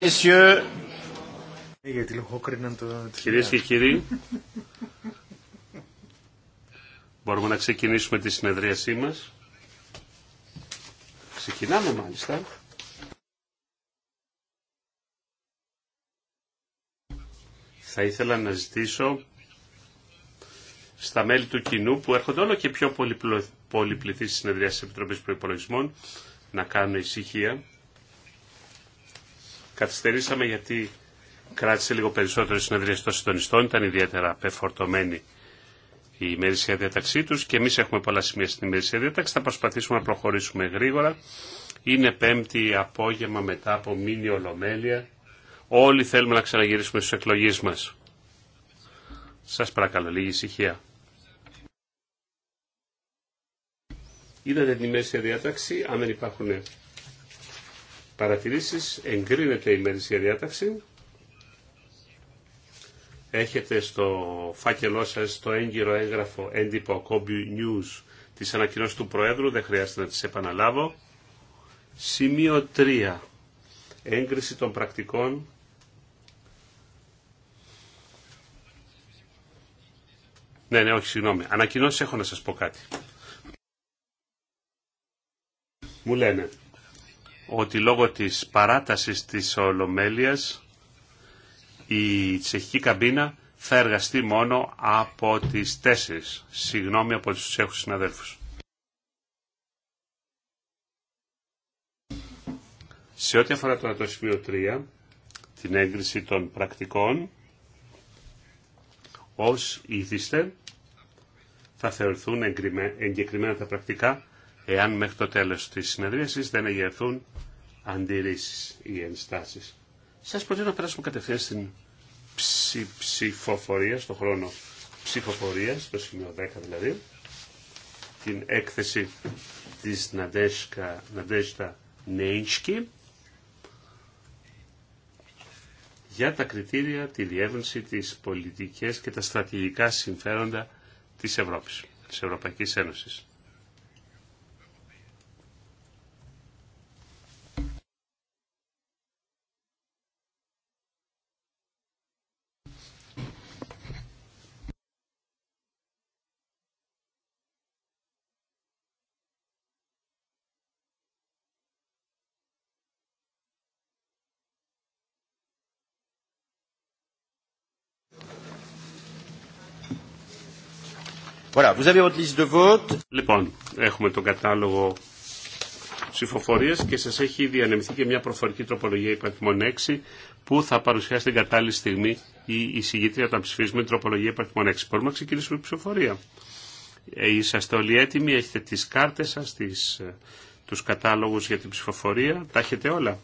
Ε, Κυρίες και κύριοι, μπορούμε να ξεκινήσουμε τη συνεδρίασή μας. Ξεκινάμε μάλιστα. Θα ήθελα να ζητήσω στα μέλη του κοινού που έρχονται όλο και πιο πολυπληθείς συνεδρία της Επιτροπής Προϋπολογισμών να κάνουν ησυχία. Καθυστερήσαμε γιατί κράτησε λίγο περισσότερο συνεδρία των συντονιστών, ήταν ιδιαίτερα πεφορτωμένη η ημερησία διαταξή του και εμείς έχουμε πολλά σημεία στην ημερησία διαταξή, θα προσπαθήσουμε να προχωρήσουμε γρήγορα. Είναι πέμπτη απόγευμα μετά από μήνυ ολομέλεια. Όλοι θέλουμε να ξαναγυρίσουμε στους εκλογέ μα. Σα παρακαλώ, λίγη ησυχία. Είδατε την ημερησία διάταξη, αν δεν υπάρχουν παρατηρήσεις. Εγκρίνεται η ημερησία διάταξη. Έχετε στο φάκελό σας το έγκυρο έγγραφο έντυπο Κόμπιου News της ανακοινώσεις του Προέδρου. Δεν χρειάζεται να τις επαναλάβω. Σημείο 3. Έγκριση των πρακτικών Ναι, ναι, όχι, συγγνώμη. Ανακοινώσει έχω να σας πω κάτι. Μου λένε ότι λόγω της παράτασης της Ολομέλειας η τσεχική καμπίνα θα εργαστεί μόνο από τις τέσσερις Συγγνώμη από τους τσέχους συναδέλφους. Σε ό,τι αφορά το 3, την έγκριση των πρακτικών, ως ήθιστε θα θεωρηθούν εγκεκριμένα τα πρακτικά εάν μέχρι το τέλος της συνεδρίασης δεν εγερθούν αντιρρήσεις ή ενστάσεις. Σας προτείνω να περάσουμε κατευθείαν στην ψηφοφορία, στον χρόνο ψηφοφορία, το σημείο 10 δηλαδή, την έκθεση της Ναντέσκα, Ναντέστα Νέινσκι για τα κριτήρια, τη διεύρυνση, τις πολιτικέ και τα στρατηγικά συμφέροντα της Ευρώπης, της Ευρωπαϊκής Ένωσης. Voilà, vous avez votre liste de vote. Λοιπόν, έχουμε τον κατάλογο ψηφοφορία και σα έχει διανεμηθεί και μια προφορική τροπολογία υπαριθμών 6 που θα παρουσιάσει την κατάλληλη στιγμή η εισηγήτρια όταν ψηφίζουμε την τροπολογία υπαριθμών 6. Μπορούμε να ξεκινήσουμε την ψηφοφορία. Ε, είσαστε όλοι έτοιμοι, έχετε τι κάρτε σα, ε, του κατάλογου για την ψηφοφορία, τα έχετε όλα.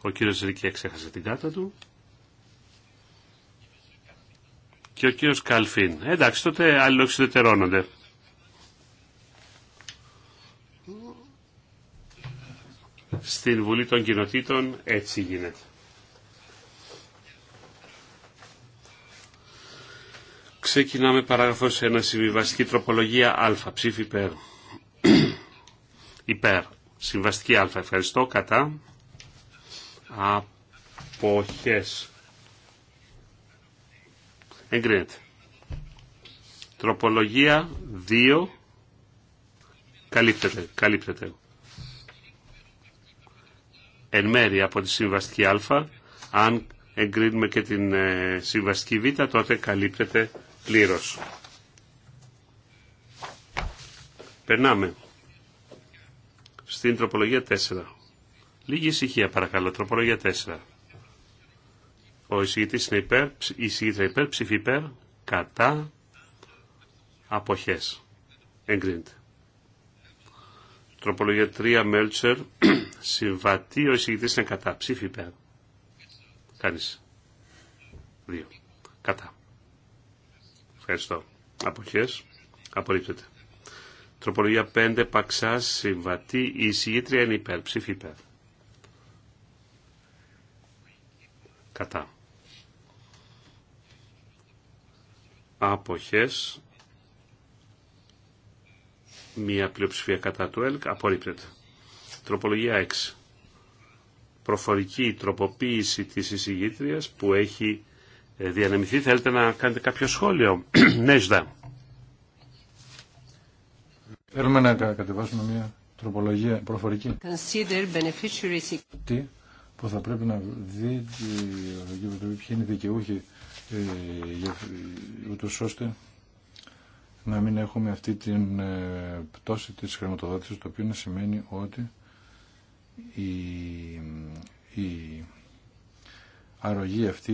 Ο κύριος Ρικέξ έχασε την κάρτα του. και ο κύριος Καλφίν. Εντάξει, τότε αλληλοξιδετερώνονται. Στην Βουλή των Κοινοτήτων έτσι γίνεται. Ξεκινάμε παράγραφος ένα Συμβιβαστική τροπολογία Α. Ψήφι υπέρ. υπέρ. Συμβαστική Α. Ευχαριστώ. Κατά. Αποχές. Εγκρίνεται. Τροπολογία 2. Καλύπτεται. Καλύπτεται. Εν μέρη από τη συμβαστική α, αν εγκρίνουμε και την ε, συμβαστική β, τότε καλύπτεται πλήρως. Περνάμε στην τροπολογία 4. Λίγη ησυχία παρακαλώ, τροπολογία 4. Ο εισηγητής είναι υπέρ, η εισηγήτρια υπέρ, ψήφι υπέρ, κατά, αποχές. Εγκρίνεται. Τροπολογία 3, Μέλτσερ, συμβατή, ο εισηγητής είναι κατά, ψήφι υπέρ. Κανείς. Δύο. Κατά. Ευχαριστώ. Αποχές. Απορρίπτεται. Τροπολογία 5, Παξά, συμβατή, η εισηγήτρια είναι υπέρ, ψήφι υπέρ. Κατά. αποχές μία πλειοψηφία κατά του ΕΛΚ απορρίπτεται. Τροπολογία 6. Προφορική τροποποίηση της εισηγήτριας που έχει ε, διανεμηθεί. Θέλετε να κάνετε κάποιο σχόλιο. Νέσδα. Ναι, Θέλουμε να κατεβάσουμε μια τροπολογία προφορική. Τι που θα πρέπει να δει ε, ποιοι είναι δικαιούχοι ε, ούτως ώστε να μην έχουμε αυτή την ε, πτώση της χρηματοδότησης το οποίο να σημαίνει ότι η, η αρρωγή αυτή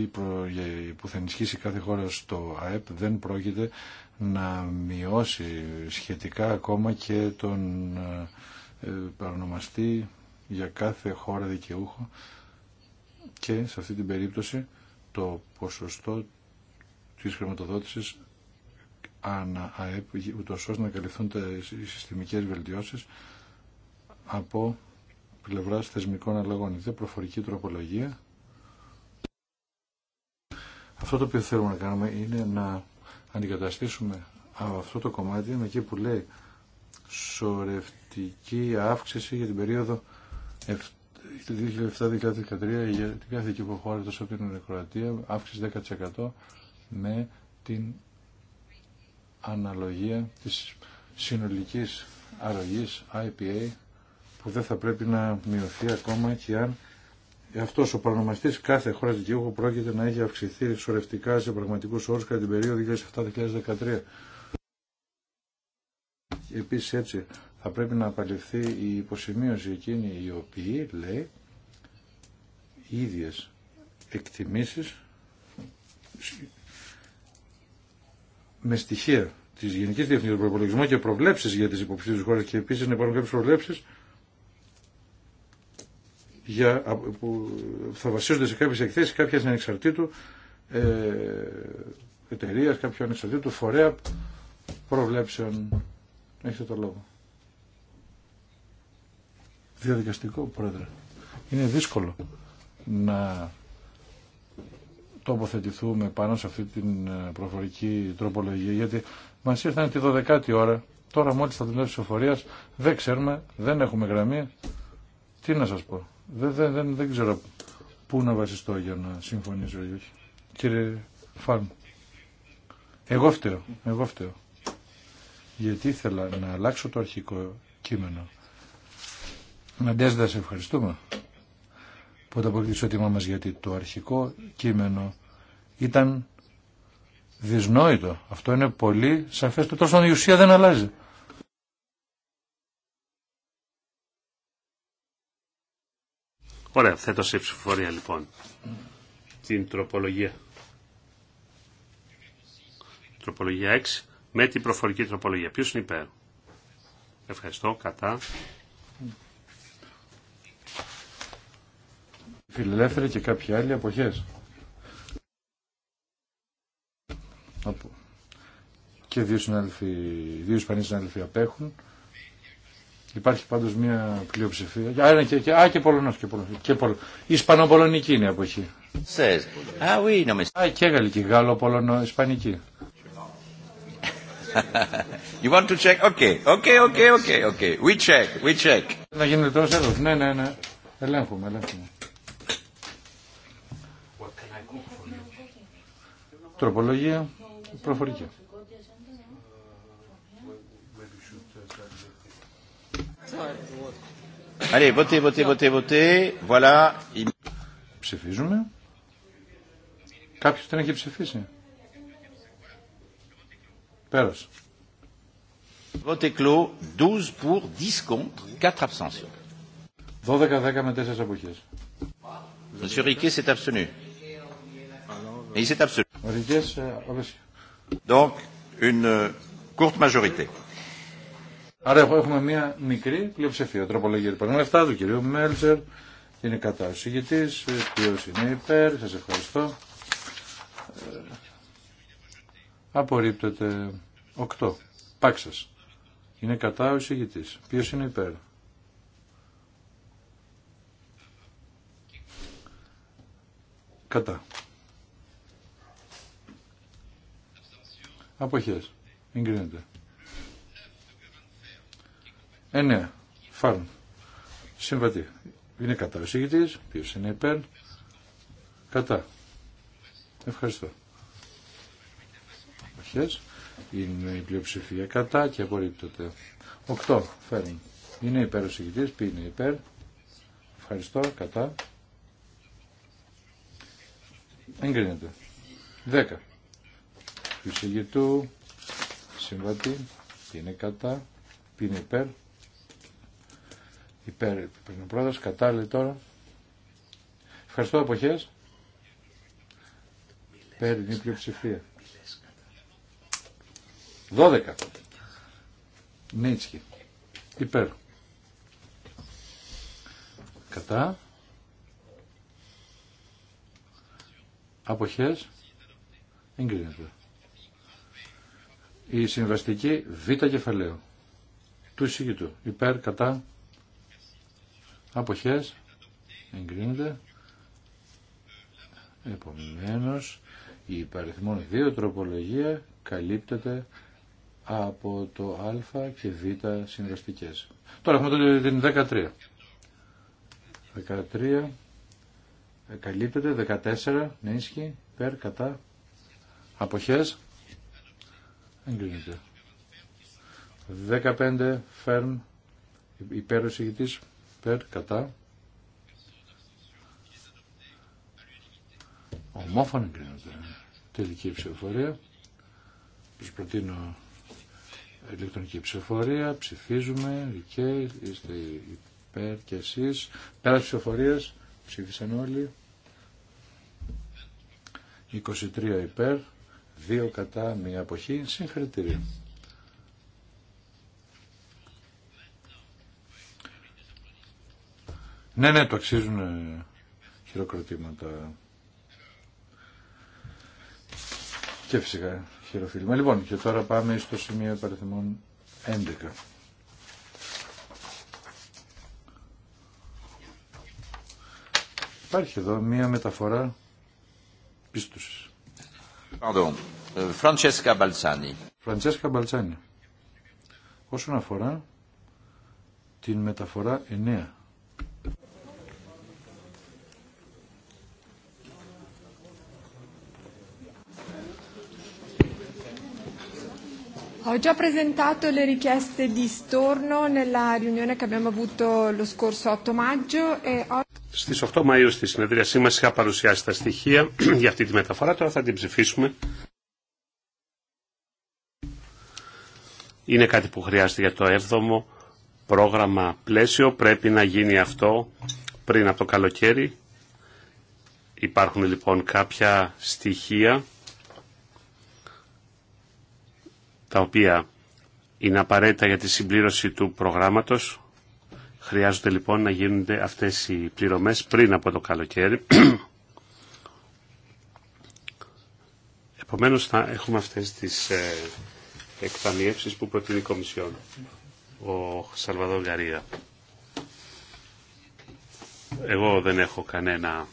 που θα ενισχύσει κάθε χώρα στο ΑΕΠ δεν πρόκειται να μειώσει σχετικά ακόμα και τον ε, παρονομαστή για κάθε χώρα δικαιούχο και σε αυτή την περίπτωση το ποσοστό της χρηματοδότησης ανά ΑΕΠ, ούτως ώστε να καλυφθούν τα συστημικές βελτιώσεις από πλευράς θεσμικών αλλαγών. Είναι προφορική τροπολογία. Αυτό το οποίο θέλουμε να κάνουμε είναι να αντικαταστήσουμε αυτό το κομμάτι με εκεί που λέει σορευτική αύξηση για την περίοδο το 2007-2013 για την κάθε χώρα τόσο από η Κροατία αύξηση 10% με την αναλογία της συνολικής αρρωγής IPA που δεν θα πρέπει να μειωθεί ακόμα και αν αυτό ο παρονομαστή κάθε χώρα δικαιούχου πρόκειται να έχει αυξηθεί σωρευτικά σε πραγματικού όρου κατά την περίοδο 2007-2013. Επίση έτσι θα πρέπει να απαλληφθεί η υποσημείωση εκείνη η οποία λέει οι ίδιες εκτιμήσεις με στοιχεία της Γενικής Διεθνής του και προβλέψεις για τις υποψήφιες χώρε και επίσης να υπάρχουν κάποιες προβλέψεις που θα βασίζονται σε κάποιες εκθέσεις κάποιας ανεξαρτήτου ε, εταιρεία, κάποιο ανεξαρτήτου φορέα προβλέψεων. Έχετε το λόγο διαδικαστικό, πρόεδρε. Είναι δύσκολο να τοποθετηθούμε πάνω σε αυτή την ε, προφορική τροπολογία, γιατί μας ήρθαν τη 12η ώρα, τώρα μόλις θα δουλεύει συμφορία, δεν ξέρουμε, δεν έχουμε γραμμή. Τι να σας πω, δεν, δεν, δεν, δεν ξέρω πού να βασιστώ για να συμφωνήσω ή όχι. Κύριε Φάρμ, εγώ φταίω, εγώ φταίω. Γιατί ήθελα να αλλάξω το αρχικό κείμενο Αντές σε ευχαριστούμε που το ότι μας γιατί το αρχικό κείμενο ήταν δυσνόητο. Αυτό είναι πολύ σαφές. Το τόσο η ουσία δεν αλλάζει. Ωραία, θέτω σε ψηφοφορία λοιπόν την τροπολογία. Τροπολογία 6 με την προφορική τροπολογία. Ποιος είναι υπέρ. Ευχαριστώ. Κατά. φιλελεύθερη και κάποιοι άλλοι αποχές. Και δύο, συνάδελφοι, δύο Ισπανοί συνάδελφοι απέχουν. Υπάρχει πάντως μια πλειοψηφία. Α, ναι, και, και, α, και Πολωνός και Πολωνός. Και Ισπανό Ισπανοπολωνική είναι η Σες. Α, oui, non, α, και Γαλλική, Γάλλο-Πολωνο-Ισπανική. You want to check? Okay, okay, okay, okay, okay. We check, we check. Να γίνεται τόσο έλεγχος. Ναι, ναι, ναι. Ελέγχουμε, ελέγχουμε. Τροπολογία προφορική. Allez, votez, votez, votez, votez. Voilà. Ψηφίζουμε. Κάποιος δεν έχει ψηφίσει. Πέρασε. Vote clos. 12 pour, 10 contre, 4 abstentions. 12-10 με 4 αποχές. Monsieur Riquet s'est abstenu. il s'est abstenu. Ε, Donc, une euh, courte majorité. Άρα έχουμε μια μικρή πλειοψηφία. Τροπολογία του 7 του κυρίου Μέλτσερ είναι κατά ο συγκητής, ε, Ποιο είναι υπέρ, Σα ευχαριστώ. Ε, απορρίπτεται 8. Πάξα. Είναι κατά ο συγγητή. Ποιο είναι υπέρ. Κατά. Αποχές. Εγκρίνεται. ναι. Φάρν. Συμβατή. Είναι κατά ο εισηγητής. Ποιος είναι υπέρ. Κατά. Ευχαριστώ. Αποχές. Είναι η πλειοψηφία κατά και απορρίπτωται. Οκτώ. Φέρν. Είναι υπέρ ο εισηγητής. Ποιος είναι υπέρ. Ευχαριστώ. Κατά. Εγκρίνεται. Δέκα του εισηγητού. Συμβατή. είναι κατά. Τι είναι υπέρ. Υπέρ. Πριν ο πρόεδρος. Κατά λέει τώρα. Ευχαριστώ αποχές. Υπέρ είναι η πλειοψηφία. 12. Νίτσκι. Υπέρ. Κατά. Αποχές. Εγκρίνεται. Η συμβαστική Β κεφαλαίου του εισηγητού. Υπέρ, κατά, αποχές, εγκρίνεται. Επομένως, η υπαριθμόν δύο τροπολογία καλύπτεται από το α και β συμβαστικές. Τώρα έχουμε την 13. 13 ε, καλύπτεται, 14 νίσχυ, ναι, υπέρ, κατά, αποχές, εγκρίνεται. 15 φέρν υπέρ ο υπέρ, κατά. Ομόφωνα εγκρίνεται. Τελική ψηφοφορία. Σας προτείνω ηλεκτρονική ψηφοφορία. Ψηφίζουμε και είστε υπέρ και εσείς. Πέρα ψηφοφορίας ψήφισαν όλοι. 23 υπέρ. Δύο κατά, μία αποχή. Συγχαρητήρια. Ναι, ναι, το αξίζουν ε, χειροκροτήματα. Και φυσικά χειροφίλημα. Λοιπόν, και τώρα πάμε στο σημείο παριθμών 11. Υπάρχει εδώ μία μεταφορά πίστοσης. Pardon. Φραντσέσκα Francesca Φραντσέσκα Μπαλτσάνη. Όσον αφορά την μεταφορά 9. Ho già presentato le richieste di storno nella riunione che abbiamo avuto lo scorso 8 maggio e ho... Στις 8 Μαΐου στη συνεδρίασή μας είχα παρουσιάσει τα στοιχεία για αυτή τη μεταφορά, τώρα θα την ψηφίσουμε. Είναι κάτι που χρειάζεται για το 7ο πρόγραμμα πλαίσιο, πρέπει να γίνει αυτό πριν από το καλοκαίρι. Υπάρχουν λοιπόν κάποια στοιχεία τα οποία είναι απαραίτητα για τη συμπλήρωση του προγράμματος Χρειάζονται λοιπόν να γίνονται αυτές οι πληρωμές πριν από το καλοκαίρι. Επομένως θα έχουμε αυτές τις ε, που προτείνει η Κομισιόν. Ο Σαλβαδόρ Γαρία. Εγώ δεν έχω κανένα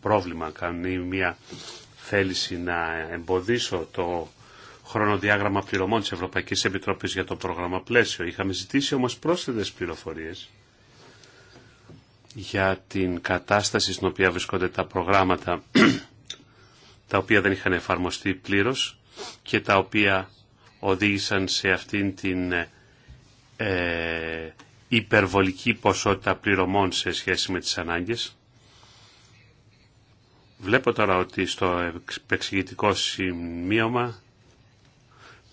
πρόβλημα, κάνει μια θέληση να εμποδίσω το χρονοδιάγραμμα πληρωμών της Ευρωπαϊκής Επιτροπής για το πρόγραμμα πλαίσιο. Είχαμε ζητήσει όμως πρόσθετες πληροφορίες για την κατάσταση στην οποία βρισκόνται τα προγράμματα τα οποία δεν είχαν εφαρμοστεί πλήρως και τα οποία οδήγησαν σε αυτήν την ε, ε, υπερβολική ποσότητα πληρωμών σε σχέση με τις ανάγκες. Βλέπω τώρα ότι στο επεξηγητικό σημείωμα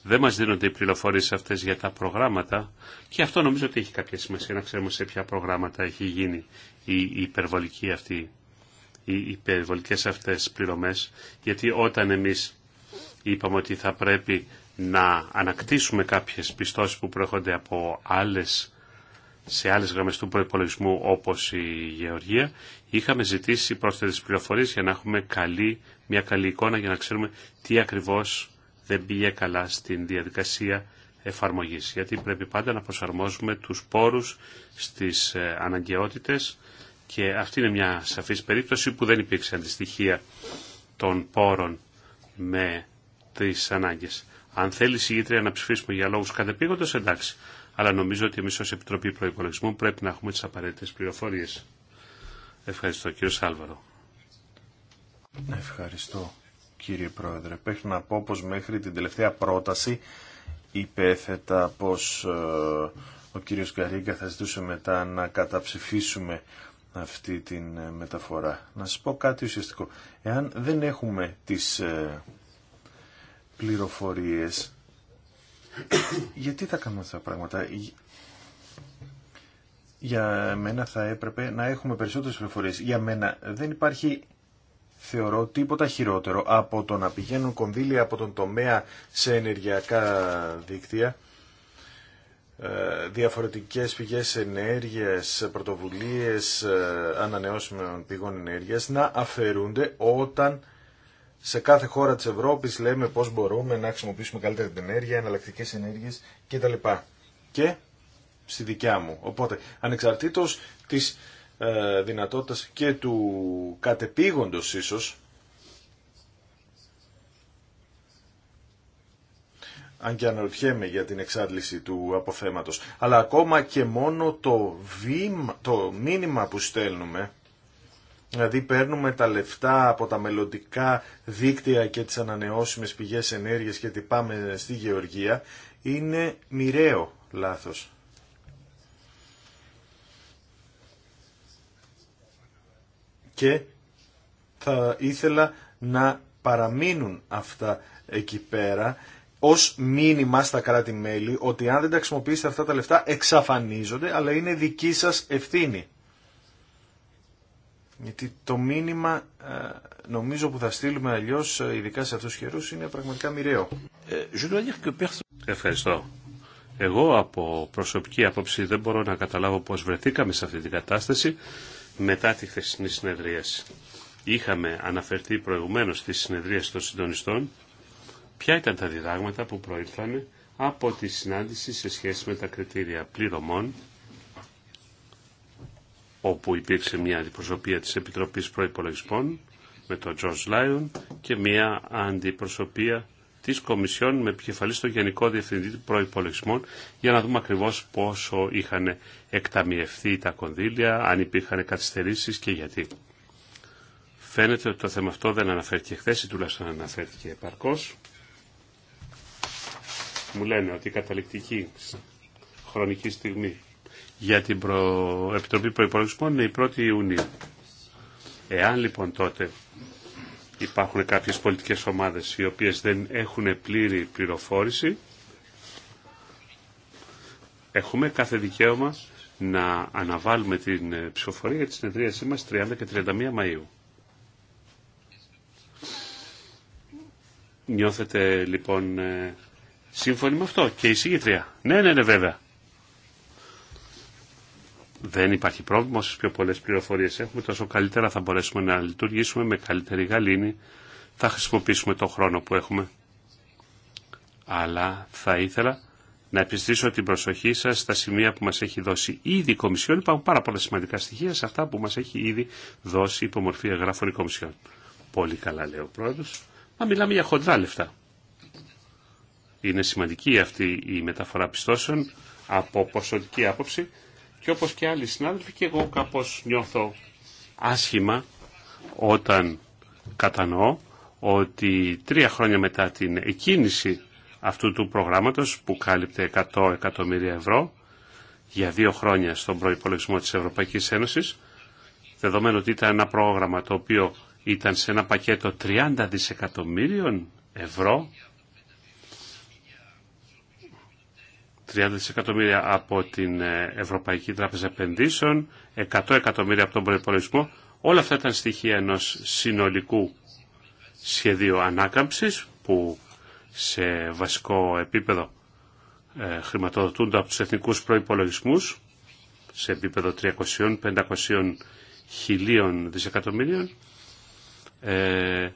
δεν μας δίνονται οι πληροφορίες αυτές για τα προγράμματα και αυτό νομίζω ότι έχει κάποια σημασία να ξέρουμε σε ποια προγράμματα έχει γίνει η υπερβολική αυτή οι υπερβολικές αυτές πληρωμές γιατί όταν εμείς είπαμε ότι θα πρέπει να ανακτήσουμε κάποιες πιστώσεις που προέρχονται από άλλες σε άλλες γραμμές του προϋπολογισμού όπως η Γεωργία είχαμε ζητήσει πρόσθετες πληροφορίες για να έχουμε καλή, μια καλή εικόνα για να ξέρουμε τι ακριβώς δεν πήγε καλά στην διαδικασία εφαρμογής. Γιατί πρέπει πάντα να προσαρμόζουμε τους πόρους στις ε, αναγκαιότητες και αυτή είναι μια σαφής περίπτωση που δεν υπήρξε αντιστοιχεία των πόρων με τις ανάγκες. Αν θέλει η συγγύτρια να ψηφίσουμε για λόγους κατεπήγοντος, εντάξει. Αλλά νομίζω ότι εμείς ως Επιτροπή Προϋπολογισμού πρέπει να έχουμε τις απαραίτητες πληροφορίες. Ευχαριστώ κύριο Σάλβαρο. Ευχαριστώ κύριε Πρόεδρε. Πρέπει να πω πως μέχρι την τελευταία πρόταση υπέθετα πως ε, ο κύριος Γκαρίγκα θα ζητούσε μετά να καταψηφίσουμε αυτή την ε, μεταφορά. Να σας πω κάτι ουσιαστικό. Εάν δεν έχουμε τις ε, πληροφορίες, γιατί θα κάνουμε αυτά τα πράγματα. Για μένα θα έπρεπε να έχουμε περισσότερες πληροφορίες. Για μένα δεν υπάρχει θεωρώ τίποτα χειρότερο από το να πηγαίνουν κονδύλια από τον τομέα σε ενεργειακά δίκτυα, ε, διαφορετικές πηγές ενέργειας, πρωτοβουλίες ε, ανανεώσιμων πηγών ενέργειας να αφαιρούνται όταν σε κάθε χώρα της Ευρώπης λέμε πώς μπορούμε να χρησιμοποιήσουμε καλύτερα την ενέργεια, εναλλακτικέ ενέργειες κτλ. Και στη δικιά μου. Οπότε, ανεξαρτήτως της ε, δυνατότητας και του κατεπήγοντος ίσως αν και αναρωτιέμαι για την εξάντληση του αποθέματος. Αλλά ακόμα και μόνο το, βήμα, το μήνυμα που στέλνουμε, δηλαδή παίρνουμε τα λεφτά από τα μελλοντικά δίκτυα και τις ανανεώσιμες πηγές ενέργειας και τι πάμε στη γεωργία, είναι μοιραίο λάθος. και θα ήθελα να παραμείνουν αυτά εκεί πέρα ως μήνυμα στα κράτη-μέλη ότι αν δεν τα χρησιμοποιήσετε αυτά τα λεφτά εξαφανίζονται αλλά είναι δική σας ευθύνη. Γιατί το μήνυμα ε, νομίζω που θα στείλουμε αλλιώ, ε, ειδικά σε αυτούς τους χερούς είναι πραγματικά μοιραίο. Ε, Ευχαριστώ. Εγώ από προσωπική άποψη δεν μπορώ να καταλάβω πώς βρεθήκαμε σε αυτή την κατάσταση μετά τη χθεσινή συνεδρία Είχαμε αναφερθεί προηγουμένω στη συνεδρία των συντονιστών ποια ήταν τα διδάγματα που προήλθαν από τη συνάντηση σε σχέση με τα κριτήρια πληρωμών όπου υπήρξε μια αντιπροσωπεία της Επιτροπής Προϋπολογισμών με τον Τζορς Λάιον και μια αντιπροσωπεία τη Κομισιόν με επικεφαλή στο Γενικό Διευθυντή προπολογισμών για να δούμε ακριβώ πόσο είχαν εκταμιευθεί τα κονδύλια, αν υπήρχαν καθυστερήσει και γιατί. Φαίνεται ότι το θέμα αυτό δεν αναφέρθηκε χθε ή τουλάχιστον αναφέρθηκε επαρκώς. Μου λένε ότι η τουλαχιστον αναφερθηκε επαρκώ. μου χρονική στιγμή για την Επιτροπή προπολογισμών είναι η 1η Ιουνίου. Εάν λοιπόν τότε υπάρχουν κάποιες πολιτικές ομάδες οι οποίες δεν έχουν πλήρη πληροφόρηση. Έχουμε κάθε δικαίωμα να αναβάλουμε την ε, ψηφοφορία για τη μας 30 και 31 Μαΐου. Νιώθετε λοιπόν ε, σύμφωνοι με αυτό και η συγκέντρια. Ναι, ναι, ναι βέβαια. Δεν υπάρχει πρόβλημα, όσε πιο πολλέ πληροφορίε έχουμε, τόσο καλύτερα θα μπορέσουμε να λειτουργήσουμε με καλύτερη γαλήνη. Θα χρησιμοποιήσουμε τον χρόνο που έχουμε. Αλλά θα ήθελα να επιστήσω την προσοχή σα στα σημεία που μα έχει δώσει ήδη η Κομισιόν. Υπάρχουν πάρα πολλά σημαντικά στοιχεία σε αυτά που μα έχει ήδη δώσει υπό μορφή εγγράφων η Κομισιόν. Πολύ καλά, λέει ο πρόεδρο. Μα μιλάμε για χοντρά λεφτά. Είναι σημαντική αυτή η μεταφορά πιστώσεων από ποσοτική άποψη και όπως και άλλοι συνάδελφοι και εγώ κάπως νιώθω άσχημα όταν κατανοώ ότι τρία χρόνια μετά την εκκίνηση αυτού του προγράμματος που κάλυπτε 100 εκατομμύρια ευρώ για δύο χρόνια στον προϋπολογισμό της Ευρωπαϊκής Ένωσης, δεδομένου ότι ήταν ένα πρόγραμμα το οποίο ήταν σε ένα πακέτο 30 δισεκατομμύριων ευρώ 30 δισεκατομμύρια από την ε, Ευρωπαϊκή Τράπεζα Επενδύσεων, 100 εκατομμύρια από τον προϋπολογισμό. Όλα αυτά ήταν στοιχεία ενός συνολικού σχεδίου ανάκαμψης που σε βασικό επίπεδο ε, χρηματοδοτούνται από τους εθνικούς προϋπολογισμούς σε επίπεδο 300-500 χιλίων δισεκατομμύριων. Ε,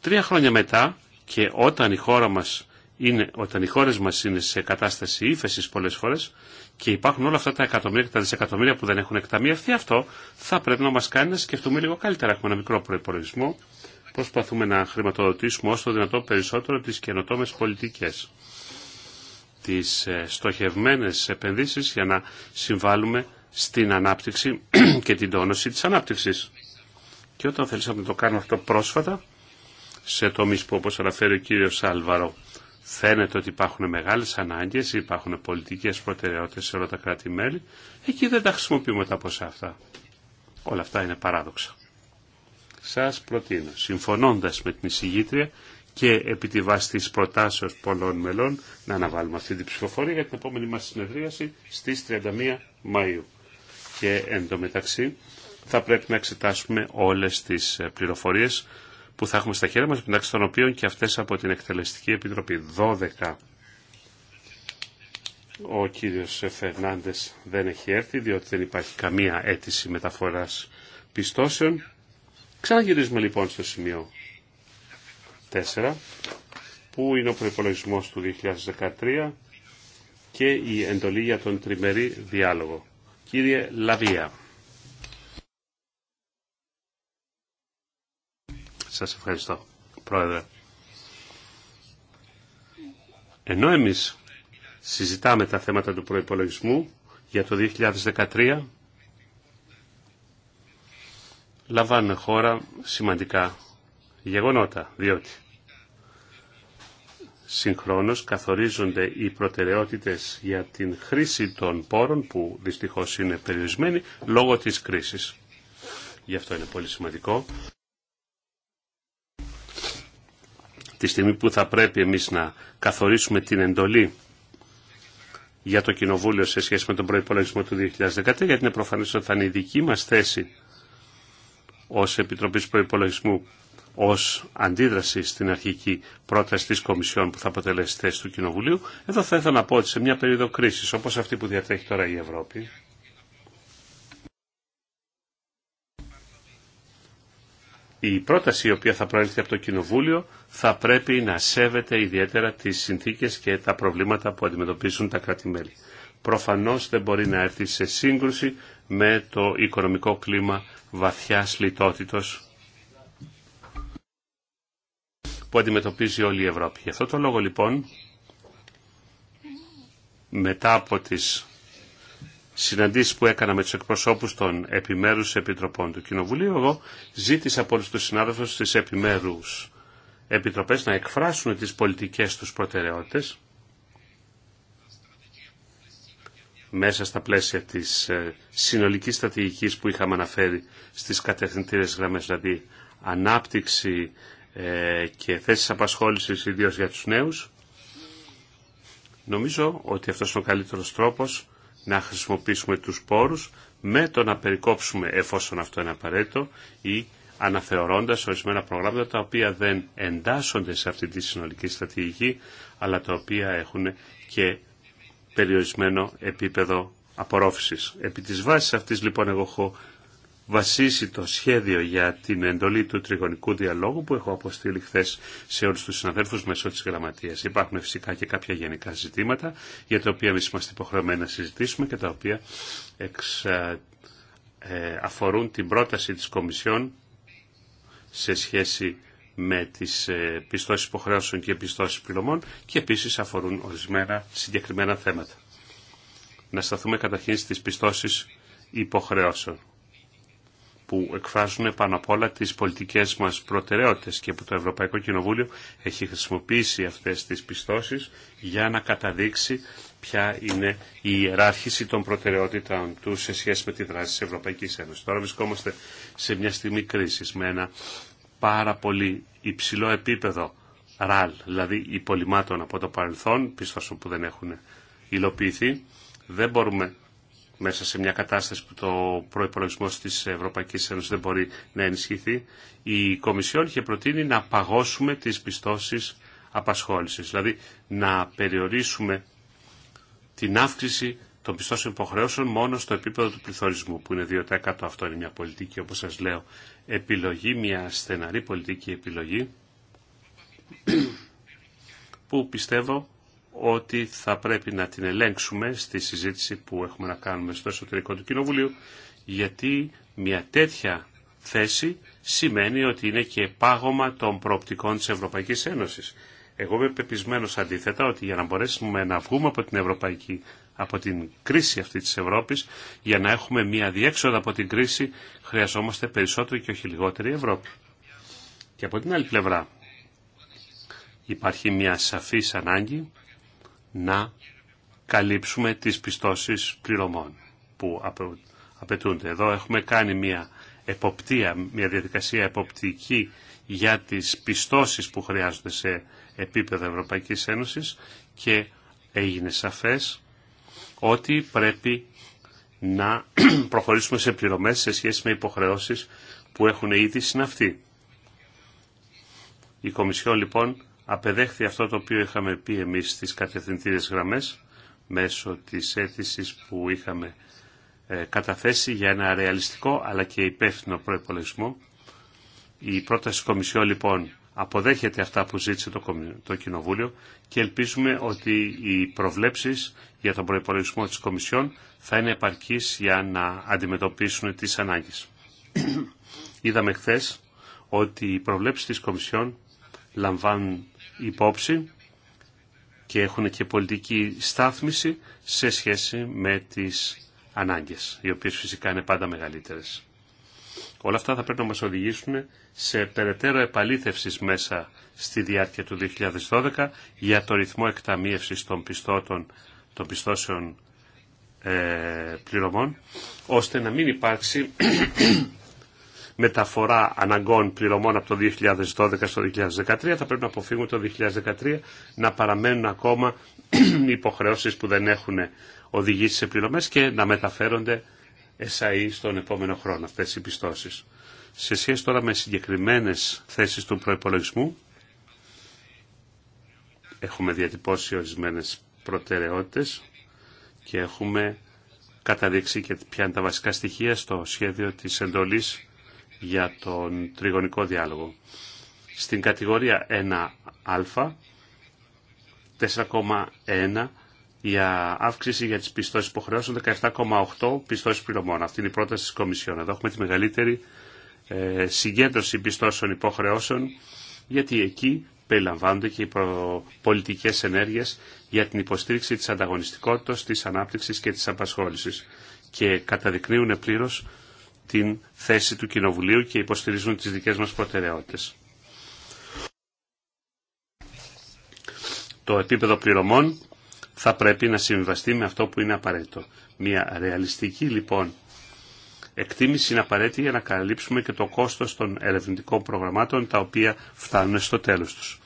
τρία χρόνια μετά και όταν η χώρα μας είναι όταν οι χώρες μας είναι σε κατάσταση ύφεση πολλές φορές και υπάρχουν όλα αυτά τα εκατομμύρια και τα δισεκατομμύρια που δεν έχουν εκταμιευθεί, αυτό θα πρέπει να μας κάνει να σκεφτούμε λίγο καλύτερα. Έχουμε ένα μικρό προπολογισμό. Προσπαθούμε να χρηματοδοτήσουμε όσο δυνατό περισσότερο τις καινοτόμε πολιτικές, τις ε, στοχευμένες επενδύσεις για να συμβάλλουμε στην ανάπτυξη και την τόνωση της ανάπτυξης. Και όταν θέλησαμε να το κάνουμε αυτό πρόσφατα, σε τομεί που όπω αναφέρει ο κύριο Άλβαρο, Φαίνεται ότι υπάρχουν μεγάλες ανάγκες, υπάρχουν πολιτικές προτεραιότητες σε όλα τα κράτη-μέλη. Εκεί δεν τα χρησιμοποιούμε τα ποσά αυτά. Όλα αυτά είναι παράδοξα. Σας προτείνω, συμφωνώντας με την εισηγήτρια και επί τη βάση της προτάσεως πολλών μελών, να αναβάλουμε αυτή την ψηφοφορία για την επόμενη μας συνεδρίαση στις 31 Μαΐου. Και εντωμεταξύ θα πρέπει να εξετάσουμε όλες τις ε, πληροφορίες που θα έχουμε στα χέρια μας, μεταξύ των οποίων και αυτές από την Εκτελεστική Επιτροπή. 12. Ο κύριος Φερνάντες δεν έχει έρθει, διότι δεν υπάρχει καμία αίτηση μεταφοράς πιστώσεων. Ξαναγυρίζουμε λοιπόν στο σημείο 4, που είναι ο προπολογισμό του 2013 και η εντολή για τον τριμερή διάλογο. Κύριε Λαβία. Σας ευχαριστώ, Πρόεδρε. Ενώ εμείς συζητάμε τα θέματα του προϋπολογισμού για το 2013, λαμβάνουν χώρα σημαντικά γεγονότα, διότι συγχρόνως καθορίζονται οι προτεραιότητες για την χρήση των πόρων που δυστυχώς είναι περιορισμένοι λόγω της κρίσης. Γι' αυτό είναι πολύ σημαντικό τη στιγμή που θα πρέπει εμείς να καθορίσουμε την εντολή για το Κοινοβούλιο σε σχέση με τον προϋπολογισμό του 2013, γιατί είναι προφανές ότι θα είναι η δική μας θέση ως Επιτροπής Προϋπολογισμού ως αντίδραση στην αρχική πρόταση της Κομισιόν που θα αποτελέσει θέση του Κοινοβουλίου. Εδώ θα ήθελα να πω ότι σε μια περίοδο κρίσης όπως αυτή που διατρέχει τώρα η Ευρώπη, η πρόταση η οποία θα προέλθει από το Κοινοβούλιο θα πρέπει να σέβεται ιδιαίτερα τις συνθήκες και τα προβλήματα που αντιμετωπίζουν τα κράτη-μέλη. Προφανώς δεν μπορεί να έρθει σε σύγκρουση με το οικονομικό κλίμα βαθιάς λιτότητος που αντιμετωπίζει όλη η Ευρώπη. Γι' αυτό το λόγο λοιπόν μετά από τις συναντήσεις που έκανα με τους εκπροσώπους των επιμέρους επιτροπών του Κοινοβουλίου, εγώ ζήτησα από όλους τους συνάδελφους στις επιμέρους επιτροπές να εκφράσουν τις πολιτικές τους προτεραιότητες μέσα στα πλαίσια της ε, συνολικής στρατηγικής που είχαμε αναφέρει στις κατευθυντήρες γραμμές, δηλαδή ανάπτυξη ε, και θέσεις απασχόλησης ιδίως για τους νέους. Νομίζω ότι αυτός είναι ο καλύτερος τρόπος να χρησιμοποιήσουμε τους πόρους με το να περικόψουμε εφόσον αυτό είναι απαραίτητο ή αναθεωρώντας ορισμένα προγράμματα τα οποία δεν εντάσσονται σε αυτή τη συνολική στρατηγική αλλά τα οποία έχουν και περιορισμένο επίπεδο απορρόφησης. Επί της βάσης αυτής λοιπόν εγώ έχω βασίσει το σχέδιο για την εντολή του τριγωνικού διαλόγου που έχω αποστείλει χθε σε όλου του συναδέλφου μέσω τη γραμματεία. Υπάρχουν φυσικά και κάποια γενικά ζητήματα για τα οποία εμεί είμαστε υποχρεωμένοι να συζητήσουμε και τα οποία εξ, ε, ε, αφορούν την πρόταση της Κομισιόν σε σχέση με τις ε, πιστώσεις υποχρεώσεων και πιστώσεις πληρωμών και επίσης αφορούν ορισμένα συγκεκριμένα θέματα. Να σταθούμε καταρχήν στις πιστώσεις υποχρεώσεων που εκφράζουν πάνω απ' όλα τις πολιτικές μας προτεραιότητες και που το Ευρωπαϊκό Κοινοβούλιο έχει χρησιμοποιήσει αυτές τις πιστώσεις για να καταδείξει ποια είναι η ιεράρχηση των προτεραιότητων του σε σχέση με τη δράση της Ευρωπαϊκής Ένωσης. Τώρα βρισκόμαστε σε μια στιγμή κρίσης με ένα πάρα πολύ υψηλό επίπεδο ραλ, δηλαδή υπολοιμάτων από το παρελθόν, πιστώσεων που δεν έχουν υλοποιηθεί. Δεν μπορούμε μέσα σε μια κατάσταση που το προπολογισμό τη Ευρωπαϊκή Ένωση δεν μπορεί να ενισχυθεί, η Κομισιόν είχε προτείνει να παγώσουμε τι πιστώσει απασχόληση. Δηλαδή να περιορίσουμε την αύξηση των πιστώσεων υποχρεώσεων μόνο στο επίπεδο του πληθωρισμού, που είναι 2%. Αυτό είναι μια πολιτική, όπω σα λέω, επιλογή, μια στεναρή πολιτική επιλογή, που πιστεύω ότι θα πρέπει να την ελέγξουμε στη συζήτηση που έχουμε να κάνουμε στο εσωτερικό του Κοινοβουλίου, γιατί μια τέτοια θέση σημαίνει ότι είναι και πάγωμα των προοπτικών της Ευρωπαϊκής Ένωσης. Εγώ είμαι πεπισμένο αντίθετα ότι για να μπορέσουμε να βγούμε από την Ευρωπαϊκή από την κρίση αυτή της Ευρώπης, για να έχουμε μια διέξοδο από την κρίση, χρειαζόμαστε περισσότερο και όχι λιγότερη Ευρώπη. Και από την άλλη πλευρά, υπάρχει μια σαφής ανάγκη να καλύψουμε τις πιστώσεις πληρωμών που απαιτούνται. Εδώ έχουμε κάνει μια εποπτεία, μια διαδικασία εποπτική για τις πιστώσεις που χρειάζονται σε επίπεδο Ευρωπαϊκής Ένωσης και έγινε σαφές ότι πρέπει να προχωρήσουμε σε πληρωμές σε σχέση με υποχρεώσεις που έχουν ήδη συναυτεί. Η Κομισιόν λοιπόν απεδέχθη αυτό το οποίο είχαμε πει εμείς στις κατευθυντήρες γραμμές μέσω της αίτησης που είχαμε ε, καταθέσει για ένα ρεαλιστικό αλλά και υπεύθυνο προϋπολογισμό. Η πρόταση Κομισιό λοιπόν αποδέχεται αυτά που ζήτησε το Κοινοβούλιο και ελπίζουμε ότι οι προβλέψεις για τον προϋπολογισμό της Κομισιόν θα είναι επαρκείς για να αντιμετωπίσουν τις ανάγκες. Είδαμε χθε ότι οι προβλέψεις της Κομισιόν λαμβάνουν υπόψη και έχουν και πολιτική στάθμιση σε σχέση με τις ανάγκες, οι οποίες φυσικά είναι πάντα μεγαλύτερες. Όλα αυτά θα πρέπει να μας οδηγήσουν σε περαιτέρω επαλήθευση μέσα στη διάρκεια του 2012 για το ρυθμό εκταμίευσης των, πιστώτων, των πιστώσεων ε, πληρωμών, ώστε να μην υπάρξει μεταφορά αναγκών πληρωμών από το 2012 στο 2013. Θα πρέπει να αποφύγουμε το 2013 να παραμένουν ακόμα υποχρεώσεις που δεν έχουν οδηγήσει σε πληρωμές και να μεταφέρονται εσαΐ e στον επόμενο χρόνο αυτές οι πιστώσεις. Σε σχέση τώρα με συγκεκριμένες θέσεις του προϋπολογισμού, έχουμε διατυπώσει ορισμένε προτεραιότητες και έχουμε καταδείξει και ποια είναι τα βασικά στοιχεία στο σχέδιο της εντολής για τον τριγωνικό διάλογο. Στην κατηγορία 1α, 4,1 για αύξηση για τις πιστώσεις υποχρεώσεων, 17,8 πιστώσεις πληρωμών. Αυτή είναι η πρόταση της Κομισιόν. Εδώ έχουμε τη μεγαλύτερη ε, συγκέντρωση πιστώσεων υποχρεώσεων, γιατί εκεί περιλαμβάνονται και οι πολιτικές ενέργειες για την υποστήριξη της ανταγωνιστικότητας, της ανάπτυξης και της απασχόλησης και καταδεικνύουν πλήρως την θέση του Κοινοβουλίου και υποστηρίζουν τις δικές μας προτεραιότητες. Το επίπεδο πληρωμών θα πρέπει να συμβιβαστεί με αυτό που είναι απαραίτητο. Μια ρεαλιστική λοιπόν εκτίμηση είναι απαραίτητη για να καλύψουμε και το κόστος των ερευνητικών προγραμμάτων τα οποία φτάνουν στο τέλος τους.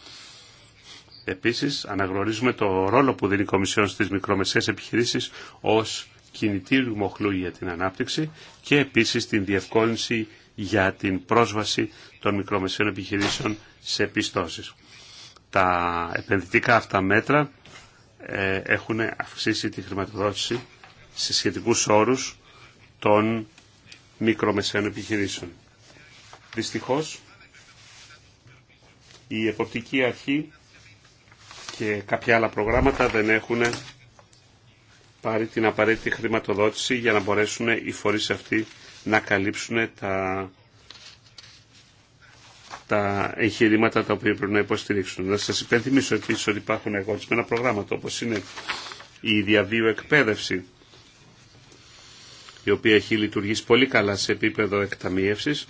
Επίσης αναγνωρίζουμε το ρόλο που δίνει η Κομισιόν στις μικρομεσαίες επιχειρήσεις ως κινητήριου μοχλού για την ανάπτυξη και επίσης την διευκόλυνση για την πρόσβαση των μικρομεσαίων επιχειρήσεων σε πιστώσεις. Τα επενδυτικά αυτά μέτρα ε, έχουν αυξήσει τη χρηματοδότηση σε σχετικούς όρους των μικρομεσαίων επιχειρήσεων. Δυστυχώς, η Εποπτική Αρχή και κάποια άλλα προγράμματα δεν έχουν πάρει την απαραίτητη χρηματοδότηση για να μπορέσουν οι φορείς αυτοί να καλύψουν τα, τα εγχειρήματα τα οποία πρέπει να υποστηρίξουν. Να σας υπενθυμίσω επίση ότι υπάρχουν εγχωρισμένα προγράμματα όπως είναι η διαβίου εκπαίδευση η οποία έχει λειτουργήσει πολύ καλά σε επίπεδο εκταμίευσης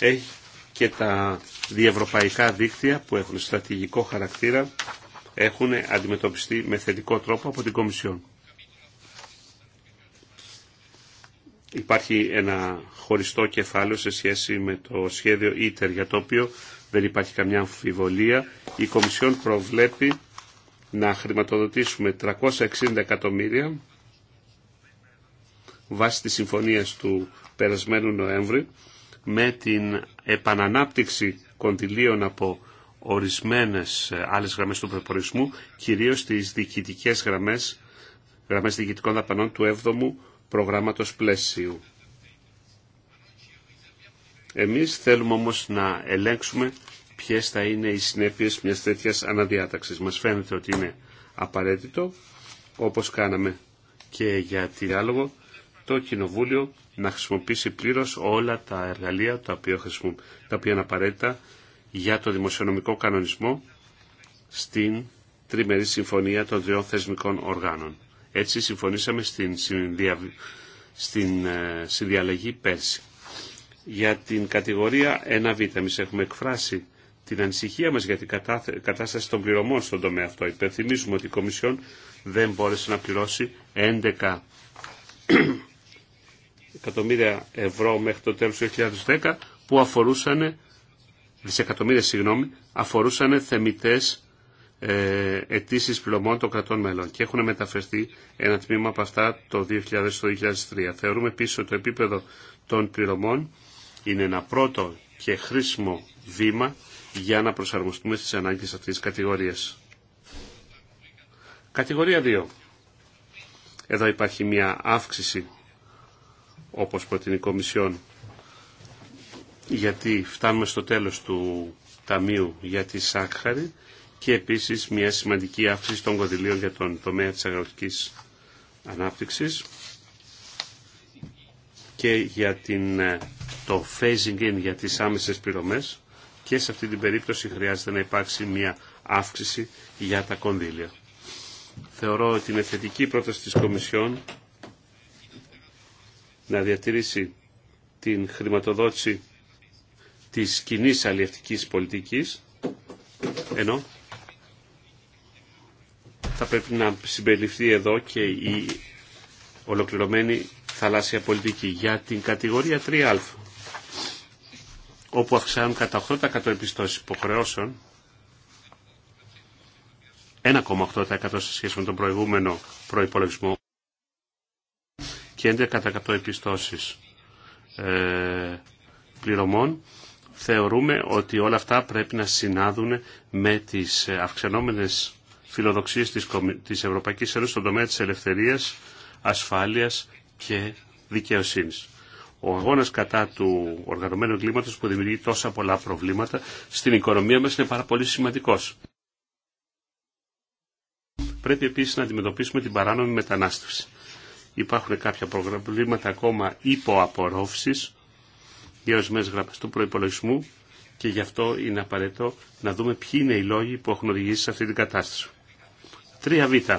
έχει και τα διευρωπαϊκά δίκτυα που έχουν στρατηγικό χαρακτήρα έχουν αντιμετωπιστεί με θετικό τρόπο από την Κομισιόν. υπάρχει ένα χωριστό κεφάλαιο σε σχέση με το σχέδιο ΙΤΕΡ για το οποίο δεν υπάρχει καμιά αμφιβολία. Η Κομισιόν προβλέπει να χρηματοδοτήσουμε 360 εκατομμύρια βάσει της συμφωνίας του περασμένου Νοέμβρη με την επανανάπτυξη κοντιλίων από ορισμένες άλλες γραμμές του προπορισμού, κυρίως τις διοικητικές γραμμές, γραμμές διοικητικών δαπανών του 7ου προγράμματος πλαίσιου. Εμείς θέλουμε όμως να ελέγξουμε ποιες θα είναι οι συνέπειες μιας τέτοιας αναδιάταξης. Μας φαίνεται ότι είναι απαραίτητο, όπως κάναμε και για τη διάλογο, το Κοινοβούλιο να χρησιμοποιήσει πλήρως όλα τα εργαλεία τα οποία, τα οποία είναι απαραίτητα για το δημοσιονομικό κανονισμό στην τριμερή συμφωνία των δύο θεσμικών οργάνων. Έτσι συμφωνήσαμε στην, συνδια... στην ε, πέρσι. Για την κατηγορία 1β, εμείς έχουμε εκφράσει την ανησυχία μας για την κατάσταση των πληρωμών στον τομέα αυτό. Υπενθυμίζουμε ότι η Κομισιόν δεν μπόρεσε να πληρώσει 11 εκατομμύρια ευρώ μέχρι το τέλος του 2010 που αφορούσαν δισεκατομμύρια συγγνώμη, αφορούσαν θεμητές ε, αιτήσει πληρωμών των κρατών μέλων και έχουν μεταφερθεί ένα τμήμα από αυτά το 2000-2003. Θεωρούμε επίση ότι το επίπεδο των πληρωμών είναι ένα πρώτο και χρήσιμο βήμα για να προσαρμοστούμε στις ανάγκες αυτής της κατηγορίας. Κατηγορία 2. Εδώ υπάρχει μια αύξηση όπως προτείνει η Κομισιόν γιατί φτάνουμε στο τέλος του Ταμείου για τη Σάκχαρη και επίσης μια σημαντική αύξηση των κονδυλίων για τον τομέα της αγροτικής ανάπτυξης και για την, ε, το phasing in για τις άμεσες πυρομές και σε αυτή την περίπτωση χρειάζεται να υπάρξει μια αύξηση για τα κονδύλια. Θεωρώ ότι είναι θετική πρόταση της Κομισιόν να διατηρήσει την χρηματοδότηση της κοινής αλληλευτικής πολιτικής ενώ θα πρέπει να συμπεριληφθεί εδώ και η ολοκληρωμένη θαλάσσια πολιτική για την κατηγορία 3α όπου αυξάνουν κατά 8% επιστώσεις υποχρεώσεων 1,8% σε σχέση με τον προηγούμενο προϋπολογισμό και 11% επιστώσεις ε, πληρωμών θεωρούμε ότι όλα αυτά πρέπει να συνάδουν με τις ε, αυξανόμενες Φιλοδοξίε τη Ευρωπαϊκή Ένωση στον τομέα τη ελευθερία, ασφάλεια και δικαιοσύνη. Ο αγώνα κατά του οργανωμένου εγκλήματο που δημιουργεί τόσα πολλά προβλήματα στην οικονομία μα είναι πάρα πολύ σημαντικό. Πρέπει επίση να αντιμετωπίσουμε την παράνομη μετανάστευση. Υπάρχουν κάποια προβλήματα ακόμα υπό για ορισμένε γραμμέ του προπολογισμού και γι' αυτό είναι απαραίτητο να δούμε ποιοι είναι οι λόγοι που έχουν οδηγήσει σε αυτή την κατάσταση. 3β.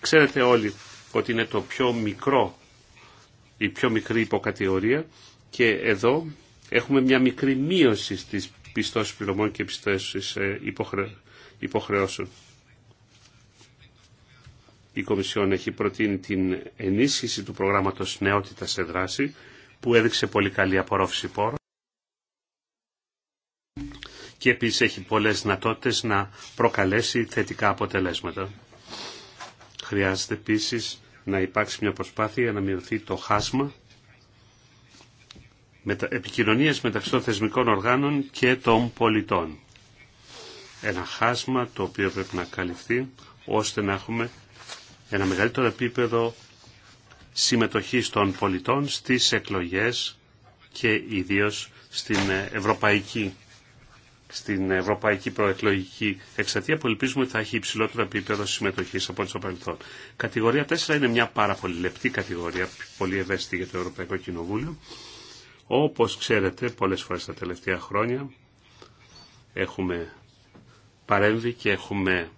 Ξέρετε όλοι ότι είναι το πιο μικρό, η πιο μικρή υποκατηγορία και εδώ έχουμε μια μικρή μείωση στις πιστώσεις πληρωμών και πιστώσεις ε, υποχρεώσεων. Η Κομισιόν έχει προτείνει την ενίσχυση του προγράμματος νεότητας σε δράση που έδειξε πολύ καλή απορρόφηση πόρων και επίσης έχει πολλές δυνατότητε να προκαλέσει θετικά αποτελέσματα. Χρειάζεται επίσης να υπάρξει μια προσπάθεια να μειωθεί το χάσμα επικοινωνίας μεταξύ των θεσμικών οργάνων και των πολιτών. Ένα χάσμα το οποίο πρέπει να καλυφθεί ώστε να έχουμε ένα μεγαλύτερο επίπεδο συμμετοχής των πολιτών στις εκλογές και ιδίως στην ευρωπαϊκή στην ευρωπαϊκή προεκλογική Εξατία που ελπίζουμε ότι θα έχει υψηλότερο επίπεδο συμμετοχή από ό,τι στο παρελθόν. Κατηγορία 4 είναι μια πάρα πολύ λεπτή κατηγορία, πολύ ευαίσθητη για το Ευρωπαϊκό Κοινοβούλιο. όπω ξέρετε, πολλέ φορέ τα τελευταία χρόνια έχουμε παρέμβει και έχουμε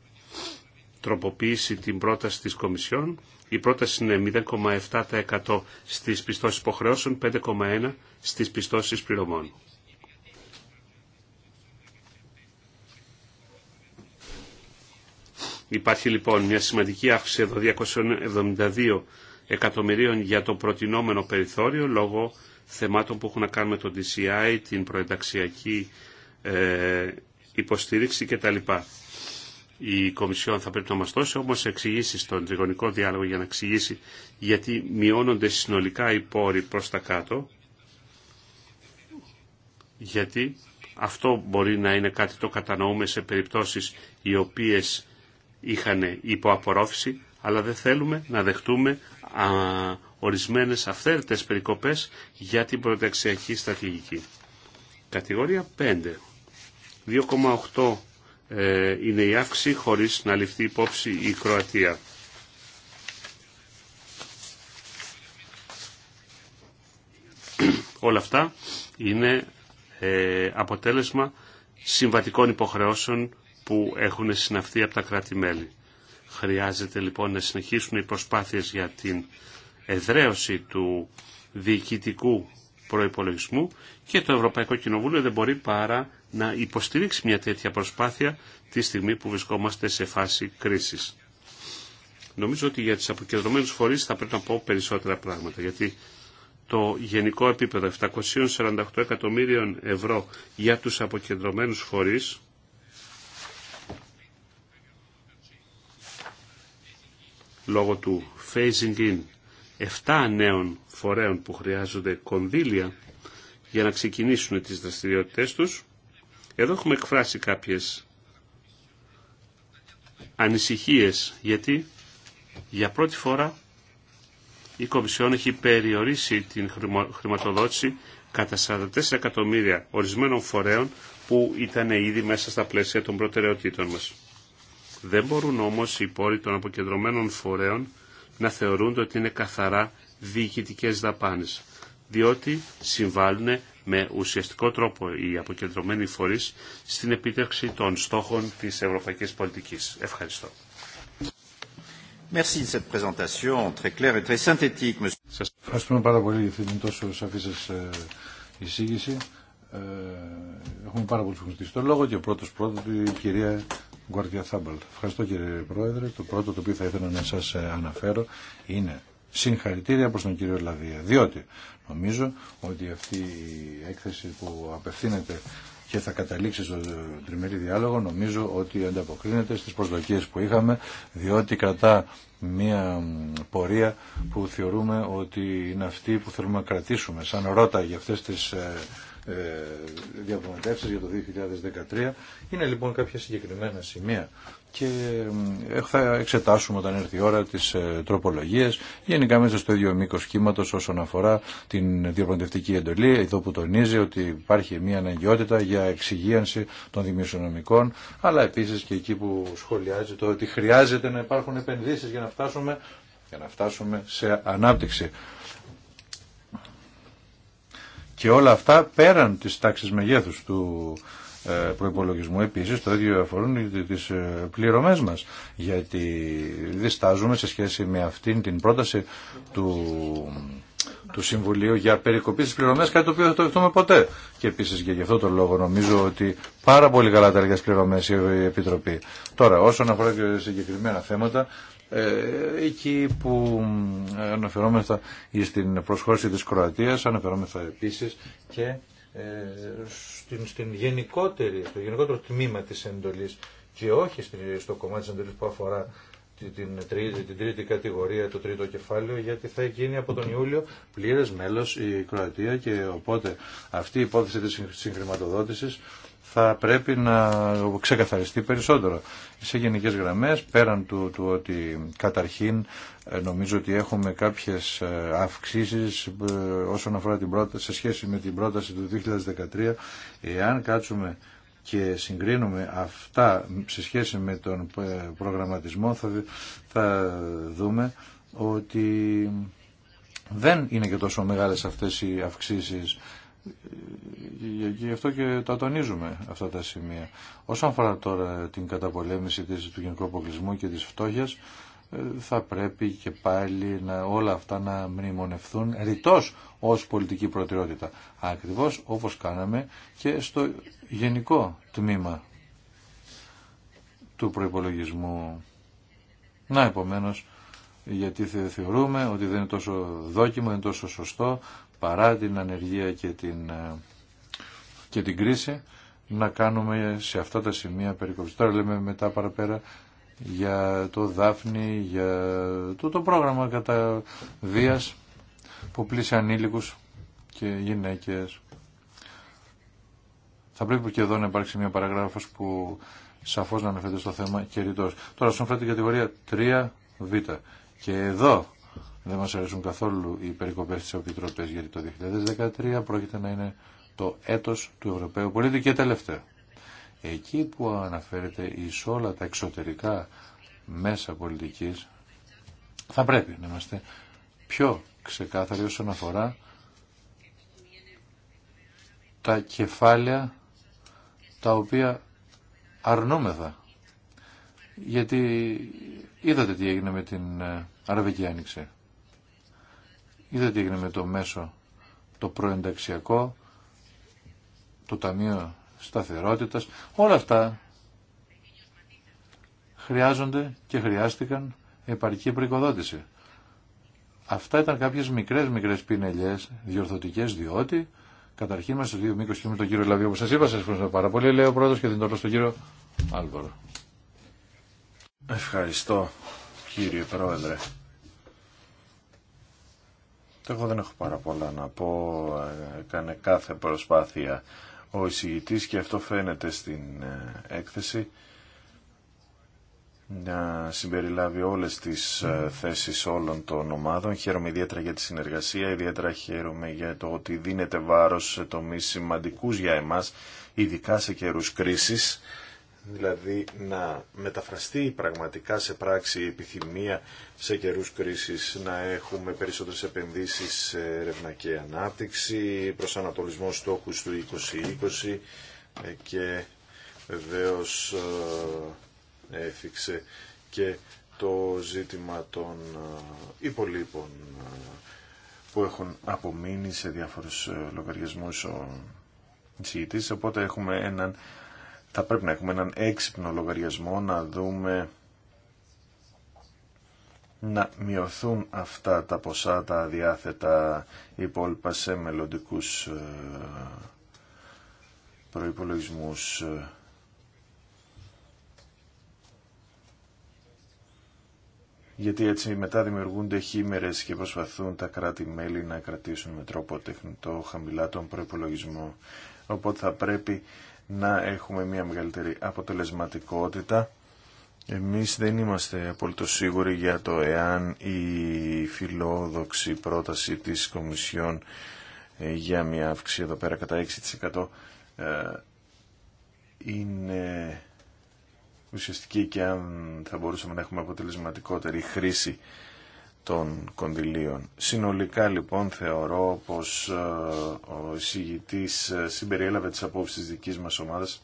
τροποποιήσει την πρόταση της Κομισιόν. Η πρόταση είναι 0,7% στις πιστώσεις υποχρεώσεων, 5,1% στις πιστώσεις πληρωμών. Υπάρχει λοιπόν μια σημαντική αύξηση εδώ 272 εκατομμυρίων για το προτινόμενο περιθώριο λόγω θεμάτων που έχουν να κάνουν με το DCI, την προενταξιακή ε, υποστήριξη κτλ. Η Κομισιόν θα πρέπει να μας δώσει όμως εξηγήσει στον τριγωνικό διάλογο για να εξηγήσει γιατί μειώνονται συνολικά οι πόροι προς τα κάτω γιατί αυτό μπορεί να είναι κάτι το κατανοούμε σε περιπτώσεις οι οποίες είχαν υποαπορρόφηση, αλλά δεν θέλουμε να δεχτούμε α, ορισμένες αυθαίρετες περικοπές για την πρωταξιακή στρατηγική. Κατηγορία 5. 2,8 ε, είναι η αύξηση χωρίς να ληφθεί υπόψη η Κροατία. Όλα αυτά είναι ε, αποτέλεσμα συμβατικών υποχρεώσεων που έχουν συναυθεί από τα κράτη-μέλη. Χρειάζεται λοιπόν να συνεχίσουν οι προσπάθειες για την εδραίωση του διοικητικού προϋπολογισμού και το Ευρωπαϊκό Κοινοβούλιο δεν μπορεί παρά να υποστηρίξει μια τέτοια προσπάθεια τη στιγμή που βρισκόμαστε σε φάση κρίσης. Νομίζω ότι για τις αποκεντρωμένους φορείς θα πρέπει να πω περισσότερα πράγματα, γιατί το γενικό επίπεδο 748 εκατομμύριων ευρώ για τους αποκεντρωμένους φορείς λόγω του phasing in 7 νέων φορέων που χρειάζονται κονδύλια για να ξεκινήσουν τις δραστηριότητες τους. Εδώ έχουμε εκφράσει κάποιες ανησυχίες γιατί για πρώτη φορά η Κομισιόν έχει περιορίσει την χρηματοδότηση κατά 44 εκατομμύρια ορισμένων φορέων που ήταν ήδη μέσα στα πλαίσια των προτεραιοτήτων μας. Δεν μπορούν όμως οι πόροι των αποκεντρωμένων φορέων να θεωρούν ότι είναι καθαρά διοικητικές δαπάνες, διότι συμβάλλουν με ουσιαστικό τρόπο οι αποκεντρωμένοι φορείς στην επίτευξη των στόχων της ευρωπαϊκής πολιτικής. Ευχαριστώ. Merci de cette présentation très claire et très synthétique, ευχαριστούμε πάρα πολύ για την τόσο σαφή σας ε, εισήγηση. Ε, έχουμε πάρα πολλούς γνωστούς στο λόγο και ο πρώτος πρώτο του η κυρία Γκουαρδιά Θάμπαλ. Ευχαριστώ κύριε Πρόεδρε. Το πρώτο το οποίο θα ήθελα να σας ε, αναφέρω είναι συγχαρητήρια προς τον κύριο Λαδία. Διότι νομίζω ότι αυτή η έκθεση που απευθύνεται και θα καταλήξει στο ε, τριμερή διάλογο νομίζω ότι ανταποκρίνεται στις προσδοκίες που είχαμε διότι κρατά μια πορεία που θεωρούμε ότι είναι αυτή που θέλουμε να κρατήσουμε σαν ρότα για αυτές τις ε, διαπραγματεύσεις για το 2013. Είναι λοιπόν κάποια συγκεκριμένα σημεία και ε, θα εξετάσουμε όταν έρθει η ώρα τις ε, τροπολογίες γενικά μέσα στο ίδιο μήκος κύματος όσον αφορά την διαπραγματευτική εντολή εδώ που τονίζει ότι υπάρχει μια αναγκαιότητα για εξυγίανση των δημιουργικών αλλά επίσης και εκεί που σχολιάζει το ότι χρειάζεται να υπάρχουν επενδύσεις για να φτάσουμε, για να φτάσουμε σε ανάπτυξη. Και όλα αυτά πέραν της τάξης μεγέθους του ε, προϋπολογισμού... Επίσης το ίδιο αφορούν τις ε, πληρωμές μας γιατί διστάζουμε σε σχέση με αυτήν την πρόταση του, του Συμβουλίου για περικοπή στις πληρωμές κάτι το οποίο θα το δεχτούμε ποτέ. Και επίσης και γι' αυτό το λόγο νομίζω ότι πάρα πολύ καλά τα έργα πληρωμές η Επιτροπή. Τώρα όσον αφορά και συγκεκριμένα θέματα ε, εκεί που αναφερόμεθα στην προσχώρηση της Κροατίας, αναφερόμεθα επίσης και ε, στην, στην γενικότερη, στο γενικότερο τμήμα της εντολής και όχι στο κομμάτι της εντολής που αφορά την τρίτη, την τρίτη κατηγορία, το τρίτο κεφάλαιο, γιατί θα γίνει από τον Ιούλιο πλήρε μέλο η Κροατία και οπότε αυτή η υπόθεση τη συγχρηματοδότηση θα πρέπει να ξεκαθαριστεί περισσότερο. Σε γενικές γραμμές, πέραν του, του ότι καταρχήν ε, νομίζω ότι έχουμε κάποιες ε, αυξήσεις ε, όσον αφορά την πρόταση, σε σχέση με την πρόταση του 2013, εάν κάτσουμε και συγκρίνουμε αυτά σε σχέση με τον προγραμματισμό θα, δούμε ότι δεν είναι και τόσο μεγάλες αυτές οι αυξήσεις γι' αυτό και τα τονίζουμε αυτά τα σημεία. Όσον αφορά τώρα την καταπολέμηση της, του γενικού αποκλεισμού και της φτώχειας, θα πρέπει και πάλι να, όλα αυτά να μνημονευθούν ρητός ως πολιτική προτεραιότητα. Ακριβώς όπως κάναμε και στο γενικό τμήμα του προϋπολογισμού. Να επομένως, γιατί θεωρούμε ότι δεν είναι τόσο δόκιμο, δεν είναι τόσο σωστό, παρά την ανεργία και την, ε, και την κρίση, να κάνουμε σε αυτά τα σημεία περικοπή. Τώρα λέμε μετά παραπέρα για το Δάφνη, για το, το πρόγραμμα κατά βίας που πλήσει ανήλικους και γυναίκες. Θα πρέπει και εδώ να υπάρξει μια παραγράφος που σαφώς να αναφέρεται στο θέμα και ρητός. Τώρα, σου φρατη κατηγορία 3β. Και εδώ δεν μας αρέσουν καθόλου οι περικοπές της Επιτροπής, γιατί το 2013 πρόκειται να είναι το έτος του Ευρωπαίου πολίτη και τελευταίο εκεί που αναφέρεται εις όλα τα εξωτερικά μέσα πολιτικής θα πρέπει να είμαστε πιο ξεκάθαροι όσον αφορά τα κεφάλαια τα οποία αρνούμεθα. Γιατί είδατε τι έγινε με την ε, Αραβική Άνοιξη. Είδατε τι έγινε με το μέσο το προενταξιακό, το Ταμείο σταθερότητας. Όλα αυτά χρειάζονται και χρειάστηκαν επαρκή προοικοδότηση. Αυτά ήταν κάποιες μικρές μικρές πινελιές διορθωτικές διότι καταρχήν μας στο δύο μήκος και με τον κύριο Λαβή όπως σας είπα σας ευχαριστώ πάρα πολύ λέει ο πρώτος και δίνω τώρα στον κύριο Άλβορο. Ευχαριστώ κύριε Πρόεδρε. Εγώ δεν έχω πάρα πολλά να πω. Έκανε κάθε προσπάθεια ο εισηγητής και αυτό φαίνεται στην ε, έκθεση να συμπεριλάβει όλες τις ε, θέσεις όλων των ομάδων. Χαίρομαι ιδιαίτερα για τη συνεργασία, ιδιαίτερα χαίρομαι για το ότι δίνεται βάρος σε τομείς σημαντικούς για εμάς, ειδικά σε καιρούς κρίσης δηλαδή να μεταφραστεί πραγματικά σε πράξη η επιθυμία σε καιρούς κρίσης να έχουμε περισσότερες επενδύσεις σε έρευνα και ανάπτυξη, ανατολισμό στόχους του 2020 ε, και βεβαίως ε, έφυξε και το ζήτημα των ε, υπολείπων που έχουν απομείνει σε διάφορους λογαριασμούς ο εισηγητής. Οπότε έχουμε έναν θα πρέπει να έχουμε έναν έξυπνο λογαριασμό, να δούμε να μειωθούν αυτά τα ποσά, τα αδιάθετα υπόλοιπα σε μελλοντικού ε, προϋπολογισμούς. Γιατί έτσι μετά δημιουργούνται χήμερες και προσπαθούν τα κράτη-μέλη να κρατήσουν με τρόπο τεχνητό χαμηλά τον προϋπολογισμό. Οπότε θα πρέπει να έχουμε μια μεγαλύτερη αποτελεσματικότητα. Εμείς δεν είμαστε απολύτω σίγουροι για το εάν η φιλόδοξη πρόταση της Κομισιόν ε, για μια αύξηση εδώ πέρα κατά 6% ε, είναι ουσιαστική και αν θα μπορούσαμε να έχουμε αποτελεσματικότερη χρήση των κονδυλίων. Συνολικά λοιπόν θεωρώ πως ε, ο εισηγητής ε, συμπεριέλαβε τις απόψεις της δικής μας ομάδας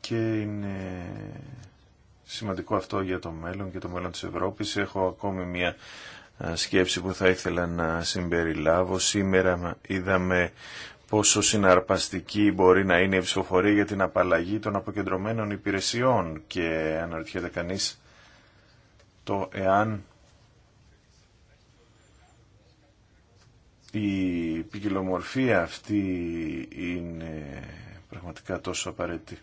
και είναι σημαντικό αυτό για το μέλλον και το μέλλον της Ευρώπης. Έχω ακόμη μια ε, σκέψη που θα ήθελα να συμπεριλάβω. Σήμερα είδαμε πόσο συναρπαστική μπορεί να είναι η ψηφοφορία για την απαλλαγή των αποκεντρωμένων υπηρεσιών και αναρωτιέται κανείς το εάν η ποικιλομορφία αυτή είναι πραγματικά τόσο απαραίτητη.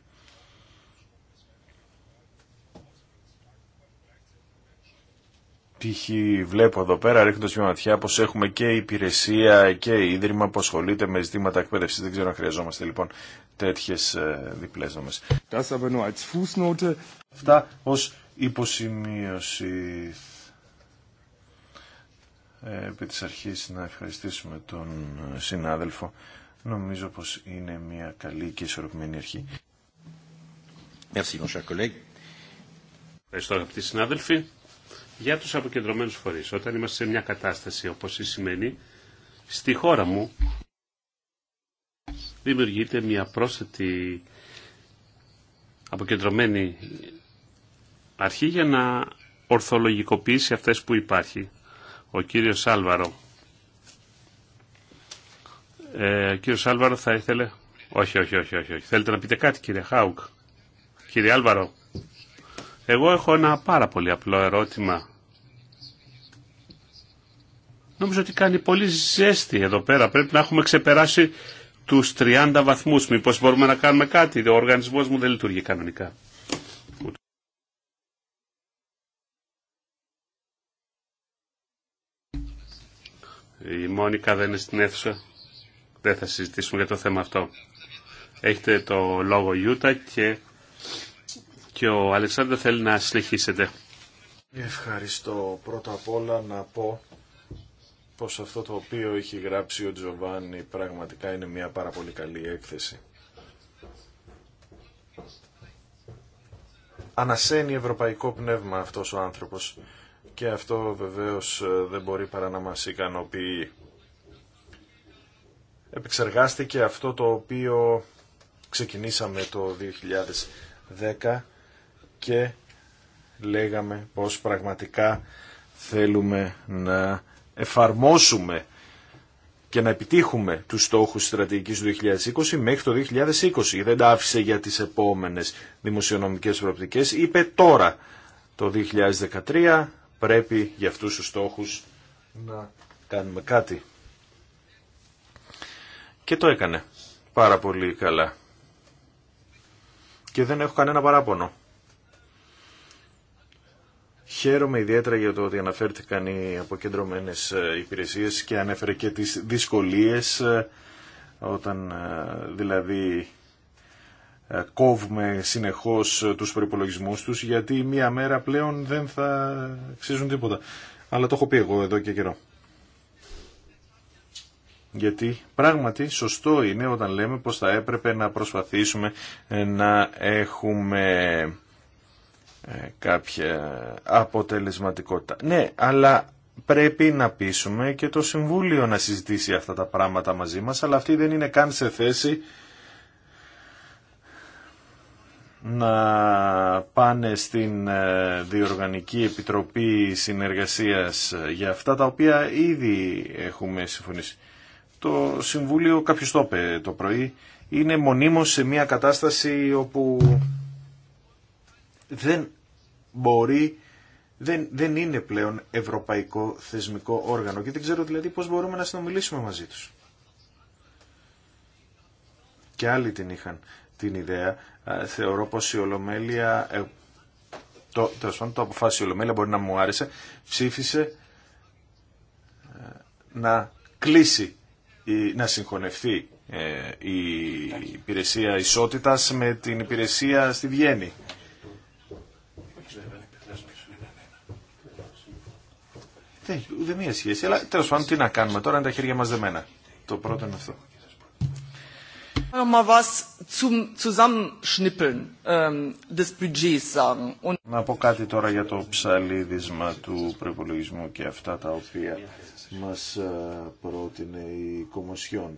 π.χ. βλέπω εδώ πέρα ρίχνω μια ματιά πως έχουμε και υπηρεσία και ίδρυμα που ασχολείται με ζητήματα εκπαίδευση. Δεν ξέρω αν χρειαζόμαστε λοιπόν τέτοιες ε, διπλές δομέ. Αυτά ω υποσημείωση ε, επί της αρχής να ευχαριστήσουμε τον συνάδελφο. Νομίζω πως είναι μια καλή και ισορροπημένη αρχή. Ευχαριστώ αγαπητοί συνάδελφοι για τους αποκεντρωμένους φορείς. Όταν είμαστε σε μια κατάσταση όπως η σημαίνει, στη χώρα μου δημιουργείται μια πρόσθετη αποκεντρωμένη αρχή για να ορθολογικοποιήσει αυτές που υπάρχει. Ο κύριος Άλβαρο. Ε, κύριος Άλβαρο θα ήθελε... Όχι, όχι, όχι, όχι, όχι. Θέλετε να πείτε κάτι κύριε Χάουκ. Κύριε Άλβαρο. Εγώ έχω ένα πάρα πολύ απλό ερώτημα. Νομίζω ότι κάνει πολύ ζέστη εδώ πέρα. Πρέπει να έχουμε ξεπεράσει τους 30 βαθμούς. Μήπως μπορούμε να κάνουμε κάτι. Ο οργανισμός μου δεν λειτουργεί κανονικά. Η Μόνικα δεν είναι στην αίθουσα. Δεν θα συζητήσουμε για το θέμα αυτό. Έχετε το λόγο Ιούτα και και ο Αλεξάνδρου θέλει να συνεχίσετε. Ευχαριστώ. Πρώτα απ' όλα να πω πως αυτό το οποίο έχει γράψει ο Τζοβάνι πραγματικά είναι μια πάρα πολύ καλή έκθεση. Ανασένει ευρωπαϊκό πνεύμα αυτός ο άνθρωπος και αυτό βεβαίως ε, δεν μπορεί παρά να μας ικανοποιεί. Επεξεργάστηκε αυτό το οποίο ξεκινήσαμε το 2010 και λέγαμε πως πραγματικά θέλουμε να εφαρμόσουμε και να επιτύχουμε τους στόχους στρατηγικής του 2020 μέχρι το 2020. Δεν τα άφησε για τις επόμενες δημοσιονομικές προοπτικές. Είπε τώρα το 2013 πρέπει για αυτούς τους στόχους να κάνουμε κάτι. Και το έκανε πάρα πολύ καλά. Και δεν έχω κανένα παράπονο. Χαίρομαι ιδιαίτερα για το ότι αναφέρθηκαν οι αποκεντρωμένες ε, υπηρεσίες και ανέφερε και τις δυσκολίες ε, όταν ε, δηλαδή κόβουμε συνεχώς τους προϋπολογισμούς τους γιατί μία μέρα πλέον δεν θα αξίζουν τίποτα. Αλλά το έχω πει εγώ εδώ και καιρό. Γιατί πράγματι σωστό είναι όταν λέμε πως θα έπρεπε να προσπαθήσουμε να έχουμε ε, κάποια αποτελεσματικότητα. Ναι, αλλά πρέπει να πείσουμε και το Συμβούλιο να συζητήσει αυτά τα πράγματα μαζί μας, αλλά αυτή δεν είναι καν σε θέση να πάνε στην ε, Διοργανική Επιτροπή Συνεργασίας για αυτά τα οποία ήδη έχουμε συμφωνήσει. Το Συμβούλιο, κάποιος το είπε το πρωί, είναι μονίμως σε μια κατάσταση όπου δεν μπορεί, δεν, δεν είναι πλέον ευρωπαϊκό θεσμικό όργανο και δεν ξέρω δηλαδή πώς μπορούμε να συνομιλήσουμε μαζί τους. Και άλλοι την είχαν την ιδέα. Θεωρώ πως η Ολομέλεια, ε, το, πάντων το αποφάσισε η Ολομέλεια, μπορεί να μου άρεσε, ψήφισε ε, να κλείσει, να συγχωνευτεί ε, η υπηρεσία ισότητας με την υπηρεσία στη Βιέννη. Δεν έχει ούτε μία σχέση. Αλλά τέλο πάντων τι να κάνουμε τώρα είναι τα χέρια μα δεμένα. Το πρώτο είναι αυτό. Ähm, να πω κάτι τώρα για το ψαλίδισμα του προπολογισμού και αυτά τα οποία μας ε, πρότεινε η Κομοσιόν.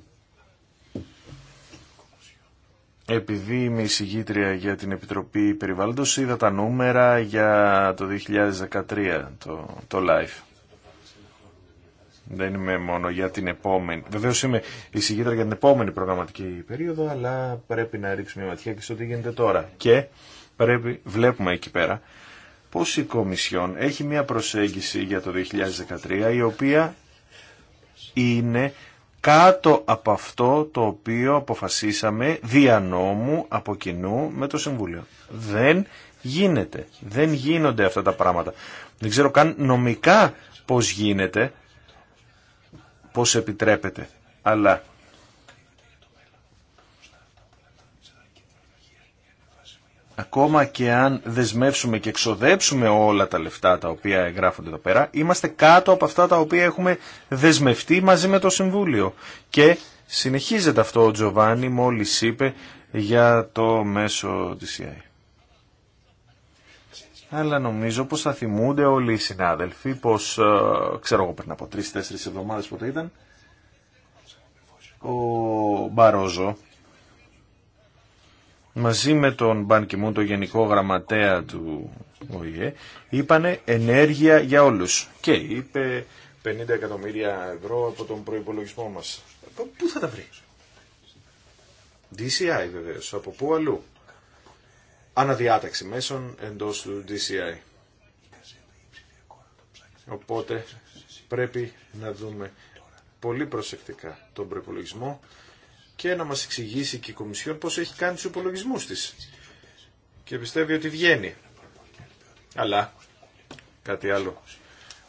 Επειδή είμαι εισηγήτρια για την Επιτροπή Περιβάλλοντος, είδα τα νούμερα για το 2013, το, το live. Δεν είμαι μόνο για την επόμενη. Βεβαίω είμαι εισηγήτρια για την επόμενη προγραμματική περίοδο, αλλά πρέπει να ρίξουμε μια ματιά και στο τι γίνεται τώρα. Και πρέπει, βλέπουμε εκεί πέρα, πως η Κομισιόν έχει μια προσέγγιση για το 2013 η οποία είναι κάτω από αυτό το οποίο αποφασίσαμε δια νόμου από κοινού με το Συμβούλιο. Δεν γίνεται. Δεν γίνονται αυτά τα πράγματα. Δεν ξέρω καν νομικά πώς γίνεται πώς επιτρέπεται. Αλλά ακόμα και αν δεσμεύσουμε και εξοδέψουμε όλα τα λεφτά τα οποία εγγράφονται εδώ πέρα, είμαστε κάτω από αυτά τα οποία έχουμε δεσμευτεί μαζί με το Συμβούλιο. Και συνεχίζεται αυτό ο Τζοβάνι μόλις είπε για το μέσο της αλλά νομίζω πως θα θυμούνται όλοι οι συνάδελφοι πως, ε, ξέρω εγώ πριν από τρεις-τέσσερις εβδομάδες πότε ήταν, ο Μπαρόζο μαζί με τον Μπαν Κιμούν, τον Γενικό Γραμματέα του ΟΗΕ, είπανε ενέργεια για όλους. Και είπε 50 εκατομμύρια ευρώ από τον προϋπολογισμό μας. Ε, πού θα τα βρει. DCI ε, βεβαίως, από πού αλλού αναδιάταξη μέσων εντός του DCI. Οπότε πρέπει να δούμε πολύ προσεκτικά τον προπολογισμό και να μας εξηγήσει και η Κομισιόν πώς έχει κάνει τους υπολογισμούς της. Και πιστεύει ότι βγαίνει. Αλλά κάτι άλλο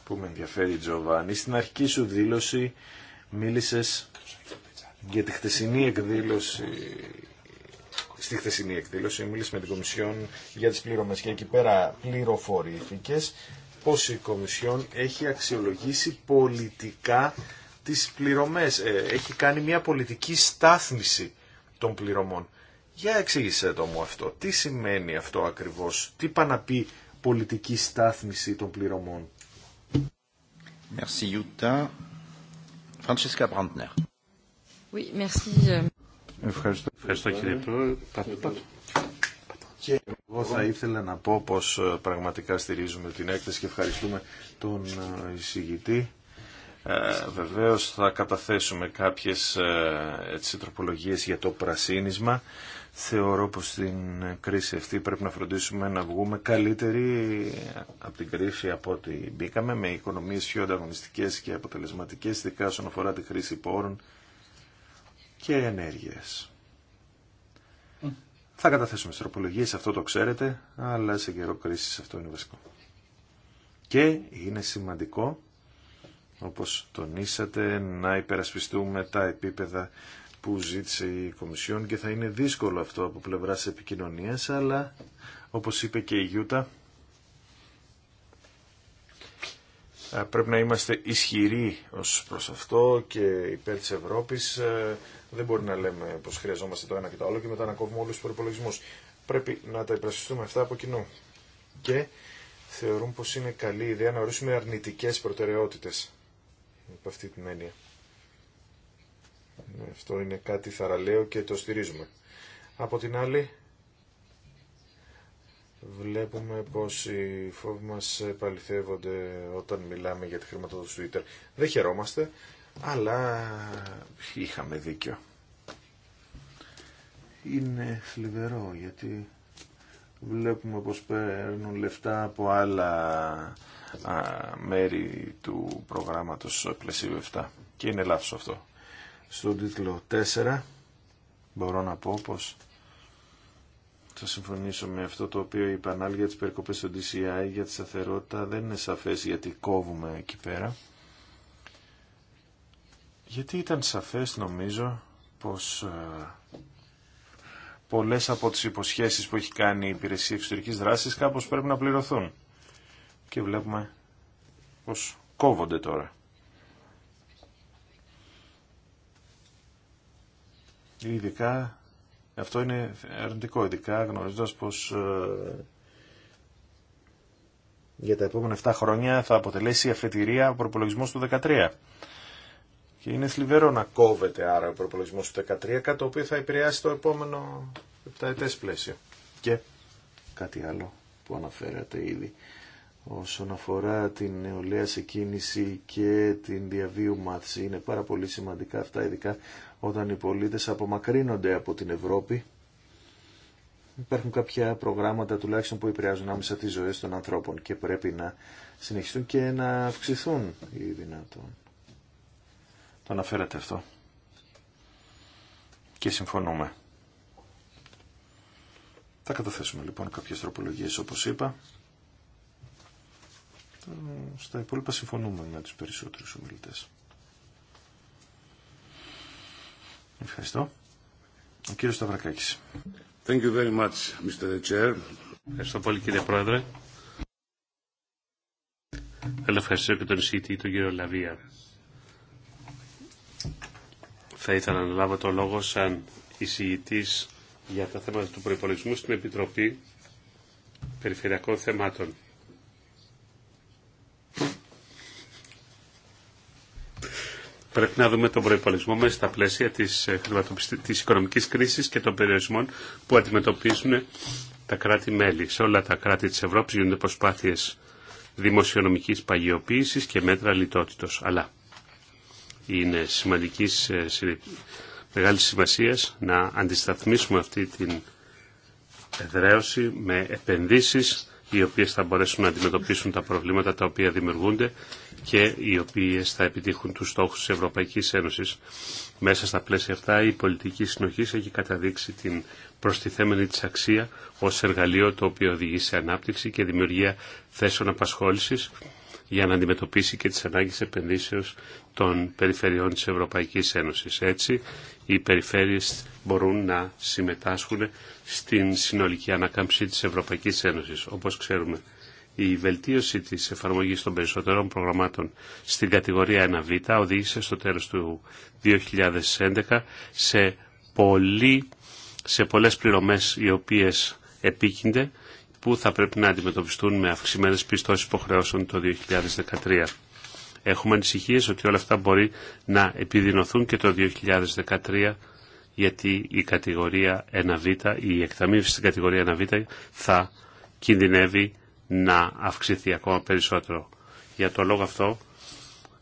που με ενδιαφέρει Τζοβάνι. Στην αρχική σου δήλωση μίλησες για τη χτεσινή εκδήλωση στη χθεσινή εκδήλωση. Μίλησε με την Κομισιόν για τις πληρωμές και εκεί πέρα πληροφορήθηκε πως η Κομισιόν έχει αξιολογήσει πολιτικά τις πληρωμές. Ε, έχει κάνει μια πολιτική στάθμιση των πληρωμών. Για εξήγησε το μου αυτό. Τι σημαίνει αυτό ακριβώς. Τι πάει να πει πολιτική στάθμιση των πληρωμών. Merci, Francesca Oui, merci. Euh, Ευχαριστώ. Ευχαριστώ κύριε Πρόεδρε. Και εγώ θα ήθελα να πω πως ε, πραγματικά στηρίζουμε την έκθεση και ευχαριστούμε τον ε, εισηγητή. Ε, βεβαίως θα καταθέσουμε κάποιες ε, έτσι, τροπολογίες για το πρασίνισμα. Θεωρώ πως στην κρίση αυτή πρέπει να φροντίσουμε να βγούμε καλύτεροι από την κρίση από ό,τι μπήκαμε, με οικονομίες πιο ανταγωνιστικές και αποτελεσματικές, ειδικά όσον αφορά τη χρήση πόρων και ενέργειες. Θα καταθέσουμε στροπολογίες, αυτό το ξέρετε, αλλά σε καιρό κρίσης αυτό είναι βασικό. Και είναι σημαντικό, όπως τονίσατε, να υπερασπιστούμε τα επίπεδα που ζήτησε η Κομισιόν και θα είναι δύσκολο αυτό από πλευράς επικοινωνίας, αλλά όπως είπε και η Γιούτα, πρέπει να είμαστε ισχυροί ως προς αυτό και υπέρ της Ευρώπης δεν μπορεί να λέμε πώ χρειαζόμαστε το ένα και το άλλο και μετά να κόβουμε όλου του προπολογισμού. Πρέπει να τα υπερασπιστούμε αυτά από κοινού. Και θεωρούν πω είναι καλή ιδέα να ορίσουμε αρνητικέ προτεραιότητε Υπό αυτή την έννοια. Ναι, αυτό είναι κάτι θαραλέο και το στηρίζουμε. Από την άλλη, βλέπουμε πως οι φόβοι μας επαληθεύονται όταν μιλάμε για τη χρηματοδότηση του Twitter. Δεν χαιρόμαστε, αλλά είχαμε δίκιο. Είναι θλιβερό γιατί βλέπουμε πως παίρνουν λεφτά από άλλα μέρη του προγράμματος πλαισίου 7 και είναι λάθος αυτό. Στον τίτλο 4 μπορώ να πω πως θα συμφωνήσω με αυτό το οποίο είπαν άλλοι για τις περικοπές στο DCI, για τη σταθερότητα. Δεν είναι σαφές γιατί κόβουμε εκεί πέρα γιατί ήταν σαφές νομίζω πως ε, πολλές από τις υποσχέσεις που έχει κάνει η υπηρεσία εξωτερικής δράσης κάπως πρέπει να πληρωθούν. Και βλέπουμε πως κόβονται τώρα. Ειδικά, αυτό είναι αρνητικό, ειδικά γνωρίζοντας πως ε, για τα επόμενα 7 χρόνια θα αποτελέσει αφετηρία ο προπολογισμό του 2013. Και είναι θλιβερό να κόβεται άρα ο προπολογισμό του 13% κάτι το οποίο θα επηρεάσει το επόμενο επταετέ πλαίσιο. Και κάτι άλλο που αναφέρατε ήδη όσον αφορά την νεολαία σε κίνηση και την διαβίου μάθηση. Είναι πάρα πολύ σημαντικά αυτά, ειδικά όταν οι πολίτες απομακρύνονται από την Ευρώπη. Υπάρχουν κάποια προγράμματα τουλάχιστον που επηρεάζουν άμεσα τις ζωές των ανθρώπων και πρέπει να συνεχιστούν και να αυξηθούν οι δυνατόν. Το αναφέρατε αυτό. Και συμφωνούμε. Θα καταθέσουμε λοιπόν κάποιες τροπολογίες όπως είπα. Στα υπόλοιπα συμφωνούμε με τους περισσότερους ομιλητές. Ευχαριστώ. Ο κύριος Σταυρακάκης. Thank you very much, Mr. Chair. Ευχαριστώ πολύ κύριε Πρόεδρε. Θέλω να και τον εισηγητή, τον κύριο Λαβία θα ήθελα να λάβω το λόγο σαν εισηγητής για τα θέματα του προϋπολογισμού στην Επιτροπή Περιφερειακών Θεμάτων. Πρέπει να δούμε τον προϋπολογισμό μέσα στα πλαίσια της, ε, της οικονομικής κρίσης και των περιορισμών που αντιμετωπίζουν τα κράτη-μέλη. Σε όλα τα κράτη της Ευρώπης γίνονται προσπάθειες δημοσιονομικής παγιοποίησης και μέτρα λιτότητος. Αλλά είναι σημαντικής, ε, μεγάλης σημασίας να αντισταθμίσουμε αυτή την εδραίωση με επενδύσεις οι οποίες θα μπορέσουν να αντιμετωπίσουν τα προβλήματα τα οποία δημιουργούνται και οι οποίες θα επιτύχουν τους στόχους της Ευρωπαϊκής Ένωσης. Μέσα στα πλαίσια αυτά η πολιτική συνοχής έχει καταδείξει την προστιθέμενη της αξία ως εργαλείο το οποίο οδηγεί σε ανάπτυξη και δημιουργία θέσεων απασχόλησης για να αντιμετωπίσει και τις ανάγκες επενδύσεως των περιφερειών της Ευρωπαϊκής Ένωσης. Έτσι, οι περιφέρειες μπορούν να συμμετάσχουν στην συνολική ανακάμψη της Ευρωπαϊκής Ένωσης. Όπως ξέρουμε, η βελτίωση της εφαρμογής των περισσότερων προγραμμάτων στην κατηγορία 1β οδήγησε στο τέλος του 2011 σε, πολύ, σε πολλές πληρωμές οι οποίες επίκυνται που θα πρέπει να αντιμετωπιστούν με αυξημένε πιστώσει υποχρεώσεων το 2013. Έχουμε ανησυχίε ότι όλα αυτά μπορεί να επιδεινωθούν και το 2013 γιατί η κατηγορία 1β, η εκταμείευση στην κατηγορία 1β θα κινδυνεύει να αυξηθεί ακόμα περισσότερο. Για το λόγο αυτό,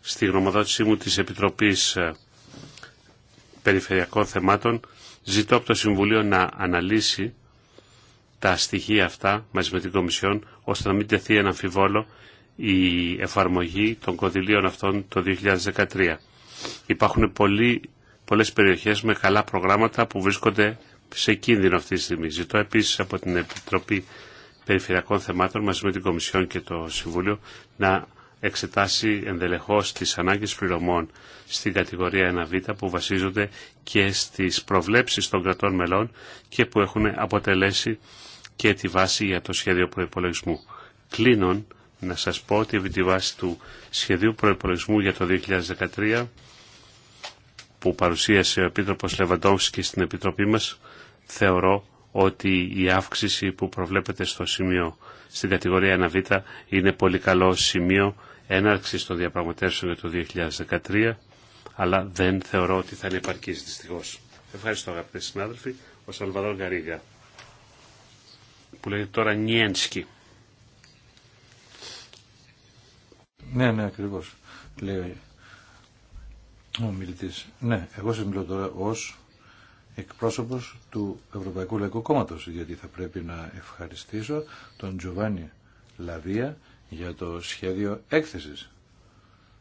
στη γνωμοδότησή μου της Επιτροπής ε, Περιφερειακών Θεμάτων, ζητώ από το Συμβουλίο να αναλύσει τα στοιχεία αυτά μαζί με την Κομισιόν ώστε να μην τεθεί ένα αμφιβόλο η εφαρμογή των κονδυλίων αυτών το 2013. Υπάρχουν πολλοί, πολλές περιοχές με καλά προγράμματα που βρίσκονται σε κίνδυνο αυτή τη στιγμή. Ζητώ επίσης από την Επιτροπή Περιφερειακών Θεμάτων μαζί με την Κομισιόν και το Συμβούλιο να εξετάσει ενδελεχώς τις ανάγκες πληρωμών στην κατηγορία 1β που βασίζονται και στις προβλέψεις των κρατών μελών και που έχουν αποτελέσει και τη βάση για το σχέδιο προϋπολογισμού. Κλείνω να σας πω ότι επί τη βάση του σχεδίου προϋπολογισμού για το 2013 που παρουσίασε ο Επίτροπος Λεβαντόφσκι στην Επιτροπή μας θεωρώ ότι η αύξηση που προβλέπεται στο σημείο στην κατηγορία 1β είναι πολύ καλό σημείο έναρξης των διαπραγματεύσεων για το 2013 αλλά δεν θεωρώ ότι θα είναι επαρκής δυστυχώς. Ευχαριστώ αγαπητοί συνάδελφοι. Ο Σαλβαδόρ Γαρίγα που λέγεται τώρα Νιένσκι. Ναι, ναι, ακριβώς. Λέει ο μιλητής. Ναι, εγώ σας μιλώ τώρα ως εκπρόσωπος του Ευρωπαϊκού Λαϊκού Κόμματος, γιατί θα πρέπει να ευχαριστήσω τον Τζοβάνι Λαβία για το σχέδιο έκθεσης,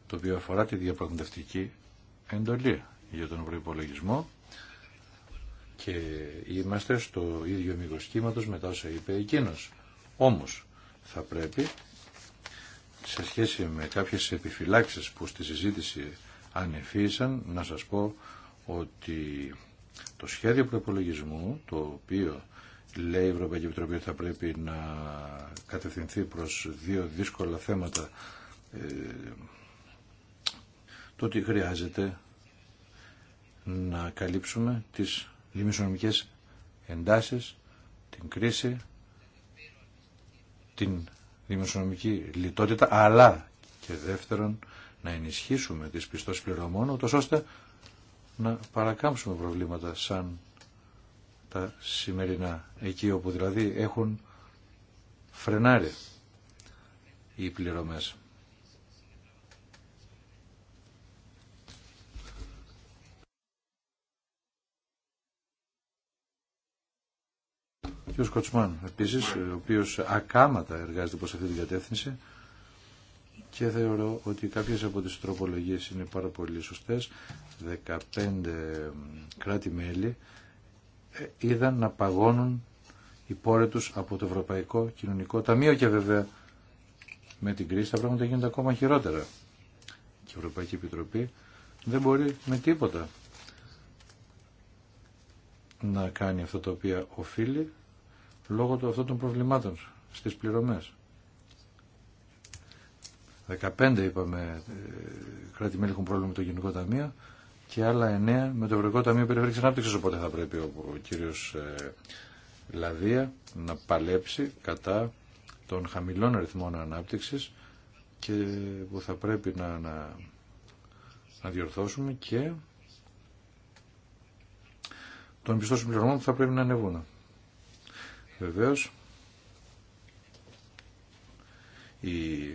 το οποίο αφορά τη διαπραγματευτική εντολή για τον προϋπολογισμό και είμαστε στο ίδιο μήκο κύματος μετά όσα είπε εκείνος. Όμως θα πρέπει σε σχέση με κάποιες επιφυλάξεις που στη συζήτηση ανεφύσαν, να σας πω ότι το σχέδιο προπολογισμού το οποίο λέει η Ευρωπαϊκή Επιτροπή ότι θα πρέπει να κατευθυνθεί προς δύο δύσκολα θέματα ε, το ότι χρειάζεται να καλύψουμε τις τις δημοσιονομικές εντάσεις, την κρίση, την δημοσιονομική λιτότητα, αλλά και δεύτερον να ενισχύσουμε τις πιστός πληρωμών, ούτως ώστε να παρακάμψουμε προβλήματα σαν τα σημερινά, εκεί όπου δηλαδή έχουν φρενάρει οι πληρωμές. κ. Σκοτσμάν, επίσης, ο οποίος ακάματα εργάζεται προ αυτή την κατεύθυνση και θεωρώ ότι κάποιε από τις τροπολογίες είναι πάρα πολύ σωστέ, 15 κράτη-μέλη ε, είδαν να παγώνουν οι πόρε τους από το Ευρωπαϊκό Κοινωνικό Ταμείο και βέβαια με την κρίση τα πράγματα γίνονται ακόμα χειρότερα. Και η Ευρωπαϊκή Επιτροπή δεν μπορεί με τίποτα να κάνει αυτό το οποίο οφείλει λόγω του αυτών των προβλημάτων στις πληρωμές. 15 είπαμε ε, κράτη-μέλη έχουν πρόβλημα με το Γενικό Ταμείο και άλλα 9 με το Ευρωπαϊκό Ταμείο Περιφέρειας Ανάπτυξης οπότε θα πρέπει ο κύριος ε, Λαδία να παλέψει κατά των χαμηλών αριθμών ανάπτυξης και που θα πρέπει να, να, να διορθώσουμε και των πιστώσεων πληρωμών που θα πρέπει να ανεβούν. Βεβαίως, οι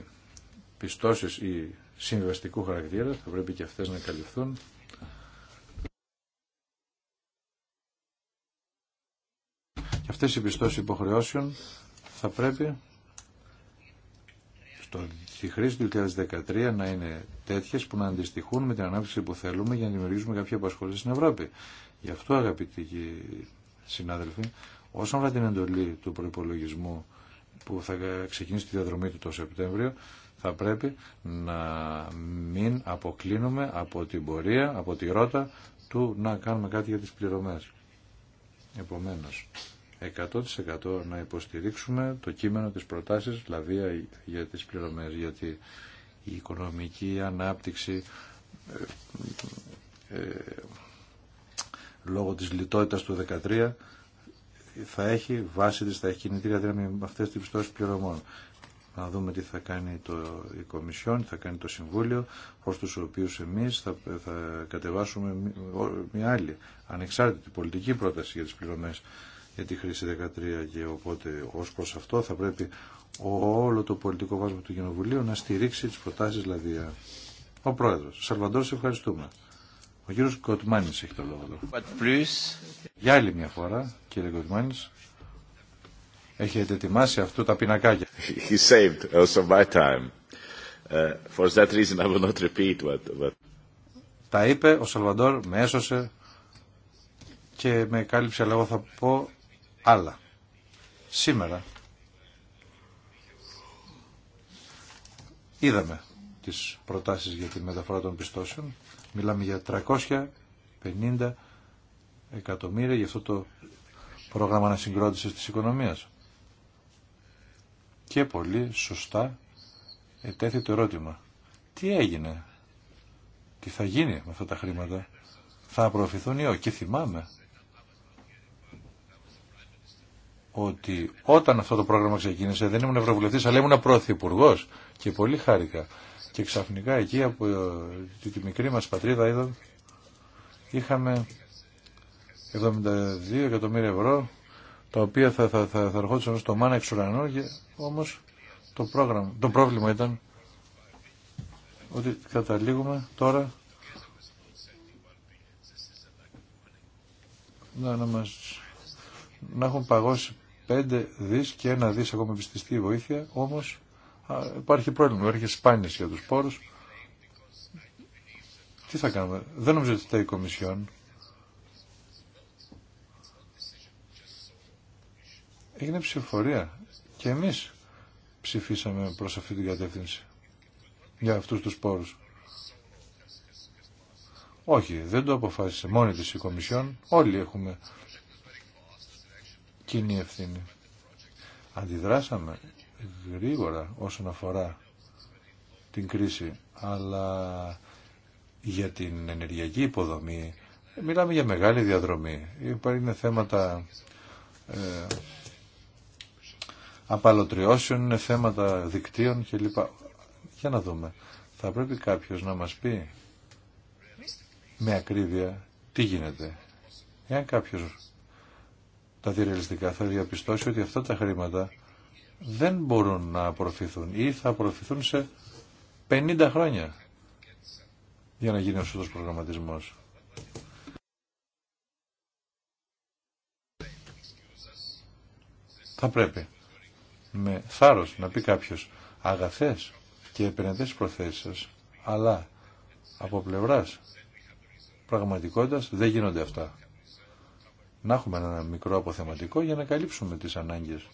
πιστώσεις ή συμβαστικού χαρακτήρα θα πρέπει και αυτές να καλυφθούν. Και αυτές οι πιστώσεις υποχρεώσεων θα πρέπει στο, στη χρήση του 2013 να είναι τέτοιες που να αντιστοιχούν με την ανάπτυξη που θέλουμε για να δημιουργήσουμε κάποια απασχόληση στην Ευρώπη. Γι' αυτό αγαπητοί συνάδελφοι, Όσον αφορά την εντολή του προπολογισμού που θα ξεκινήσει τη διαδρομή του το Σεπτέμβριο, θα πρέπει να μην αποκλίνουμε από την πορεία, από τη ρότα του να κάνουμε κάτι για τις πληρωμές. Επομένως, 100% να υποστηρίξουμε το κείμενο της προτάσεις, δηλαδή για τις πληρωμές, γιατί η οικονομική ανάπτυξη ε, ε, ε λόγω της λιτότητας του 2013 θα έχει βάση της, θα έχει κινητήρια δύναμη με αυτές τις πιστώσεις πληρωμών. Να δούμε τι θα κάνει το, η Κομισιόν, τι θα κάνει το Συμβούλιο, προς τους οποίους εμείς θα, κατεβάσουμε μια άλλη ανεξάρτητη πολιτική πρόταση για τις πληρωμές για τη χρήση 13 και οπότε ως προς αυτό θα πρέπει όλο το πολιτικό βάσμα του Κοινοβουλίου να στηρίξει τις προτάσεις δηλαδή ε. ο Πρόεδρος. Σαρβαντό, ευχαριστούμε. Ο κύριο Κοτμάνης έχει το λόγο. Για άλλη μια φορά, κύριε Κοτμάνης, έχετε ετοιμάσει αυτό τα πινακάκια. He saved also my time. Uh, for that reason I will not repeat what... Τα είπε ο Σαλβαντόρ, με έσωσε και με κάλυψε, αλλά εγώ θα πω άλλα. Σήμερα είδαμε τις προτάσεις για τη μεταφορά των πιστώσεων Μιλάμε για 350 εκατομμύρια για αυτό το πρόγραμμα ανασυγκρότησης της οικονομίας. Και πολύ σωστά ετέθη το ερώτημα. Τι έγινε, τι θα γίνει με αυτά τα χρήματα, θα προωθηθούν ή όχι. Και θυμάμαι ότι όταν αυτό το πρόγραμμα ξεκίνησε δεν ήμουν ευρωβουλευτής αλλά ήμουν Πρωθυπουργός και πολύ χάρηκα και ξαφνικά εκεί από ε, τη μικρή μας πατρίδα είδα, είχαμε 72 εκατομμύρια ευρώ τα οποία θα, θα, θα, θα ερχόντουσαν στο μάνα εξ ουρανού και όμως το, πρόγραμμα, το πρόβλημα ήταν ότι καταλήγουμε τώρα να, να, μας, να έχουν παγώσει 5 δις και ένα δις ακόμα πιστιστή βοήθεια όμως υπάρχει πρόβλημα, υπάρχει σπάνιες για τους πόρους. Τι θα κάνουμε. Δεν νομίζω ότι τα η Κομισιόν έγινε ψηφοφορία και εμείς ψηφίσαμε προς αυτή την κατεύθυνση για αυτούς τους πόρους. Όχι, δεν το αποφάσισε μόνη της η Κομισιόν. Όλοι έχουμε κοινή ευθύνη. Αντιδράσαμε γρήγορα όσον αφορά την κρίση, αλλά για την ενεργειακή υποδομή μιλάμε για μεγάλη διαδρομή. Υπάρχουν θέματα ε, απαλωτριώσεων, είναι θέματα δικτύων κλπ. Για να δούμε. Θα πρέπει κάποιος να μας πει με ακρίβεια τι γίνεται. Εάν κάποιος τα διρεαλιστικά θα διαπιστώσει ότι αυτά τα χρήματα δεν μπορούν να απορροφηθούν ή θα απορροφηθούν σε 50 χρόνια για να γίνει ο σωστός προγραμματισμός. Θα πρέπει με θάρρος να πει κάποιος αγαθές και επενετές προθέσεις σας, αλλά από πλευράς πραγματικότητας δεν γίνονται αυτά. Να έχουμε ένα μικρό αποθεματικό για να καλύψουμε τις ανάγκες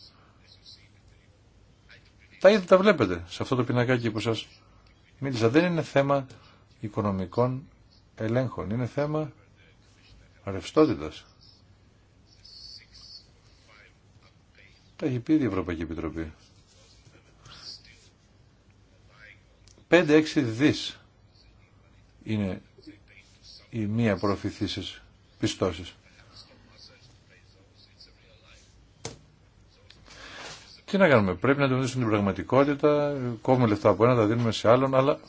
τα είδα, τα βλέπετε σε αυτό το πινακάκι που σας μίλησα. Δεν είναι θέμα οικονομικών ελέγχων. Είναι θέμα ρευστότητας. Τα έχει πει η Ευρωπαϊκή Επιτροπή. 5-6 δις είναι η μία προωθηθήσεις πιστώσεις. Τι να κάνουμε, πρέπει να αντιμετωπίσουμε την πραγματικότητα, κόβουμε λεφτά από ένα, τα δίνουμε σε άλλον, αλλά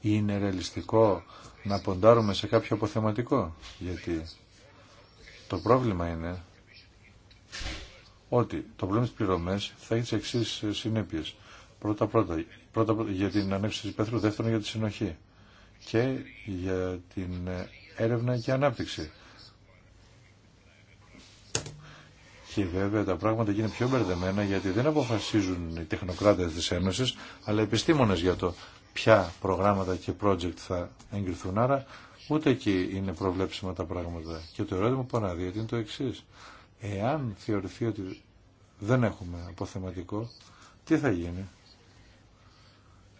είναι ρεαλιστικό να ποντάρουμε σε κάποιο αποθεματικό, γιατί το πρόβλημα είναι ότι το πρόβλημα της πληρωμές θα έχει τις εξής συνέπειες. Πρώτα πρώτα, πρώτα, πρώτα για την ανέψη της πέθρου, δεύτερον για τη συνοχή και για την έρευνα και ανάπτυξη. Και βέβαια τα πράγματα γίνουν πιο μπερδεμένα γιατί δεν αποφασίζουν οι τεχνοκράτες της Ένωσης αλλά επιστήμονες για το ποια προγράμματα και project θα εγκριθούν. Άρα ούτε εκεί είναι προβλέψιμα τα πράγματα. Και το ερώτημα που αναδύεται είναι το εξή. Εάν θεωρηθεί ότι δεν έχουμε αποθεματικό, τι θα γίνει.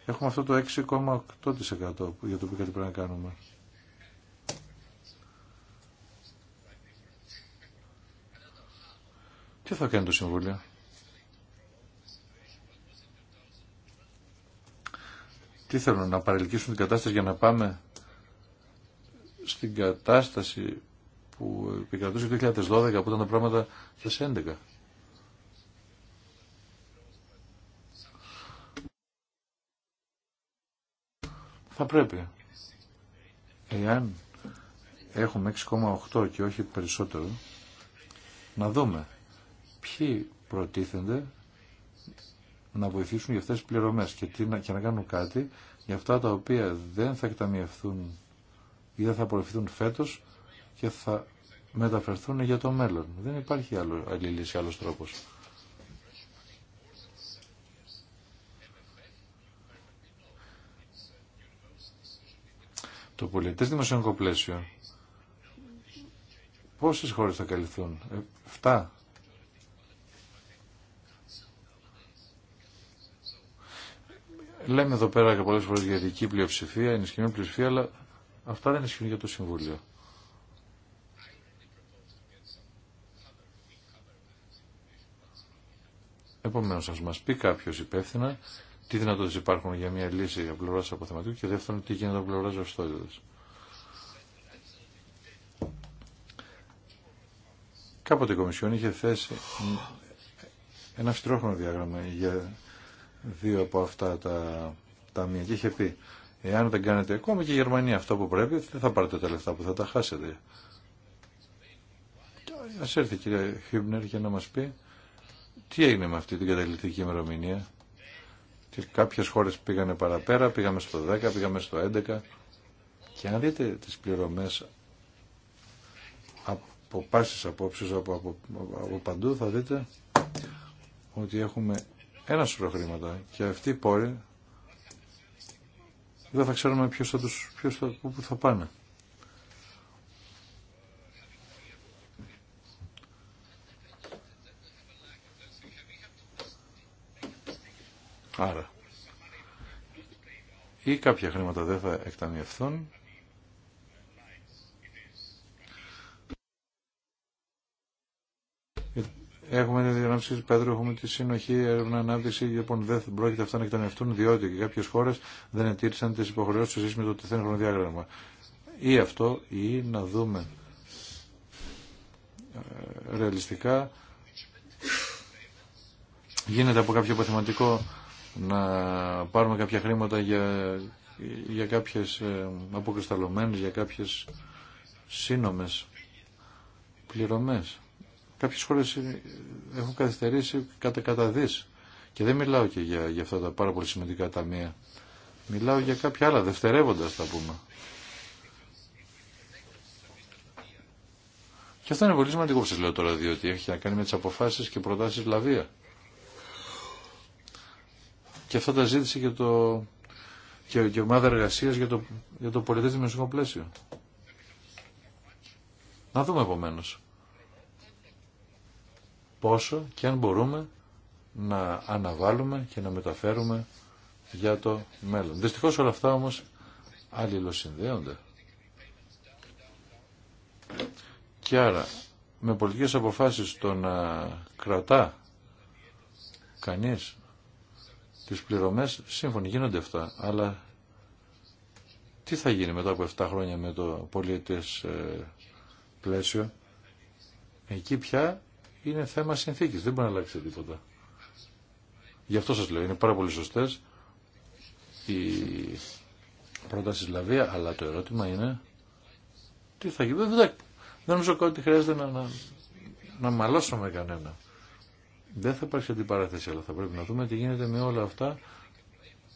Έχουμε αυτό το 6,8% για το οποίο κάτι πρέπει να κάνουμε. Τι θα κάνει το Συμβούλιο. Τι θέλουν να παρελκύσουν την κατάσταση για να πάμε στην κατάσταση που επικρατούσε το 2012 από ήταν τα πράγματα στι 11. Θα πρέπει. Εάν έχουμε 6,8 και όχι περισσότερο, να δούμε ποιοι προτίθενται να βοηθήσουν για αυτές τις πληρωμές και, τι, και να κάνουν κάτι για αυτά τα οποία δεν θα εκταμιευθούν ή δεν θα απορροφηθούν φέτος και θα μεταφερθούν για το μέλλον. Δεν υπάρχει άλλο, άλλη λύση, άλλος τρόπος. Το πολιτές δημοσιονομικό πλαίσιο. Πόσες χώρες θα καλυφθούν. Ε, φτά. Λέμε εδώ πέρα και πολλέ φορέ για ειδική πλειοψηφία, ενισχυμένη πλειοψηφία, αλλά αυτά δεν ισχύουν για το Συμβούλιο. Επομένω, α μα πει κάποιο υπεύθυνα τι δυνατότητε υπάρχουν για μια λύση από πλευρά αποθεματικού και δεύτερον τι γίνεται από πλευρά ρευστότητα. Κάποτε η Κομισιόν είχε θέσει ένα αυστηρόχρονο διάγραμμα για δύο από αυτά τα ταμεία και είχε πει εάν δεν κάνετε ακόμα και η Γερμανία αυτό που πρέπει δεν θα πάρετε τα λεφτά που θα τα χάσετε. Ας έρθει η κυρία Χιμπνερ για να μας πει τι έγινε με αυτή την καταληκτική ημερομηνία. Κάποιε κάποιες χώρες πήγανε παραπέρα, πήγαμε στο 10, πήγαμε στο 11. Και αν δείτε τις πληρωμές από πάσης απόψεις από, από, από παντού θα δείτε ότι έχουμε ένα σωρό χρήματα και αυτοί οι πόροι δεν θα ξέρουμε ποιος θα τους, ποιος πού θα πάνε. Άρα, ή κάποια χρήματα δεν θα εκταμιευθούν Έχουμε τη διαγράμμιση του Πέτρου, έχουμε τη συνοχή, έρευνα, ανάπτυξη. Λοιπόν, δεν πρόκειται αυτά να εκτενευτούν, διότι και κάποιε χώρε δεν ετήρησαν τι υποχρεώσει του με το τεθέν χρονοδιάγραμμα. Ή αυτό, ή να δούμε ε, ρεαλιστικά. Γίνεται από κάποιο αποθεματικό να πάρουμε κάποια χρήματα για, για κάποιες ε, αποκρισταλωμένες, για κάποιες σύνομες πληρωμές. Κάποιε χώρε έχουν καθυστερήσει κατά, κατά Και δεν μιλάω και για, για αυτά τα πάρα πολύ σημαντικά ταμεία. Μιλάω για κάποια άλλα δευτερεύοντα, τα πούμε. Και αυτό είναι πολύ σημαντικό που σα λέω τώρα, διότι έχει να κάνει με τι αποφάσει και προτάσει Λαβία. Και αυτά τα ζήτησε και, το, και, και ομάδα εργασία για το, για το πλαίσιο. Να δούμε επομένω πόσο και αν μπορούμε να αναβάλουμε και να μεταφέρουμε για το μέλλον. Δυστυχώς όλα αυτά όμως αλληλοσυνδέονται. Και άρα με πολιτικές αποφάσεις το να κρατά κανείς τις πληρωμές σύμφωνοι γίνονται αυτά αλλά τι θα γίνει μετά από 7 χρόνια με το πολιετές ε, πλαίσιο εκεί πια είναι θέμα συνθήκης, δεν μπορεί να αλλάξει τίποτα. Γι' αυτό σας λέω, είναι πάρα πολύ σωστές οι προτάσεις Λαβία, αλλά το ερώτημα είναι τι θα γίνει. Δεν, δεν νομίζω ότι χρειάζεται να, να, να μαλώσουμε κανένα. Δεν θα υπάρξει αντιπαράθεση, αλλά θα πρέπει να δούμε τι γίνεται με όλα αυτά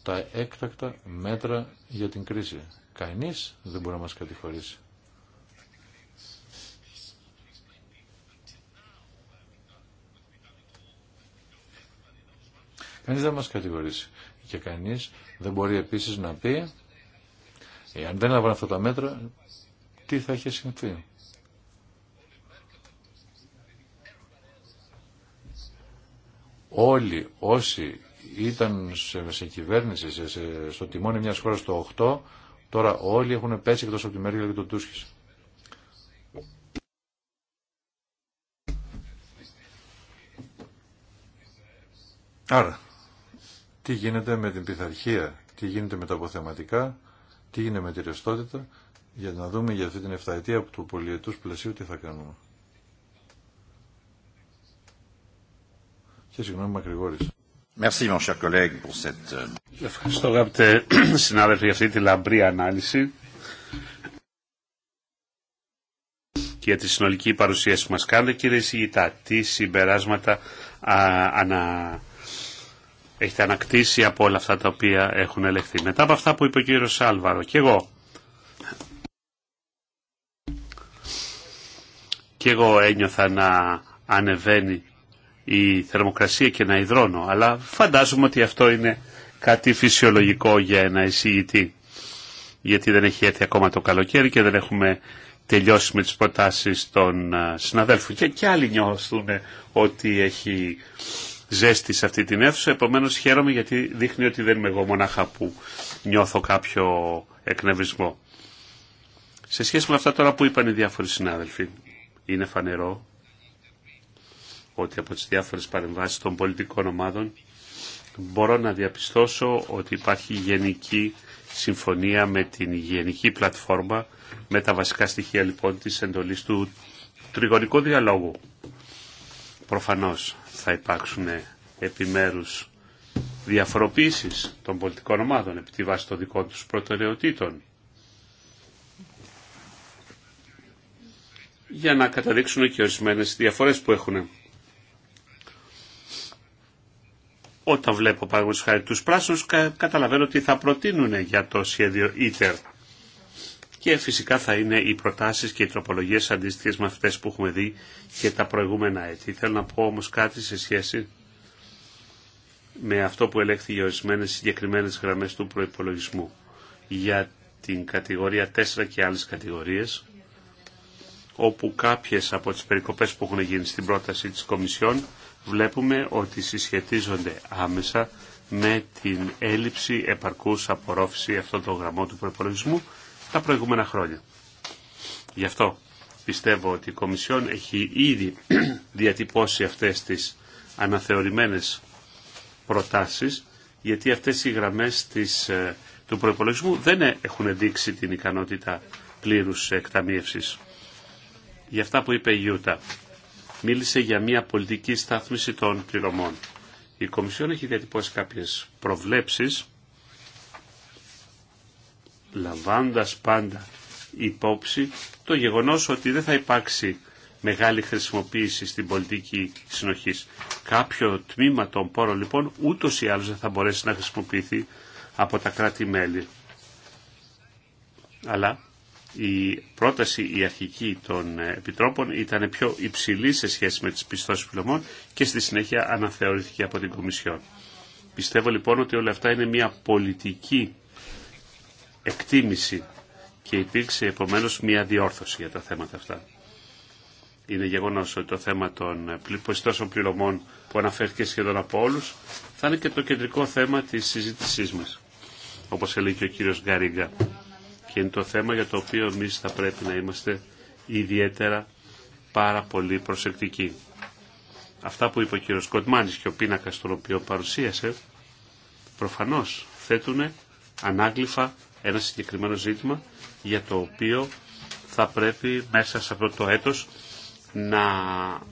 τα έκτακτα μέτρα για την κρίση. Κανείς δεν μπορεί να μας κατηχωρήσει. Κανείς δεν μας κατηγορήσει. Και κανείς δεν μπορεί επίσης να πει, εάν δεν έλαβαν αυτά τα μέτρα, τι θα είχε συμβεί. Όλοι όσοι ήταν σε, σε κυβέρνηση, στο τιμόνι μιας χώρας το 8, τώρα όλοι έχουν πέσει εκτός από τη Μέρκελ και το Τούσκης. Άρα, τι γίνεται με την πειθαρχία, τι γίνεται με τα αποθεματικά, τι γίνεται με τη ρευστότητα, για να δούμε για αυτή την εφταετία του πολιετούς πλαισίου τι θα κάνουμε. Και συγγνώμη μακρηγόρησα. Merci, mon cher collègue, pour cette... Euh, Ευχαριστώ αγαπητέ συνάδελφοι για αυτή τη λαμπρή ανάλυση και για τη συνολική παρουσίαση που μας κάνετε. Κύριε Σιγητά, τι συμπεράσματα ανα, έχετε ανακτήσει από όλα αυτά τα οποία έχουν ελεγχθεί. Μετά από αυτά που είπε ο κύριος Άλβαρο και εγώ, και εγώ ένιωθα να ανεβαίνει η θερμοκρασία και να υδρώνω, αλλά φαντάζομαι ότι αυτό είναι κάτι φυσιολογικό για ένα εισηγητή, γιατί δεν έχει έρθει ακόμα το καλοκαίρι και δεν έχουμε τελειώσει με τις προτάσεις των ε, συναδέλφων. Και, και άλλοι νιώθουν ότι έχει ζέστη σε αυτή την αίθουσα, Επομένω χαίρομαι γιατί δείχνει ότι δεν είμαι εγώ μονάχα που νιώθω κάποιο εκνευρισμό. Σε σχέση με αυτά τώρα που είπαν οι διάφοροι συνάδελφοι, είναι φανερό ότι από τις διάφορες παρεμβάσεις των πολιτικών ομάδων μπορώ να διαπιστώσω ότι υπάρχει γενική συμφωνία με την γενική πλατφόρμα με τα βασικά στοιχεία λοιπόν της εντολής του τριγωνικού διαλόγου. Προφανώς θα υπάρξουν επιμέρους διαφοροποίησεις των πολιτικών ομάδων επί τη βάση των δικών τους προτεραιοτήτων. για να καταδείξουν και ορισμένε διαφορές που έχουν. Όταν βλέπω παραγωγούς χάρη τους πράσινους, καταλαβαίνω ότι θα προτείνουν για το σχέδιο ΙΤΕΡΤ και φυσικά θα είναι οι προτάσεις και οι τροπολογίες αντίστοιχες με αυτές που έχουμε δει και τα προηγούμενα έτη. Θέλω να πω όμως κάτι σε σχέση με αυτό που ελέγχθη για ορισμένε συγκεκριμένες γραμμές του προϋπολογισμού για την κατηγορία 4 και άλλες κατηγορίες όπου κάποιες από τις περικοπές που έχουν γίνει στην πρόταση της Κομισιόν βλέπουμε ότι συσχετίζονται άμεσα με την έλλειψη επαρκούς απορρόφηση αυτών των γραμμών του προπολογισμού τα προηγούμενα χρόνια. Γι' αυτό πιστεύω ότι η Κομισιόν έχει ήδη διατυπώσει αυτές τις αναθεωρημένες προτάσεις, γιατί αυτές οι γραμμές της, ε, του προϋπολογισμού δεν ε, έχουν δείξει την ικανότητα πλήρους εκταμίευσης. Γι' αυτά που είπε η Ιούτα, μίλησε για μια πολιτική στάθμιση των πληρωμών. Η Κομισιόν έχει διατυπώσει κάποιες προβλέψεις λαμβάνοντας πάντα υπόψη το γεγονός ότι δεν θα υπάρξει μεγάλη χρησιμοποίηση στην πολιτική συνοχής. Κάποιο τμήμα των πόρων λοιπόν ούτως ή άλλως δεν θα μπορέσει να χρησιμοποιηθεί από τα κράτη-μέλη. Αλλά η πρόταση η αρχική των ε, επιτρόπων ήταν πιο υψηλή σε σχέση με τις πιστώσεις πληρωμών και στη συνέχεια αναθεωρήθηκε από την Κομισιόν. Πιστεύω λοιπόν ότι όλα αυτά είναι μια πολιτική εκτίμηση και υπήρξε επομένως μια διόρθωση για τα θέματα αυτά. Είναι γεγονός ότι το θέμα των πιστώσεων πληρωμών που αναφέρθηκε σχεδόν από όλους θα είναι και το κεντρικό θέμα της συζήτησής μας, όπως έλεγε και ο κύριος Γκαρίγκα. Και είναι το θέμα για το οποίο εμείς θα πρέπει να είμαστε ιδιαίτερα πάρα πολύ προσεκτικοί. Αυτά που είπε ο κύριος Κοντμάνης και ο πίνακας τον οποίο παρουσίασε, προφανώς θέτουν ανάγλυφα ένα συγκεκριμένο ζήτημα για το οποίο θα πρέπει μέσα σε αυτό το έτος να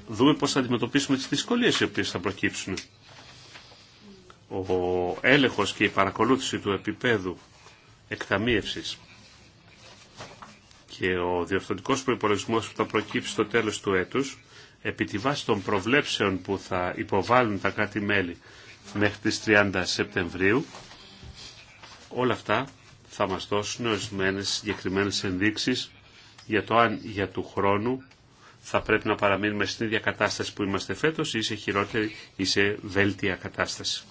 δούμε πώς θα αντιμετωπίσουμε τις δυσκολίες οι οποίες θα προκύψουν. Ο έλεγχος και η παρακολούθηση του επίπεδου εκταμίευσης και ο διορθωτικός προϋπολογισμός που θα προκύψει στο τέλος του έτους επί τη βάση των προβλέψεων που θα υποβάλουν τα κάτι μελη μέχρι τις 30 Σεπτεμβρίου όλα αυτά θα μας δώσουν ορισμένε συγκεκριμένε ενδείξεις για το αν για του χρόνου θα πρέπει να παραμείνουμε στην ίδια κατάσταση που είμαστε φέτος ή σε χειρότερη ή σε βέλτια κατάσταση.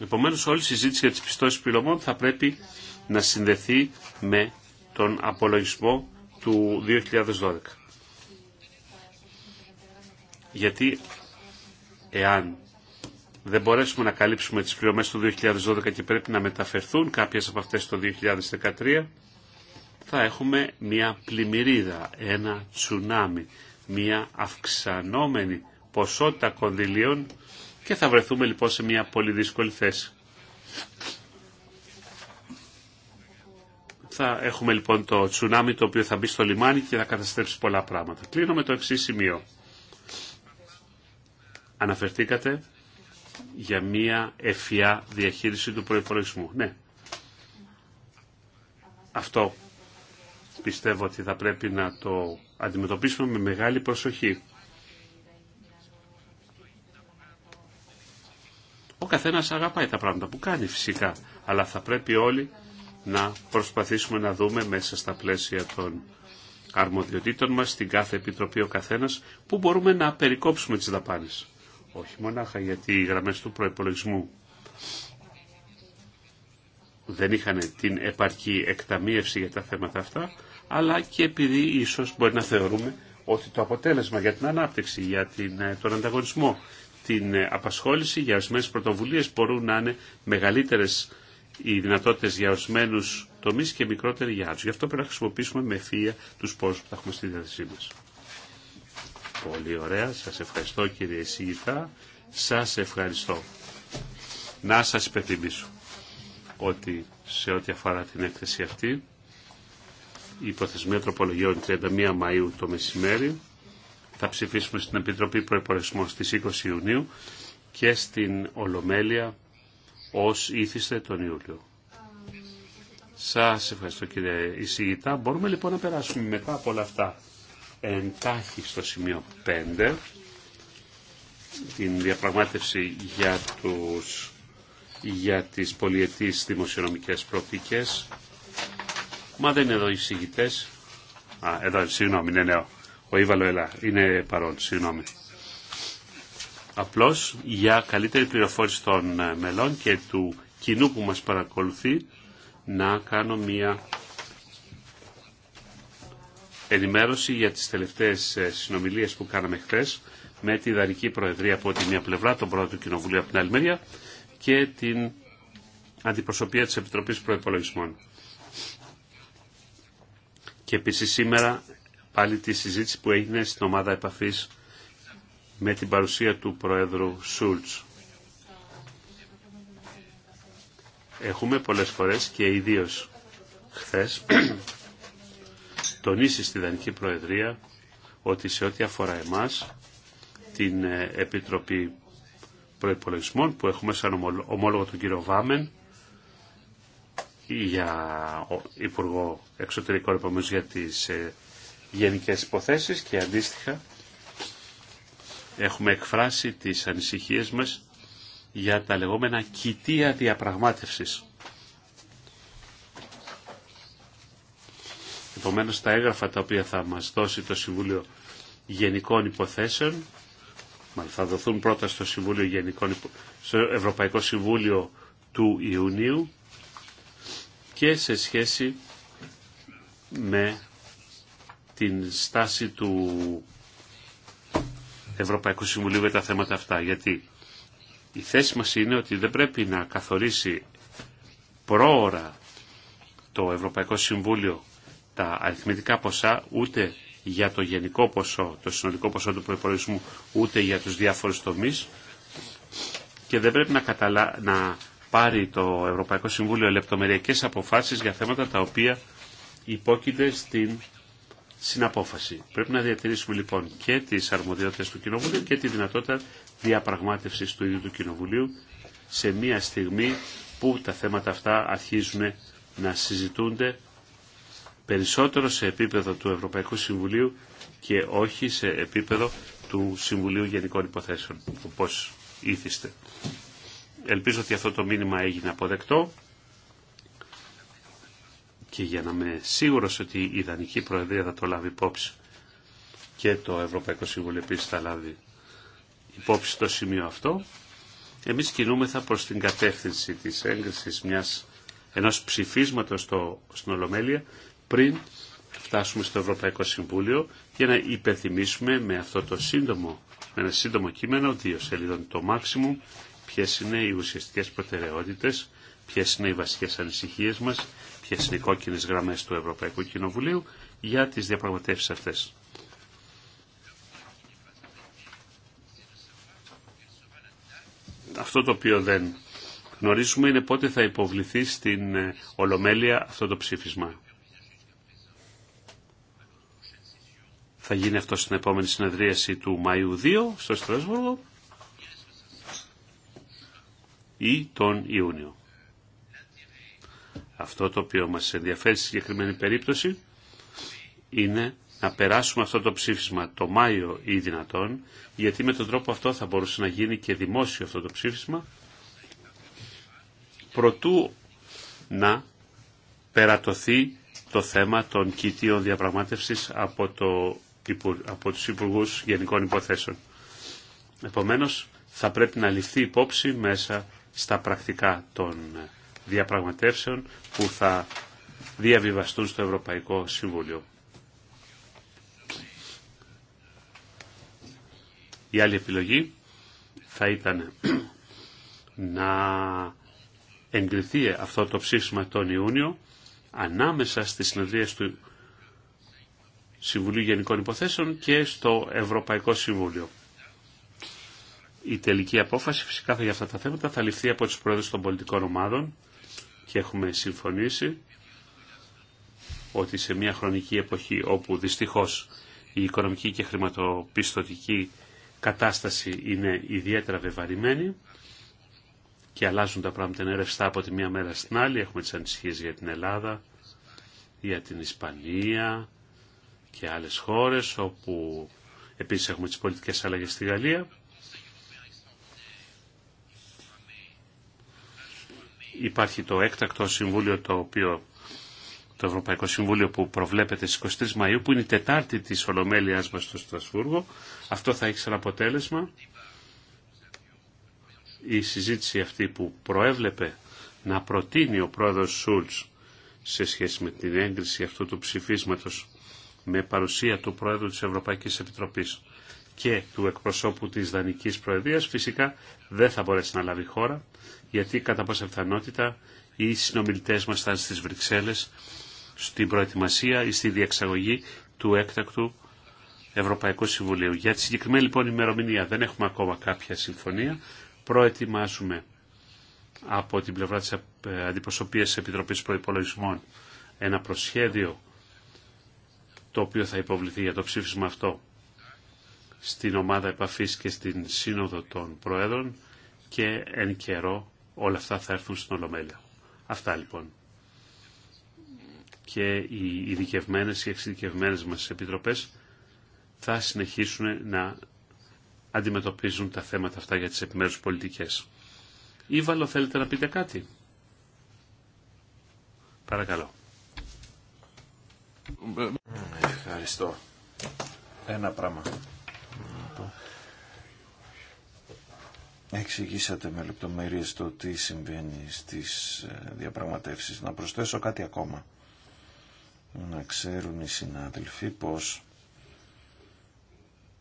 Επομένως όλη η συζήτηση για τις πιστώσεις πληρωμών θα πρέπει να συνδεθεί με τον απολογισμό του 2012. Γιατί εάν δεν μπορέσουμε να καλύψουμε τις πληρωμές του 2012 και πρέπει να μεταφερθούν κάποιες από αυτές το 2013, θα έχουμε μια πλημμυρίδα, ένα τσουνάμι, μια αυξανόμενη ποσότητα κονδυλίων και θα βρεθούμε λοιπόν σε μια πολύ δύσκολη θέση. Θα έχουμε λοιπόν το τσουνάμι το οποίο θα μπει στο λιμάνι και θα καταστρέψει πολλά πράγματα. Κλείνω με το εξή σημείο. Αναφερθήκατε για μια ευφυά διαχείριση του προϋπολογισμού. Ναι. Αυτό πιστεύω ότι θα πρέπει να το αντιμετωπίσουμε με μεγάλη προσοχή. Ο καθένας αγαπάει τα πράγματα που κάνει φυσικά, αλλά θα πρέπει όλοι να προσπαθήσουμε να δούμε μέσα στα πλαίσια των αρμοδιοτήτων μας, στην κάθε επιτροπή ο καθένας, που μπορούμε να περικόψουμε τις δαπάνες όχι μονάχα γιατί οι γραμμές του προϋπολογισμού δεν είχαν την επαρκή εκταμίευση για τα θέματα αυτά, αλλά και επειδή ίσως μπορεί να θεωρούμε ότι το αποτέλεσμα για την ανάπτυξη, για την, ε, τον ανταγωνισμό, την ε, απασχόληση για ορισμένε πρωτοβουλίε μπορούν να είναι μεγαλύτερε οι δυνατότητε για ορισμένου τομεί και μικρότεροι για άλλου. Γι' αυτό πρέπει να χρησιμοποιήσουμε με ευφυα του πόρου που θα έχουμε στη διάθεσή μα. Πολύ ωραία. Σας ευχαριστώ κύριε Σίγητα. Σας ευχαριστώ. Να σας υπενθυμίσω ότι σε ό,τι αφορά την έκθεση αυτή η υποθεσμία τροπολογιών 31 Μαΐου το μεσημέρι θα ψηφίσουμε στην Επιτροπή Προϋπορεσμό στις 20 Ιουνίου και στην Ολομέλεια ως ήθιστε τον Ιούλιο. Σας ευχαριστώ κύριε εισηγητά. Μπορούμε λοιπόν να περάσουμε μετά από όλα αυτά εντάχει στο σημείο 5 την διαπραγμάτευση για, τους, για τις πολιετής δημοσιονομικές προοπτικές. Μα δεν είναι εδώ οι συγητές. Α, εδώ, συγγνώμη, είναι νέο. Ναι, ο Ήβαλο Ελά είναι παρόν, συγγνώμη. Απλώς για καλύτερη πληροφόρηση των μελών και του κοινού που μας παρακολουθεί να κάνω μια ενημέρωση για τις τελευταίες ε, συνομιλίες που κάναμε χθε με τη δανική Προεδρία από τη μία πλευρά, τον πρόεδρο του Κοινοβουλίου από την άλλη μεριά και την αντιπροσωπεία της Επιτροπής Προεπολογισμών Και επίσης σήμερα πάλι τη συζήτηση που έγινε στην ομάδα επαφής με την παρουσία του Προέδρου Σούλτς. Έχουμε πολλές φορές και ιδίως χθες τονίσει στη Δανική Προεδρία ότι σε ό,τι αφορά εμάς την ε, Επιτροπή Προϋπολογισμών που έχουμε σαν ομόλογο τον κύριο Βάμεν για Υπουργό Εξωτερικών Επομένως για τις ε, γενικές υποθέσεις και αντίστοιχα έχουμε εκφράσει τις ανησυχίες μας για τα λεγόμενα κοιτία διαπραγμάτευσης Επομένως τα έγγραφα τα οποία θα μας δώσει το Συμβούλιο Γενικών Υποθέσεων, μάλλον θα δοθούν πρώτα στο, Συμβούλιο Γενικών, στο Ευρωπαϊκό Συμβούλιο του Ιουνίου και σε σχέση με την στάση του Ευρωπαϊκού Συμβουλίου για τα θέματα αυτά. Γιατί η θέση μας είναι ότι δεν πρέπει να καθορίσει πρόωρα το Ευρωπαϊκό Συμβούλιο τα αριθμητικά ποσά ούτε για το γενικό ποσό, το συνολικό ποσό του προϋπολογισμού, ούτε για τους διάφορους τομείς και δεν πρέπει να, καταλα... να πάρει το Ευρωπαϊκό Συμβούλιο λεπτομεριακές αποφάσεις για θέματα τα οποία υπόκεινται στην συναπόφαση. Πρέπει να διατηρήσουμε λοιπόν και τις αρμοδιότητες του Κοινοβουλίου και τη δυνατότητα διαπραγμάτευσης του ίδιου του Κοινοβουλίου σε μια στιγμή που τα θέματα αυτά αρχίζουν να συζητούνται περισσότερο σε επίπεδο του Ευρωπαϊκού Συμβουλίου και όχι σε επίπεδο του Συμβουλίου Γενικών Υποθέσεων, όπως ήθιστε. Ελπίζω ότι αυτό το μήνυμα έγινε αποδεκτό και για να είμαι σίγουρος ότι η Ιδανική Προεδρία θα το λάβει υπόψη και το Ευρωπαϊκό Συμβούλιο επίσης θα λάβει υπόψη το σημείο αυτό, εμείς κινούμεθα προς την κατεύθυνση της έγκρισης μιας, ενός ψηφίσματος στο, στην Ολομέλεια πριν φτάσουμε στο Ευρωπαϊκό Συμβούλιο για να υπενθυμίσουμε με αυτό το σύντομο, με ένα σύντομο κείμενο, δύο σελίδων το maximum, ποιε είναι οι ουσιαστικέ προτεραιότητε, ποιε είναι οι βασικέ ανησυχίε μα, ποιε είναι οι κόκκινε γραμμέ του Ευρωπαϊκού Κοινοβουλίου για τι διαπραγματεύσει αυτέ. Αυτό το οποίο δεν γνωρίζουμε είναι πότε θα υποβληθεί στην ε, Ολομέλεια αυτό το ψήφισμα. Θα γίνει αυτό στην επόμενη συνεδρίαση του Μαΐου 2 στο Στρασβούργο ή τον Ιούνιο. Αυτό το οποίο μας ενδιαφέρει στη συγκεκριμένη περίπτωση είναι να περάσουμε αυτό το ψήφισμα το Μάιο ή δυνατόν, γιατί με τον τρόπο αυτό θα μπορούσε να γίνει και δημόσιο αυτό το ψήφισμα, προτού να περατωθεί το θέμα των κοιτίων διαπραγμάτευσης από το από τους Υπουργούς Γενικών Υποθέσεων. Επομένως, θα πρέπει να ληφθεί υπόψη μέσα στα πρακτικά των διαπραγματεύσεων που θα διαβιβαστούν στο Ευρωπαϊκό Συμβούλιο. Η άλλη επιλογή θα ήταν να εγκριθεί αυτό το ψήφισμα τον Ιούνιο ανάμεσα στις συνεδρίες του Συμβουλίου Γενικών Υποθέσεων και στο Ευρωπαϊκό Συμβούλιο. Η τελική απόφαση φυσικά θα για αυτά τα θέματα θα ληφθεί από τους πρόεδρους των πολιτικών ομάδων και έχουμε συμφωνήσει ότι σε μια χρονική εποχή όπου δυστυχώς η οικονομική και χρηματοπιστωτική κατάσταση είναι ιδιαίτερα βεβαρημένη και αλλάζουν τα πράγματα είναι από τη μία μέρα στην άλλη. Έχουμε τις ανησυχίες για την Ελλάδα, για την Ισπανία, και άλλες χώρες όπου επίσης έχουμε τις πολιτικές αλλαγές στη Γαλλία. Υπάρχει το έκτακτο συμβούλιο το οποίο το Ευρωπαϊκό Συμβούλιο που προβλέπεται στις 23 Μαΐου, που είναι η τετάρτη της Ολομέλειάς μας στο Στρασβούργο. Αυτό θα έχει σαν αποτέλεσμα η συζήτηση αυτή που προέβλεπε να προτείνει ο πρόεδρος Σούλτς σε σχέση με την έγκριση αυτού του ψηφίσματος με παρουσία του Πρόεδρου της Ευρωπαϊκής Επιτροπής και του εκπροσώπου της Δανικής Προεδρίας φυσικά δεν θα μπορέσει να λάβει χώρα γιατί κατά πάσα πιθανότητα οι συνομιλητές μας θα είναι στις Βρυξέλλες στην προετοιμασία ή στη διεξαγωγή του έκτακτου Ευρωπαϊκού Συμβουλίου. Για τη συγκεκριμένη λοιπόν ημερομηνία δεν έχουμε ακόμα κάποια συμφωνία. Προετοιμάζουμε από την πλευρά της ε, Αντιπροσωπείας της Επιτροπής Προϋπολογισμών ένα προσχέδιο το οποίο θα υποβληθεί για το ψήφισμα αυτό στην ομάδα επαφής και στην σύνοδο των Προέδρων και εν καιρό όλα αυτά θα έρθουν στην Ολομέλεια. Αυτά λοιπόν. Και οι ειδικευμένε και εξειδικευμένε μας επιτροπές θα συνεχίσουν να αντιμετωπίζουν τα θέματα αυτά για τις επιμέρους πολιτικές. Ήβαλο θέλετε να πείτε κάτι. Παρακαλώ. Ευχαριστώ. Ένα πράγμα. Εξηγήσατε με λεπτομέρειες το τι συμβαίνει στις ε, διαπραγματεύσεις. Να προσθέσω κάτι ακόμα. Να ξέρουν οι συνάδελφοι πως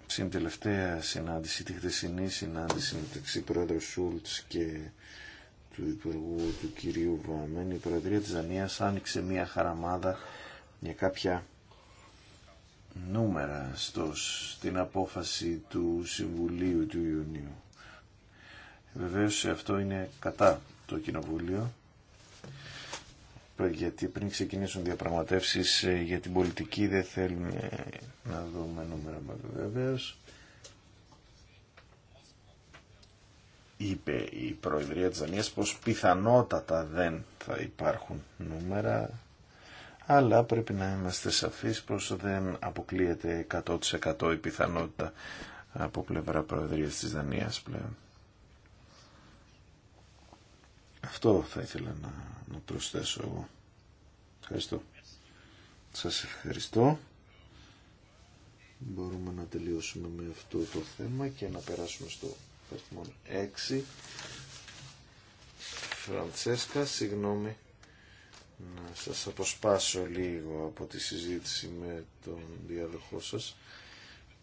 στην τελευταία συνάντηση, τη χθεσινή συνάντηση μεταξύ πρόεδρου Σούλτς και του Υπουργού του κυρίου Βαμμένη, η Προεδρία της Δανίας άνοιξε μια χαραμάδα για κάποια νούμερα στο, στην απόφαση του Συμβουλίου του Ιουνίου. Βεβαίως αυτό είναι κατά το Κοινοβούλιο γιατί πριν ξεκινήσουν διαπραγματεύσεις ε, για την πολιτική δεν θέλουμε ε, να δούμε νούμερα βεβαίως. είπε η Προεδρία της Δανίας πως πιθανότατα δεν θα υπάρχουν νούμερα αλλά πρέπει να είμαστε σαφείς πως δεν αποκλείεται 100% η πιθανότητα από πλευρά Προεδρίας της Δανίας πλέον. Αυτό θα ήθελα να, να προσθέσω εγώ. Ευχαριστώ. Σας ευχαριστώ. Μπορούμε να τελειώσουμε με αυτό το θέμα και να περάσουμε στο βαθμό 6. Φραντσέσκα, συγγνώμη να σας αποσπάσω λίγο από τη συζήτηση με τον διαδοχό σας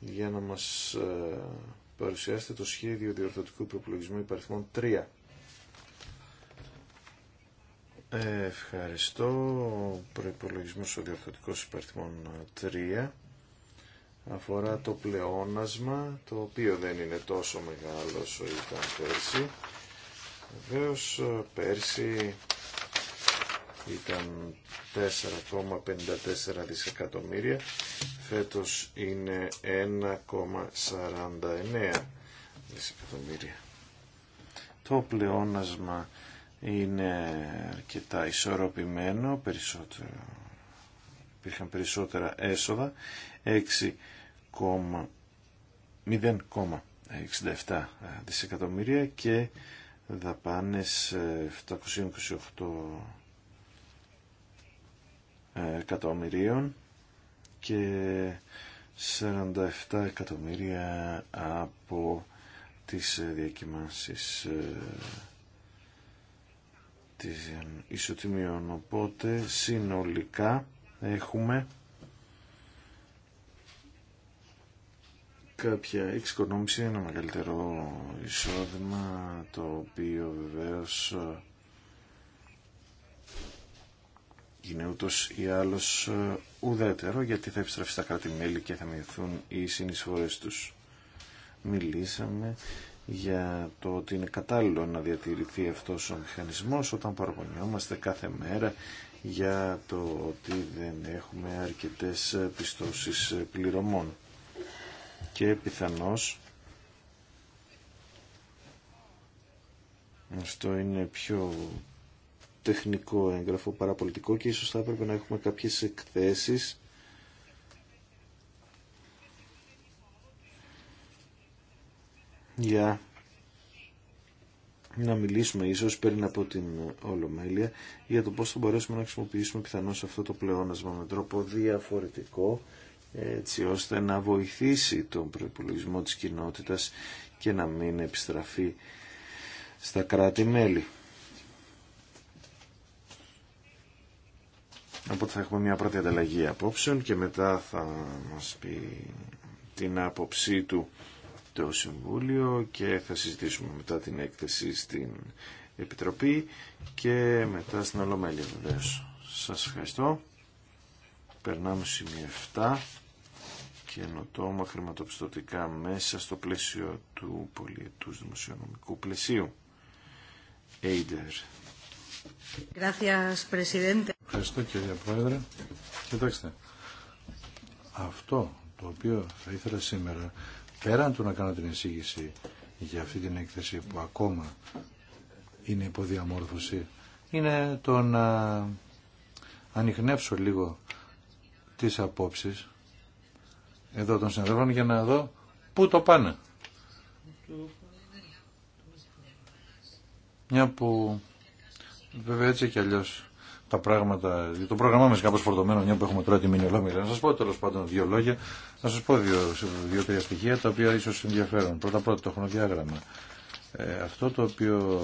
για να μας ε, παρουσιάσετε το σχέδιο διορθωτικού προπολογισμού υπαριθμών 3. Ευχαριστώ. Ο προϋπολογισμός ο διορθωτικός υπαριθμών 3 αφορά το πλεόνασμα, το οποίο δεν είναι τόσο μεγάλο όσο ήταν πέρσι. Βεβαίω πέρσι ήταν 4,54 δισεκατομμύρια, φέτος είναι 1,49 δισεκατομμύρια. Το πλεόνασμα είναι αρκετά ισορροπημένο, περισσότερο, υπήρχαν περισσότερα έσοδα, 6,67 δισεκατομμύρια και δαπάνες 728 ε, εκατομμυρίων και 47 εκατομμύρια από τις διακοιμάνσεις ε, της ισοτιμίων. Οπότε συνολικά έχουμε κάποια εξοικονόμηση, ένα μεγαλύτερο εισόδημα το οποίο βεβαίως γίνει ούτω ή άλλω ε, ουδέτερο γιατί θα επιστρέψει στα κράτη-μέλη και θα μειωθούν οι συνεισφορέ τους. Μιλήσαμε για το ότι είναι κατάλληλο να διατηρηθεί αυτό ο μηχανισμός όταν παραπονιόμαστε κάθε μέρα για το ότι δεν έχουμε αρκετές πιστώσεις πληρωμών και πιθανώς αυτό είναι πιο τεχνικό έγγραφο παραπολιτικό και ίσως θα έπρεπε να έχουμε κάποιες εκθέσεις για να μιλήσουμε ίσως πριν από την Ολομέλεια για το πώς θα μπορέσουμε να χρησιμοποιήσουμε πιθανώς αυτό το πλεόνασμα με τρόπο διαφορετικό έτσι ώστε να βοηθήσει τον προπολογισμό της κοινότητας και να μην επιστραφεί στα κράτη-μέλη. Οπότε θα έχουμε μια πρώτη ανταλλαγή απόψεων και μετά θα μας πει την άποψή του το Συμβούλιο και θα συζητήσουμε μετά την έκθεση στην Επιτροπή και μετά στην Ολομέλεια βεβαίω. Σας ευχαριστώ. Περνάμε σημείο 7 καινοτόμα χρηματοπιστωτικά μέσα στο πλαίσιο του πολιετούς δημοσιονομικού πλαισίου. Aider. Ευχαριστώ κύριε Πρόεδρε. Κοιτάξτε, αυτό το οποίο θα ήθελα σήμερα, πέραν του να κάνω την εισήγηση για αυτή την έκθεση που ακόμα είναι υποδιαμόρφωση, είναι το να ανοιχνεύσω λίγο τις απόψεις εδώ των συναδέλφων για να δω πού το πάνε. Μια που Βέβαια έτσι και αλλιώ τα πράγματα. Το πρόγραμμά μα κάπω φορτωμένο, μια που έχουμε τώρα τη Να σα πω τέλο πάντων δύο λόγια, να σα πω δύο-τρία δύο, στοιχεία τα οποία ίσω ενδιαφέρουν. Πρώτα-πρώτα το χρονοδιάγραμμα. Ε, αυτό το οποίο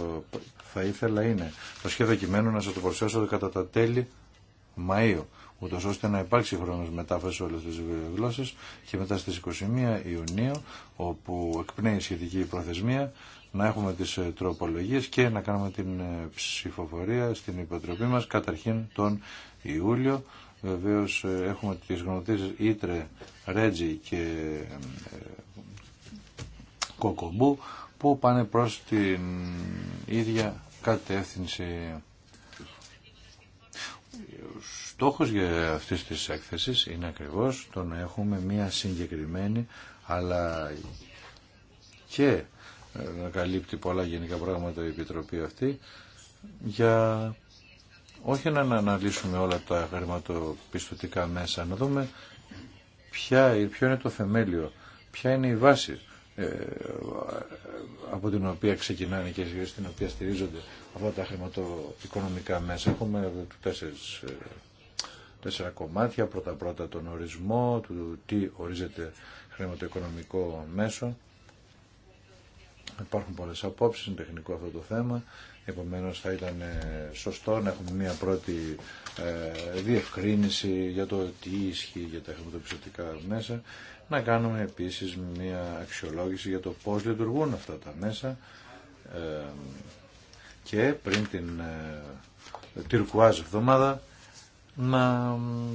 θα ήθελα είναι το σχέδιο κειμένου να σα το προσθέσω κατά τα τέλη Μαΐου ούτω ώστε να υπάρξει χρόνο μετάφραση σε όλε τι γλώσσε και μετά στι 21 Ιουνίου, όπου εκπνέει η σχετική προθεσμία, να έχουμε τι ε, τροπολογίε και να κάνουμε την ε, ψηφοφορία στην υποτροπή μα καταρχήν τον Ιούλιο. Βεβαίω ε, έχουμε τι γνωτήσει Ήτρε, Ρέτζι και Κοκομπού που πάνε προς την ίδια κατεύθυνση στόχος για αυτής της έκθεσης είναι ακριβώς το να έχουμε μια συγκεκριμένη αλλά και ε, να καλύπτει πολλά γενικά πράγματα η Επιτροπή αυτή για όχι να αναλύσουμε όλα τα χρηματοπιστωτικά μέσα, να δούμε ποια, ποιο είναι το θεμέλιο, ποια είναι η βάση ε, από την οποία ξεκινάνε και στην οποία στηρίζονται αυτά τα χρηματοοικονομικά μέσα. Έχουμε τέσσερις, ε, τέσσερα κομμάτια. Πρώτα-πρώτα τον ορισμό του τι ορίζεται χρηματοοικονομικό μέσο. Υπάρχουν πολλές απόψεις, είναι τεχνικό αυτό το θέμα Επομένως θα ήταν ε, σωστό να έχουμε μια πρώτη ε, διευκρίνηση για το τι ισχύει για τα χρηματοπιστωτικά μέσα. Να κάνουμε επίσης μια αξιολόγηση για το πώς λειτουργούν αυτά τα μέσα ε, και πριν την τυρκουάζ εβδομάδα να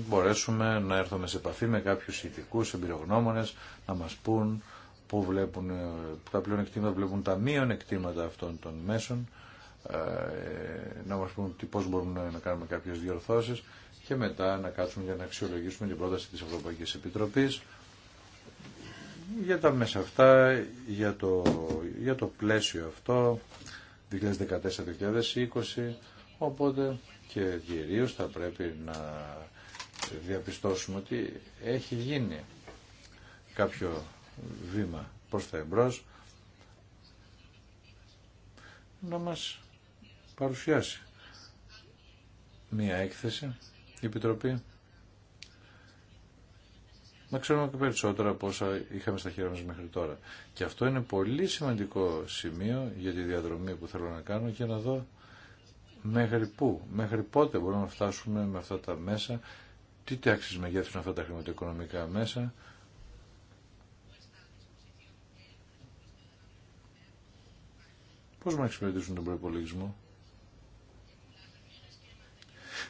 μπορέσουμε να έρθουμε σε επαφή με κάποιους ειδικούς εμπειρογνώμονες να μας πούν που βλέπουν τα πλειονεκτήματα, βλέπουν τα μείον αυτών των μέσων ε, να μας πούν πώς μπορούμε να κάνουμε κάποιες διορθώσεις και μετά να κάτσουμε για να αξιολογήσουμε την πρόταση της Ευρωπαϊκής Επιτροπής για τα μέσα αυτά, για το, για το πλαίσιο αυτό 2014-2020 οπότε και κυρίω θα πρέπει να διαπιστώσουμε ότι έχει γίνει κάποιο βήμα προς τα εμπρός να μας παρουσιάσει μία έκθεση η Επιτροπή να ξέρουμε και περισσότερα από όσα είχαμε στα χέρια μας μέχρι τώρα. Και αυτό είναι πολύ σημαντικό σημείο για τη διαδρομή που θέλω να κάνω και να δω μέχρι πού, μέχρι πότε μπορούμε να φτάσουμε με αυτά τα μέσα, τι τάξεις μεγέθουν αυτά τα χρηματοοικονομικά μέσα, πώς μας εξυπηρετήσουν τον προπολογισμό.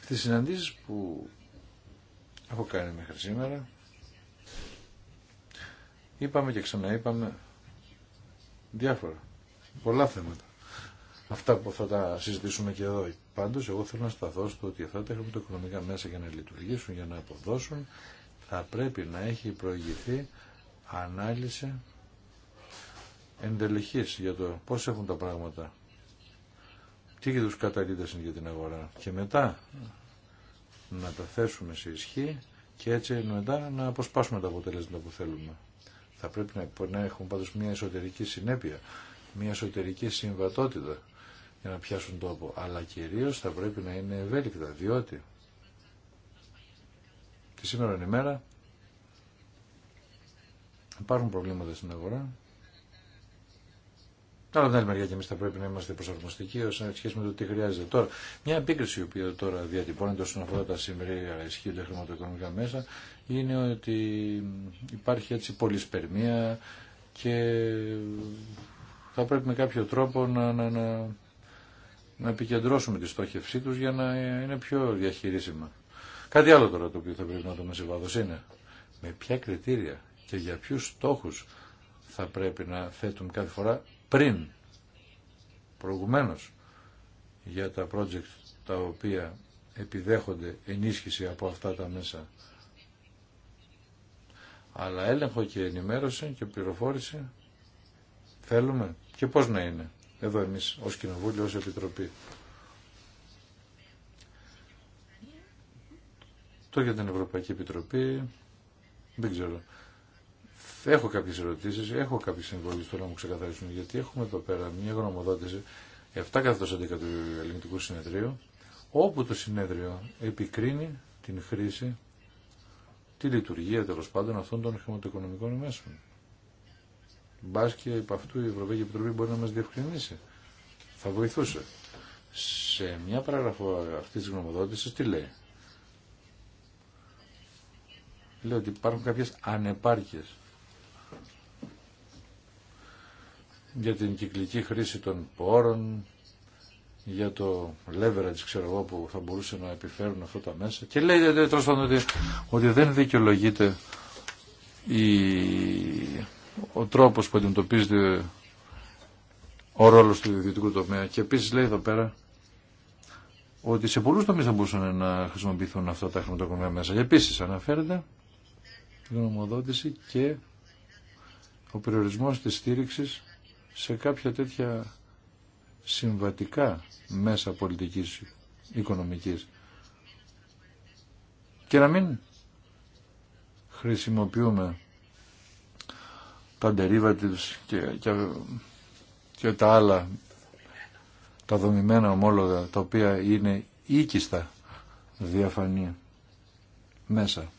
Στις συναντήσεις που έχω κάνει μέχρι σήμερα, είπαμε και ξαναείπαμε διάφορα, πολλά θέματα. Αυτά που θα τα συζητήσουμε και εδώ. Πάντως, εγώ θέλω να σταθώ στο ότι αυτά τα χρηματοοικονομικά μέσα για να λειτουργήσουν, για να αποδώσουν, θα πρέπει να έχει προηγηθεί ανάλυση εντελεχής για το πώς έχουν τα πράγματα τι είδου καταλήτες είναι για την αγορά και μετά να τα θέσουμε σε ισχύ και έτσι μετά να αποσπάσουμε τα αποτελέσματα που θέλουμε. Θα πρέπει να έχουν πάντως μια εσωτερική συνέπεια, μια εσωτερική συμβατότητα για να πιάσουν τόπο. Αλλά κυρίως θα πρέπει να είναι ευέλικτα, διότι τη σήμερα ημέρα υπάρχουν προβλήματα στην αγορά αλλά από την άλλη μεριά και εμεί θα πρέπει να είμαστε προσαρμοστικοί όσον σχέση με το τι χρειάζεται τώρα. Μια επίκριση η οποία τώρα διατυπώνεται όσον αφορά τα σήμερα ισχύοντα χρηματοοικονομικά μέσα είναι ότι υπάρχει έτσι πολυσπερμία και θα πρέπει με κάποιο τρόπο να, να, να, να επικεντρώσουμε τη στόχευσή τους για να είναι πιο διαχειρίσιμα. Κάτι άλλο τώρα το οποίο θα πρέπει να δούμε σε είναι με ποια κριτήρια και για ποιους στόχους θα πρέπει να θέτουν κάθε φορά πριν, προηγουμένως, για τα project τα οποία επιδέχονται ενίσχυση από αυτά τα μέσα. Αλλά έλεγχο και ενημέρωση και πληροφόρηση θέλουμε και πώς να είναι εδώ εμείς ως Κοινοβούλιο, ως Επιτροπή. Το για την Ευρωπαϊκή Επιτροπή δεν ξέρω Έχω κάποιε ερωτήσει, έχω κάποιε συμβολέ που να μου ξεκαθαρίσουν, γιατί έχουμε εδώ πέρα μια γνωμοδότηση 7 καθώς του Ελληνικού Συνεδρίου, όπου το συνέδριο επικρίνει την χρήση, τη λειτουργία τέλο πάντων αυτών των χρηματοοικονομικών μέσων. Μπά και από αυτού η Ευρωπαϊκή Επιτροπή μπορεί να μα διευκρινίσει. Θα βοηθούσε. Σε μια παραγραφή αυτή τη γνωμοδότησης τι λέει. Λέει ότι υπάρχουν κάποιε ανεπάρκειες για την κυκλική χρήση των πόρων, για το leverage ξέρω εγώ που θα μπορούσε να επιφέρουν αυτά τα μέσα και λέει ε, ε, τέλος πάντων ότι, ότι δεν δικαιολογείται η, ο τρόπος που αντιμετωπίζεται ο ρόλος του ιδιωτικού τομέα και επίσης λέει εδώ πέρα ότι σε πολλούς τομείς θα μπορούσαν να χρησιμοποιηθούν αυτά τα χρηματοοικονομικά μέσα. Και επίσης αναφέρεται η γνωμοδότηση και ο περιορισμός της στήριξης σε κάποια τέτοια συμβατικά μέσα πολιτικής οικονομικής και να μην χρησιμοποιούμε τα derivatives και, τα άλλα τα δομημένα ομόλογα τα οποία είναι οίκιστα διαφανή μέσα.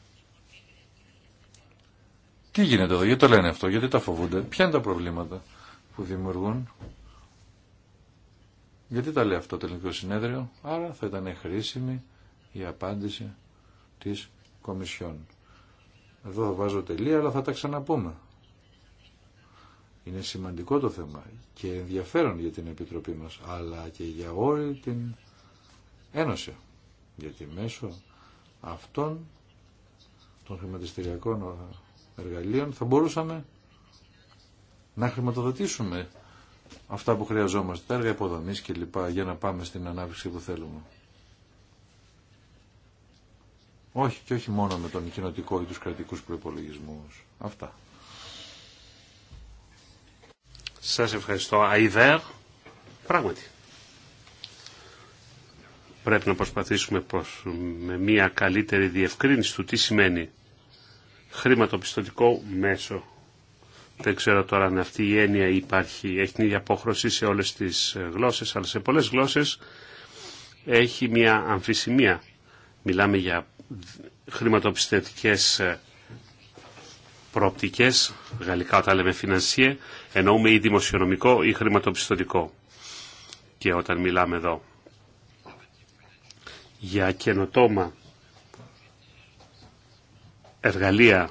Τι γίνεται εδώ, γιατί το λένε αυτό, γιατί τα φοβούνται, ποια είναι τα προβλήματα που δημιουργούν. Γιατί τα λέει αυτό το ελληνικό συνέδριο, άρα θα ήταν χρήσιμη η απάντηση της Κομισιόν. Εδώ θα βάζω τελεία, αλλά θα τα ξαναπούμε. Είναι σημαντικό το θέμα και ενδιαφέρον για την Επιτροπή μας, αλλά και για όλη την Ένωση. Γιατί μέσω αυτών των χρηματιστηριακών εργαλείων θα μπορούσαμε να χρηματοδοτήσουμε αυτά που χρειαζόμαστε, τα έργα υποδομής και λοιπά, για να πάμε στην ανάπτυξη που θέλουμε. Όχι και όχι μόνο με τον κοινοτικό ή τους κρατικούς προϋπολογισμούς. Αυτά. Σας ευχαριστώ. Αιδέρ, πράγματι. Πρέπει να προσπαθήσουμε με μια καλύτερη διευκρίνηση του τι σημαίνει χρηματοπιστωτικό μέσο δεν ξέρω τώρα αν αυτή η έννοια υπάρχει, έχει την ίδια απόχρωση σε όλες τις ε, γλώσσες, αλλά σε πολλές γλώσσες έχει μια αμφισημία. Μιλάμε για χρηματοπιστωτικές ε, προοπτικές, γαλλικά όταν λέμε φινανσίε εννοούμε ή δημοσιονομικό ή χρηματοπιστωτικό. Και όταν μιλάμε εδώ για καινοτόμα εργαλεία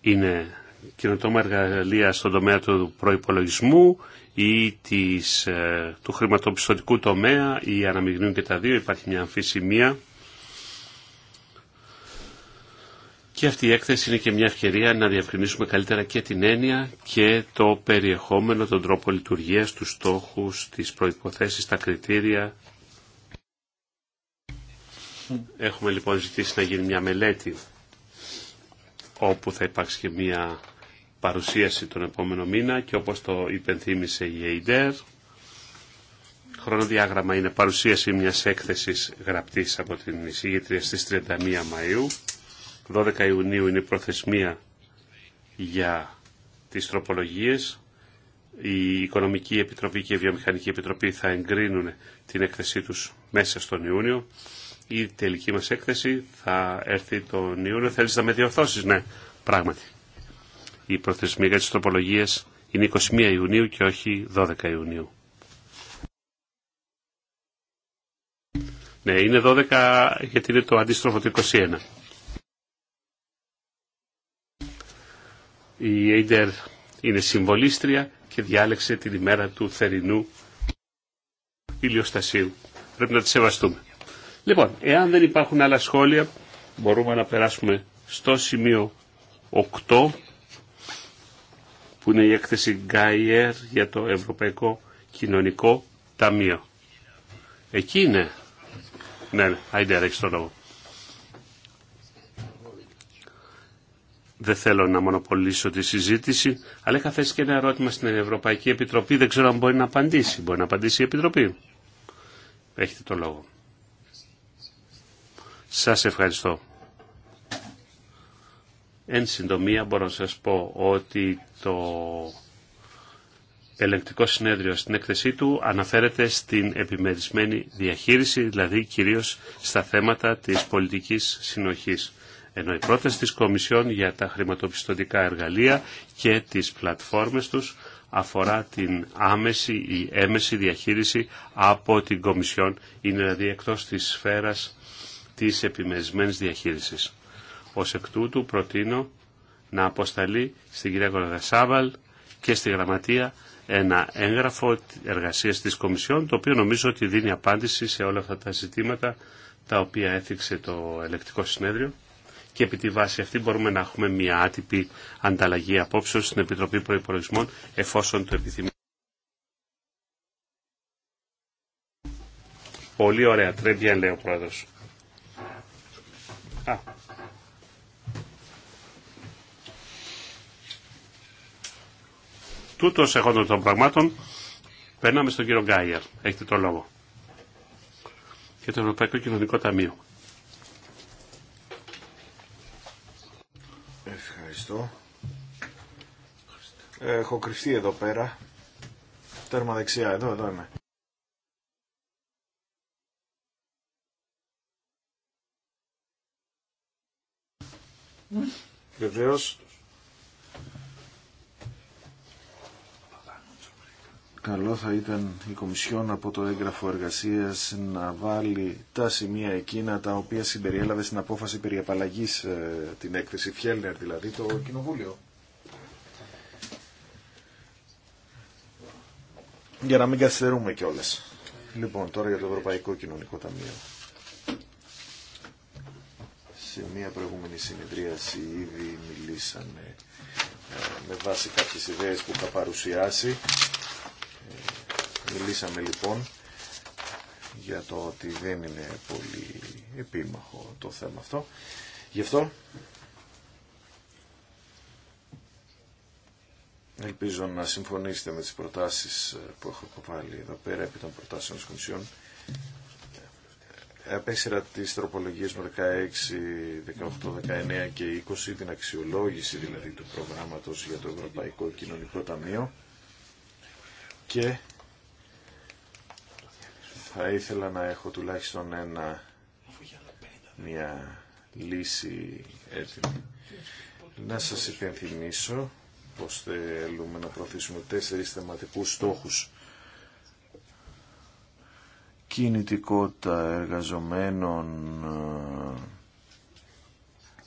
είναι καινοτόμα εργαλεία στον τομέα του προϋπολογισμού ή της, ε, του χρηματοπιστωτικού τομέα ή αναμειγνύουν και τα δύο, υπάρχει μια μία Και αυτή η έκθεση είναι και μια ευκαιρία να διευκρινίσουμε καλύτερα και την έννοια και το περιεχόμενο, τον τρόπο λειτουργίας, τους στόχους, τις προϋποθέσεις, τα κριτήρια. Έχουμε λοιπόν ζητήσει να γίνει μια μελέτη όπου θα υπάρξει και μια παρουσίαση τον επόμενο μήνα και όπως το υπενθύμησε η ΕΙΔΕΡ χρονοδιάγραμμα είναι παρουσίαση μιας έκθεσης γραπτής από την εισηγήτρια στις 31 Μαΐου. 12 Ιουνίου είναι η προθεσμία για τις τροπολογίες. Η Οικονομική Επιτροπή και η Βιομηχανική Επιτροπή θα εγκρίνουν την έκθεσή τους μέσα στον Ιούνιο. Η τελική μας έκθεση θα έρθει τον Ιούνιο. Θέλεις να με διορθώσεις, ναι, πράγματι. Η προθεσμία για τις είναι 21 Ιουνίου και όχι 12 Ιουνίου. Ναι, είναι 12 γιατί είναι το αντίστροφο του 21. Η Αίντερ είναι συμβολίστρια και διάλεξε την ημέρα του θερινού ηλιοστασίου. Πρέπει να τη σεβαστούμε. Λοιπόν, εάν δεν υπάρχουν άλλα σχόλια, μπορούμε να περάσουμε στο σημείο 8 που είναι η έκθεση Γκάιερ για το Ευρωπαϊκό Κοινωνικό Ταμείο. Εκεί είναι. Ναι, ναι, Άιντερ, έχεις το λόγο. Δεν θέλω να μονοπολίσω τη συζήτηση, αλλά είχα θέσει και ένα ερώτημα στην Ευρωπαϊκή Επιτροπή. Δεν ξέρω αν μπορεί να απαντήσει. Μπορεί να απαντήσει η Επιτροπή. Έχετε το λόγο. Σας ευχαριστώ. Εν συντομία μπορώ να σας πω ότι το ελεγκτικό συνέδριο στην έκθεσή του αναφέρεται στην επιμερισμένη διαχείριση, δηλαδή κυρίως στα θέματα της πολιτικής συνοχής. Ενώ η πρόταση της Κομισιόν για τα χρηματοπιστωτικά εργαλεία και τις πλατφόρμες τους αφορά την άμεση ή έμεση διαχείριση από την Κομισιόν, είναι δηλαδή εκτός της σφαίρας της επιμερισμένης διαχείρισης. Ως εκ τούτου προτείνω να αποσταλεί στην κυρία και στη Γραμματεία ένα έγγραφο εργασίας της Κομισιόν, το οποίο νομίζω ότι δίνει απάντηση σε όλα αυτά τα ζητήματα τα οποία έθιξε το ελεκτικό συνέδριο και επί τη βάση αυτή μπορούμε να έχουμε μια άτυπη ανταλλαγή απόψεως στην Επιτροπή Προϋπολογισμών εφόσον το επιθυμεί. Πολύ ωραία, τρέμπια λέει ο πρόεδρος. Τούτο έχω των πραγμάτων, περνάμε στον κύριο Γκάιερ. Έχετε το λόγο. Και το Ευρωπαϊκό Κοινωνικό Ταμείο. Ευχαριστώ. Έχω κρυφτεί εδώ πέρα. Τέρμα δεξιά, εδώ, εδώ είμαι. Βεβαίω καλό θα ήταν η Κομισιόν από το έγγραφο εργασίας να βάλει τα σημεία εκείνα τα οποία συμπεριέλαβε στην απόφαση περί απαλλαγής ε, την έκθεση Φιέλνερ δηλαδή το Κοινοβούλιο. Για να μην καθυστερούμε κιόλα. Λοιπόν, τώρα για το Ευρωπαϊκό Κοινωνικό Ταμείο. Σε μια προηγούμενη συνεδρίαση ήδη μιλήσανε ε, με βάση κάποιες ιδέες που είχα παρουσιάσει Μιλήσαμε λοιπόν για το ότι δεν είναι πολύ επίμαχο το θέμα αυτό. Γι' αυτό ελπίζω να συμφωνήσετε με τις προτάσεις ε, που έχω υποβάλει εδώ πέρα επί των προτάσεων της Κομισιόν. Απέσυρα τις τροπολογίες 16, 18, 19 και 20, την αξιολόγηση δηλαδή του προγράμματος για το Ευρωπαϊκό Κοινωνικό Ταμείο και θα ήθελα να έχω τουλάχιστον ένα, μια λύση έτοιμη. Να σας υπενθυμίσω πως θέλουμε να προωθήσουμε τέσσερις θεματικούς στόχους. Κινητικότητα εργαζομένων, ε,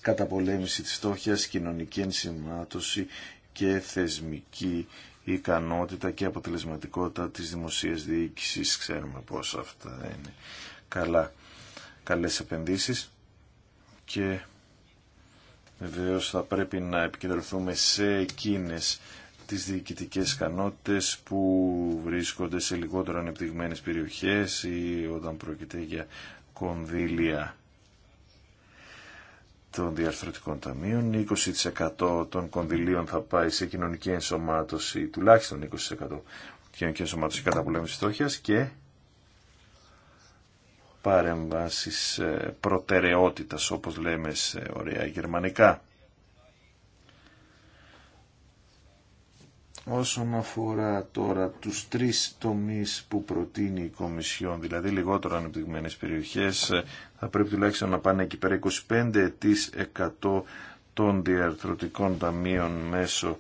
καταπολέμηση της φτώχειας, κοινωνική ενσημάτωση και θεσμική η ικανότητα και αποτελεσματικότητα της δημοσίας διοίκησης. Ξέρουμε πως αυτά είναι καλά, καλές επενδύσεις και βεβαίω θα πρέπει να επικεντρωθούμε σε εκείνες τις διοικητικές ικανότητες που βρίσκονται σε λιγότερο ανεπτυγμένες περιοχές ή όταν πρόκειται για κονδύλια των διαρθρωτικών ταμείων, 20% των κονδυλίων θα πάει σε κοινωνική ενσωμάτωση, τουλάχιστον 20% κοινωνική ενσωμάτωση κατά πολέμηση στόχιας και παρεμβάσεις ε, προτεραιότητας, όπως λέμε σε ωραία γερμανικά. Όσον αφορά τώρα τους τρεις τομείς που προτείνει η Κομισιόν, δηλαδή λιγότερο ανεπτυγμένες περιοχές, θα πρέπει τουλάχιστον να πάνε εκεί πέρα 25% των διαρθρωτικών ταμείων μέσω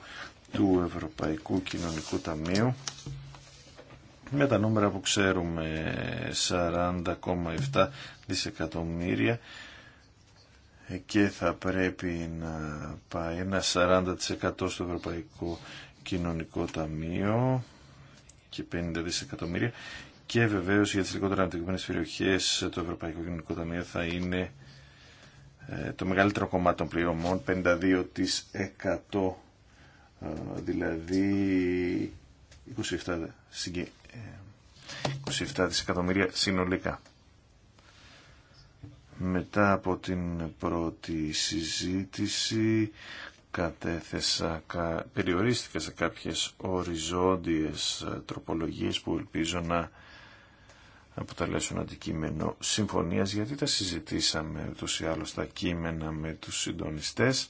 του Ευρωπαϊκού Κοινωνικού Ταμείου. Με τα νούμερα που ξέρουμε 40,7 δισεκατομμύρια και θα πρέπει να πάει ένα 40% στο Ευρωπαϊκό κοινωνικό ταμείο και 50 δισεκατομμύρια και βεβαίως για τις λιγότερα αναπτυγμένες περιοχές το Ευρωπαϊκό Κοινωνικό Ταμείο θα είναι ε, το μεγαλύτερο κομμάτι των πληρωμών, 52% ε, δηλαδή 27, 27 ε, δισεκατομμύρια συνολικά. Μετά από την πρώτη συζήτηση κατέθεσα, περιορίστηκα σε κάποιες οριζόντιες ε, τροπολογίες που ελπίζω να αποτελέσουν αντικείμενο συμφωνίας γιατί τα συζητήσαμε ούτως ή άλλως τα κείμενα με τους συντονιστές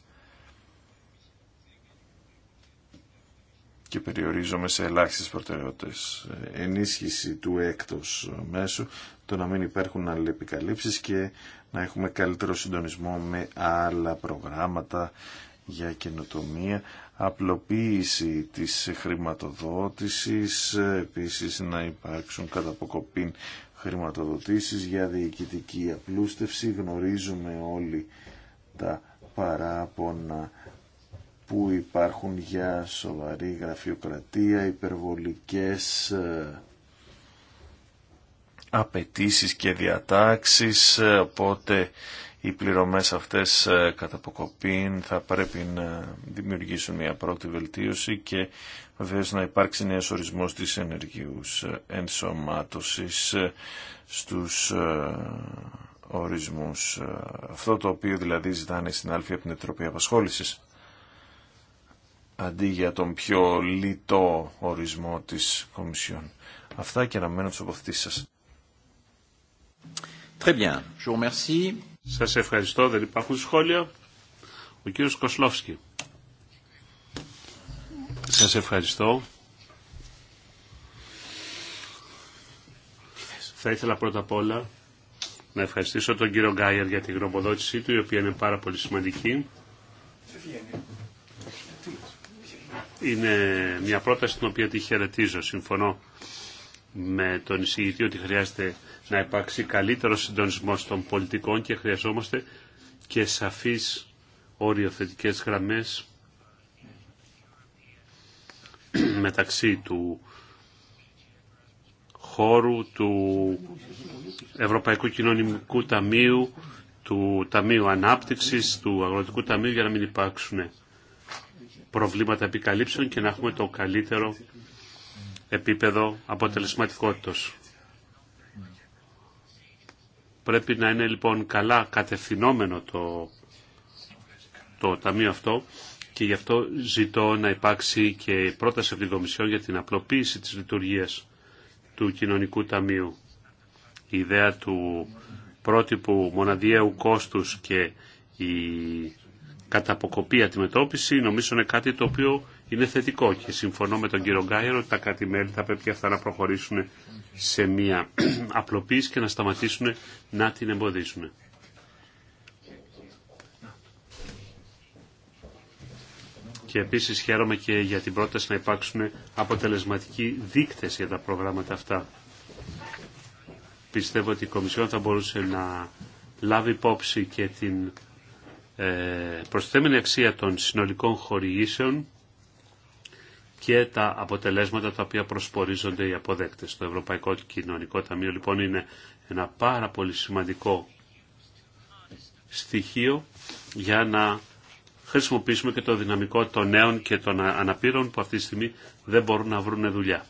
και περιορίζομαι σε ελάχιστες προτεραιότητες. Ενίσχυση του έκτος μέσου, το να μην υπάρχουν αλληλεπικαλύψεις και να έχουμε καλύτερο συντονισμό με άλλα προγράμματα για καινοτομία, απλοποίηση της χρηματοδότησης, επίσης να υπάρξουν κατά αποκοπήν χρηματοδοτήσεις για διοικητική απλούστευση. Γνωρίζουμε όλοι τα παράπονα που υπάρχουν για σοβαρή γραφειοκρατία, υπερβολικές ε, απαιτήσεις και διατάξεις, οπότε οι πληρωμές αυτές ε, κατά θα πρέπει να δημιουργήσουν μια πρώτη βελτίωση και βεβαίως να υπάρξει νέος ορισμός της ενεργείου ενσωμάτωσης ε, στους ε, ορισμούς. Αυτό το οποίο δηλαδή ζητάνε στην άλφη από την Επιτροπή Απασχόλησης αντί για τον πιο λιτό ορισμό της Κομισιόν. Αυτά και αναμένω τους αποθετήσεις σας. Très σας ευχαριστώ. Δεν υπάρχουν σχόλια. Ο κύριος Κοσλόφσκι. Σας ευχαριστώ. Θα ήθελα πρώτα απ' όλα να ευχαριστήσω τον κύριο Γκάιερ για την γνωμοδότησή του, η οποία είναι πάρα πολύ σημαντική. Είναι μια πρόταση την οποία τη χαιρετίζω. Συμφωνώ με τον εισηγητή ότι χρειάζεται να υπάρξει καλύτερο συντονισμό των πολιτικών και χρειαζόμαστε και σαφείς οριοθετικές γραμμές μεταξύ του χώρου, του Ευρωπαϊκού Κοινωνικού Ταμείου, του Ταμείου Ανάπτυξης, του Αγροτικού Ταμείου για να μην υπάρξουν προβλήματα επικαλύψεων και να έχουμε το καλύτερο επίπεδο αποτελεσματικότητος. Πρέπει να είναι λοιπόν καλά κατευθυνόμενο το, το ταμείο αυτό και γι' αυτό ζητώ να υπάρξει και πρόταση από την Κομισιόν για την απλοποίηση της λειτουργίας του Κοινωνικού Ταμείου. Η ιδέα του πρότυπου μοναδιαίου κόστους και η καταποκοπή αντιμετώπιση νομίζω είναι κάτι το οποίο είναι θετικό και συμφωνώ με τον κύριο Γκάιρο ότι τα κάτι μελη θα πρέπει αυτά να προχωρήσουν σε μια απλοποίηση και να σταματήσουν να την εμποδίσουν. Και επίσης χαίρομαι και για την πρόταση να υπάρξουν αποτελεσματικοί δείκτες για τα προγράμματα αυτά. Πιστεύω ότι η Κομισιόν θα μπορούσε να λάβει υπόψη και την ε, προσθέμενη αξία των συνολικών χορηγήσεων και τα αποτελέσματα τα οποία προσπορίζονται οι αποδέκτες. Το Ευρωπαϊκό Κοινωνικό Ταμείο λοιπόν είναι ένα πάρα πολύ σημαντικό στοιχείο για να χρησιμοποιήσουμε και το δυναμικό των νέων και των αναπήρων που αυτή τη στιγμή δεν μπορούν να βρουν δουλειά.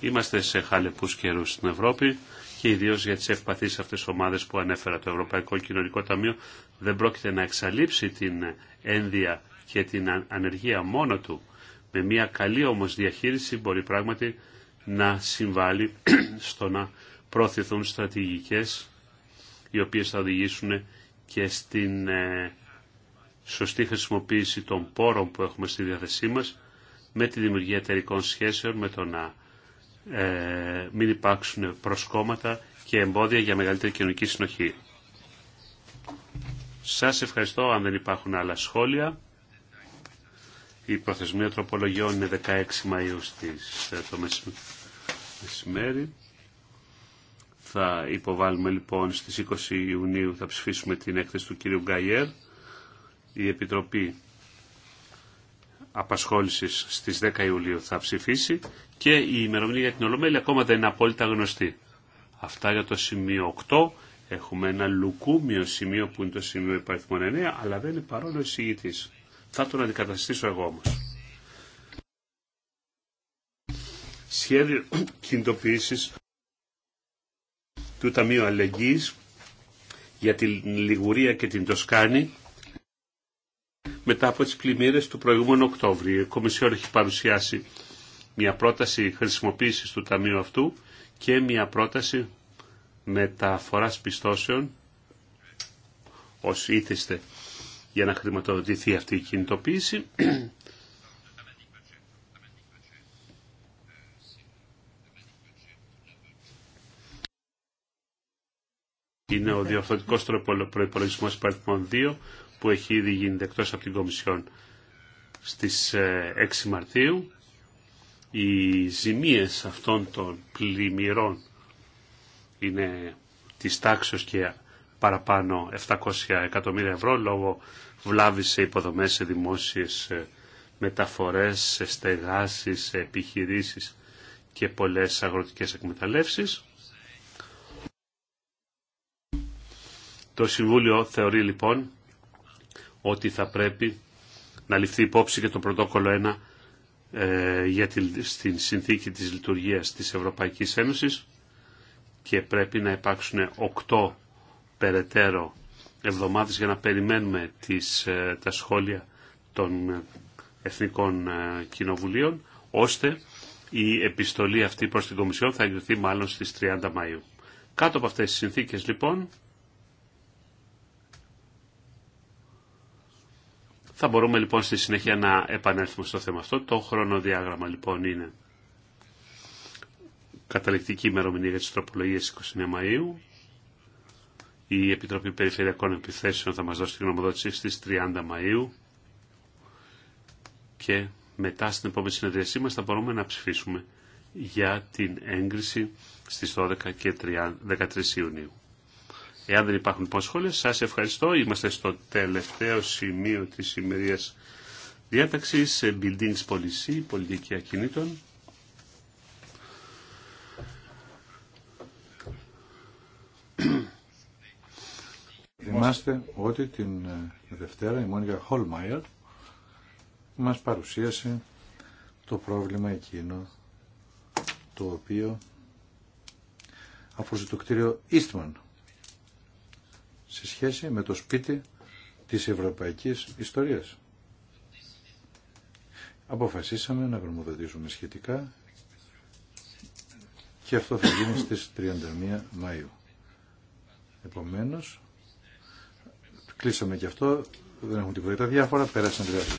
Είμαστε σε χαλεπούς καιρούς στην Ευρώπη και ιδίω για τι ευπαθεί αυτέ ομάδε που ανέφερα. Το Ευρωπαϊκό Κοινωνικό Ταμείο δεν πρόκειται να εξαλείψει την ένδια και την ανεργία μόνο του. Με μια καλή όμω διαχείριση μπορεί πράγματι να συμβάλλει στο να προωθηθούν στρατηγικές οι οποίες θα οδηγήσουν και στην ε, σωστή χρησιμοποίηση των πόρων που έχουμε στη διάθεσή μα με τη δημιουργία εταιρικών σχέσεων, με το να ε, μην υπάρξουν προσκόμματα και εμπόδια για μεγαλύτερη κοινωνική συνοχή. Σας ευχαριστώ αν δεν υπάρχουν άλλα σχόλια. Η προθεσμία τροπολογιών είναι 16 Μαΐου στις, ε, το μεσημέρι. Θα υποβάλουμε λοιπόν στις 20 Ιουνίου, θα ψηφίσουμε την έκθεση του κύριου Γκαϊέρ. Η Επιτροπή απασχόλησης στις 10 Ιουλίου θα ψηφίσει και η ημερομηνία για την Ολομέλεια ακόμα δεν είναι απόλυτα γνωστή. Αυτά για το σημείο 8. Έχουμε ένα λουκούμιο σημείο που είναι το σημείο υπαριθμών 9, αλλά δεν είναι παρόλο εισηγητής. Θα τον αντικαταστήσω εγώ όμως. Σχέδιο κινητοποίησης του Ταμείου Αλληλεγγύης για την Λιγουρία και την Τοσκάνη μετά από τις πλημμύρες του προηγούμενου Οκτώβριου. Η Κομισιόν έχει παρουσιάσει μια πρόταση χρησιμοποίησης του Ταμείου αυτού και μια πρόταση μεταφοράς πιστώσεων ως ήθιστε για να χρηματοδοτηθεί αυτή η κινητοποίηση είναι ο διορθωτικό προπολογισμό υπαριθμών 2 που έχει ήδη γίνει δεκτός από την Κομισιόν στι 6 ε, Μαρτίου. Οι ζημίε αυτών των πλημμυρών είναι τη τάξη και παραπάνω 700 εκατομμύρια ευρώ λόγω βλάβη σε υποδομέ σε δημόσιε μεταφορέ, σε στεγάσεις, σε επιχειρήσεις και πολλές αγροτικές εκμεταλλεύσεις. Το Συμβούλιο θεωρεί λοιπόν ότι θα πρέπει να ληφθεί υπόψη και το πρωτόκολλο 1 ε, για τη, στην συνθήκη της λειτουργίας της Ευρωπαϊκής Ένωσης και πρέπει να υπάρξουν 8 περαιτέρω εβδομάδες για να περιμένουμε τις, ε, τα σχόλια των Εθνικών ε, Κοινοβουλίων, ώστε η επιστολή αυτή προς την Κομισιόν θα εγκριθεί μάλλον στις 30 Μαΐου. Κάτω από αυτές τις συνθήκες λοιπόν Θα μπορούμε λοιπόν στη συνέχεια να επανέλθουμε στο θέμα αυτό. Το χρονοδιάγραμμα λοιπόν είναι καταληκτική ημερομηνία για τις τροπολογίες 29 Μαΐου. Η Επιτροπή Περιφερειακών Επιθέσεων θα μας δώσει τη γνωμοδότηση στις 30 Μαΐου και μετά στην επόμενη συνεδρίασή μας θα μπορούμε να ψηφίσουμε για την έγκριση στις 12 και 13 Ιουνίου. Εάν δεν υπάρχουν πόσες σχόλια, σας ευχαριστώ. Είμαστε στο τελευταίο σημείο της ημερία διάταξης, buildings policy, πολιτική ακινήτων. Θυμάστε ότι την ε, Δευτέρα η Μόνικα Χολμάιερ μας παρουσίασε το πρόβλημα εκείνο το οποίο αφορούσε το κτίριο Eastman σε σχέση με το σπίτι της ευρωπαϊκής ιστορίας. Αποφασίσαμε να γνωμοδοτήσουμε σχετικά και αυτό θα γίνει στις 31 Μαΐου. Επομένως, κλείσαμε και αυτό, δεν έχουν τίποτα διάφορα, πέρασαν τριάδες.